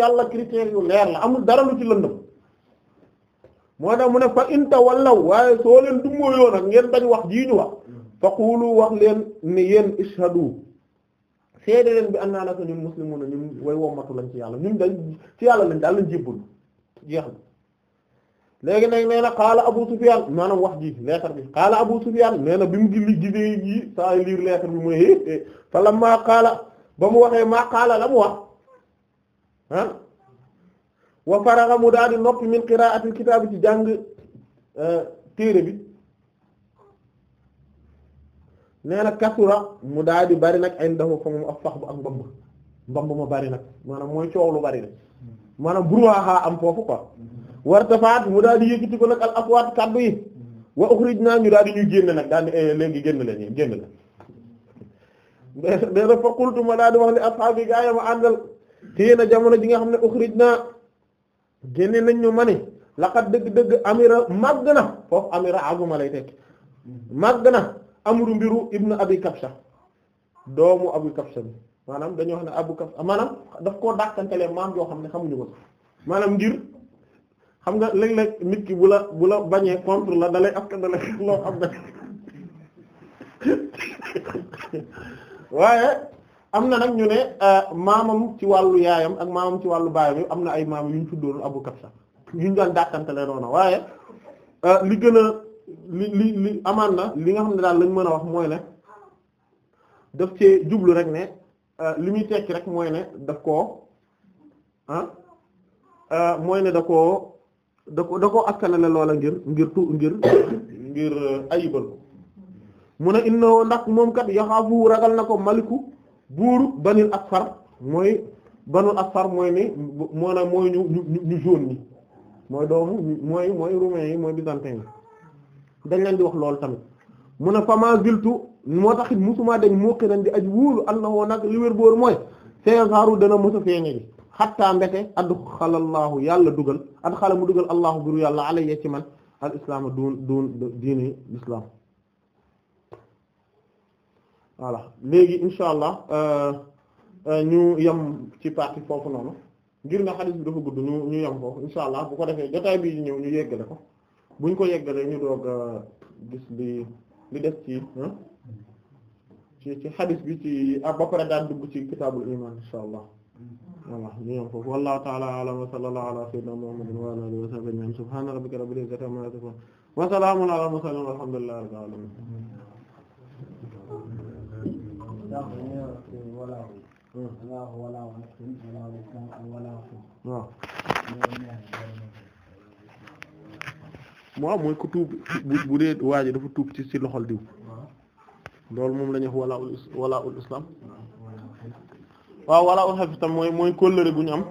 A: yàlla critères yu leer la amul dara lu ci lëndëm moo tax mu ne fa inta wallaw waaye soo leen dummóoyoo nag ngeen bañ wax jii wax faqulu wax leen ni yéen ishadu seede leen bi annaa naka ñun muslimuna ñun way wommatu lañ ci yàlla ñun dañ ci yàlla lañ daal lañ jébbal jeex na léegi nag na qaala Abu Sufyan maanaam wax ji lettre bi qaala Abu Sufyan nee na bi mu gili gisee ji saa liir lettre bi mooy é fa la qaala ba mu waxee maa qaala la mu wax ah wa faraga mu daal di noppi min qira'atil kitaab ci jàng euh, téere bi nee na kasura mu daal di bari nag ay ndaxu fa moom ak fax bu ak mbamb mbamb ma bari nag maanaam mooy coow lu bari nag maanaam brouhaha am foofu quoi mm-hmm. wartafaat mu daal di yëkkati ko nag al kaddu yi mm-hmm. wa ukhrijna ñu daal di génne nag daal eh, léegi génn leen génn la dee na fa qultu ma daal di wax li ashaab yi gaa yi ma àndal téye jamono ji nga xam ne ukhrijna génne nañ ñu ma ni dëgg-dëgg amira màgg na foofu amira aguma lay tekk mm-hmm. màgg na amru mbiru ibnu abi kabsha doomu abu kabsha bi maanaam dañoo xam ne abu kabsha maanaam daf koo dàkkantele maam yoo xam ne xamuñu ko maanaam ngir xam nga léeg-léeg nit ki bu la bu la bañee contre la dalay aska dalay loo xam ne waaye am na nag ñu ne euh, maamam ci wàllu yaayam ak maamam ci wàllu baayam yi am na ay maam yu ñu tuddoon abu kabsha yu ñu daan dàkkantele noonu waaye euh, li gën a li li li amaan na li nga xam ne daal lañ mën a wax mooy ne daf cee jublu rek ne euh, li muy tekk rek mooy ne daf koo ah mooy ne da koo da ko da koo askanale loola ngir ngir tu ngir ngir euh, ayibal ko mu ne innahu ndax moom kat yaxaafu ragal na ko maliku buuru banil asfar mooy banul asfar mooy ni moo na mooy ñu ñu ñu jaune ñi mooy doomu mooy mooy roumain yi mooy byzantin dañ leen di wax loolu tamit mu ne fama ziltu moo taxit musuma dañ muqiran di aj wóolu annahu nag li wér boor mooy sayazaru dana mos a feeñe gi xattaa mbete addu xalallaahu yàlla dugal ad xala mu dugal allaahu biru yàlla alayya ci man al islaama duun duun diini l'islam voilà léegi insha allah euh, euh, ñu yem ci partie foofu noonu ngir na xadis bi dafa gudd ñu ñu yem foofu insha allah bu ko defee jotaay bii ñëw ñu yeggale ko buñ ko yeggalee ñu doog a gis li li def ci ci ci xadis bi ci ah ba pare daan dugg ci kitaabul iman insha allah voilà ñu ñëw foofu wallahu ta'ala a'lam wa sallallahu ala sayyidina muhammadin wa ala alihi wa sahbihi ajma'in subhana rabbika rabbil izzati amma yasifun wa salamun ala mursalin walhamdulillahi rabbil alamin waaw waaw mooy ku tuub bu dee waa dafa tuub ci ci loxol diw loolu moom la ñuy wala ul wala ul islam waaw wala ul xafis tam mooy mooy kóllëre bu ñu am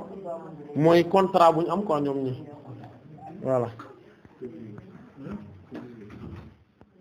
A: mooy contrat bu ñu am quoi ñoom ñi voilà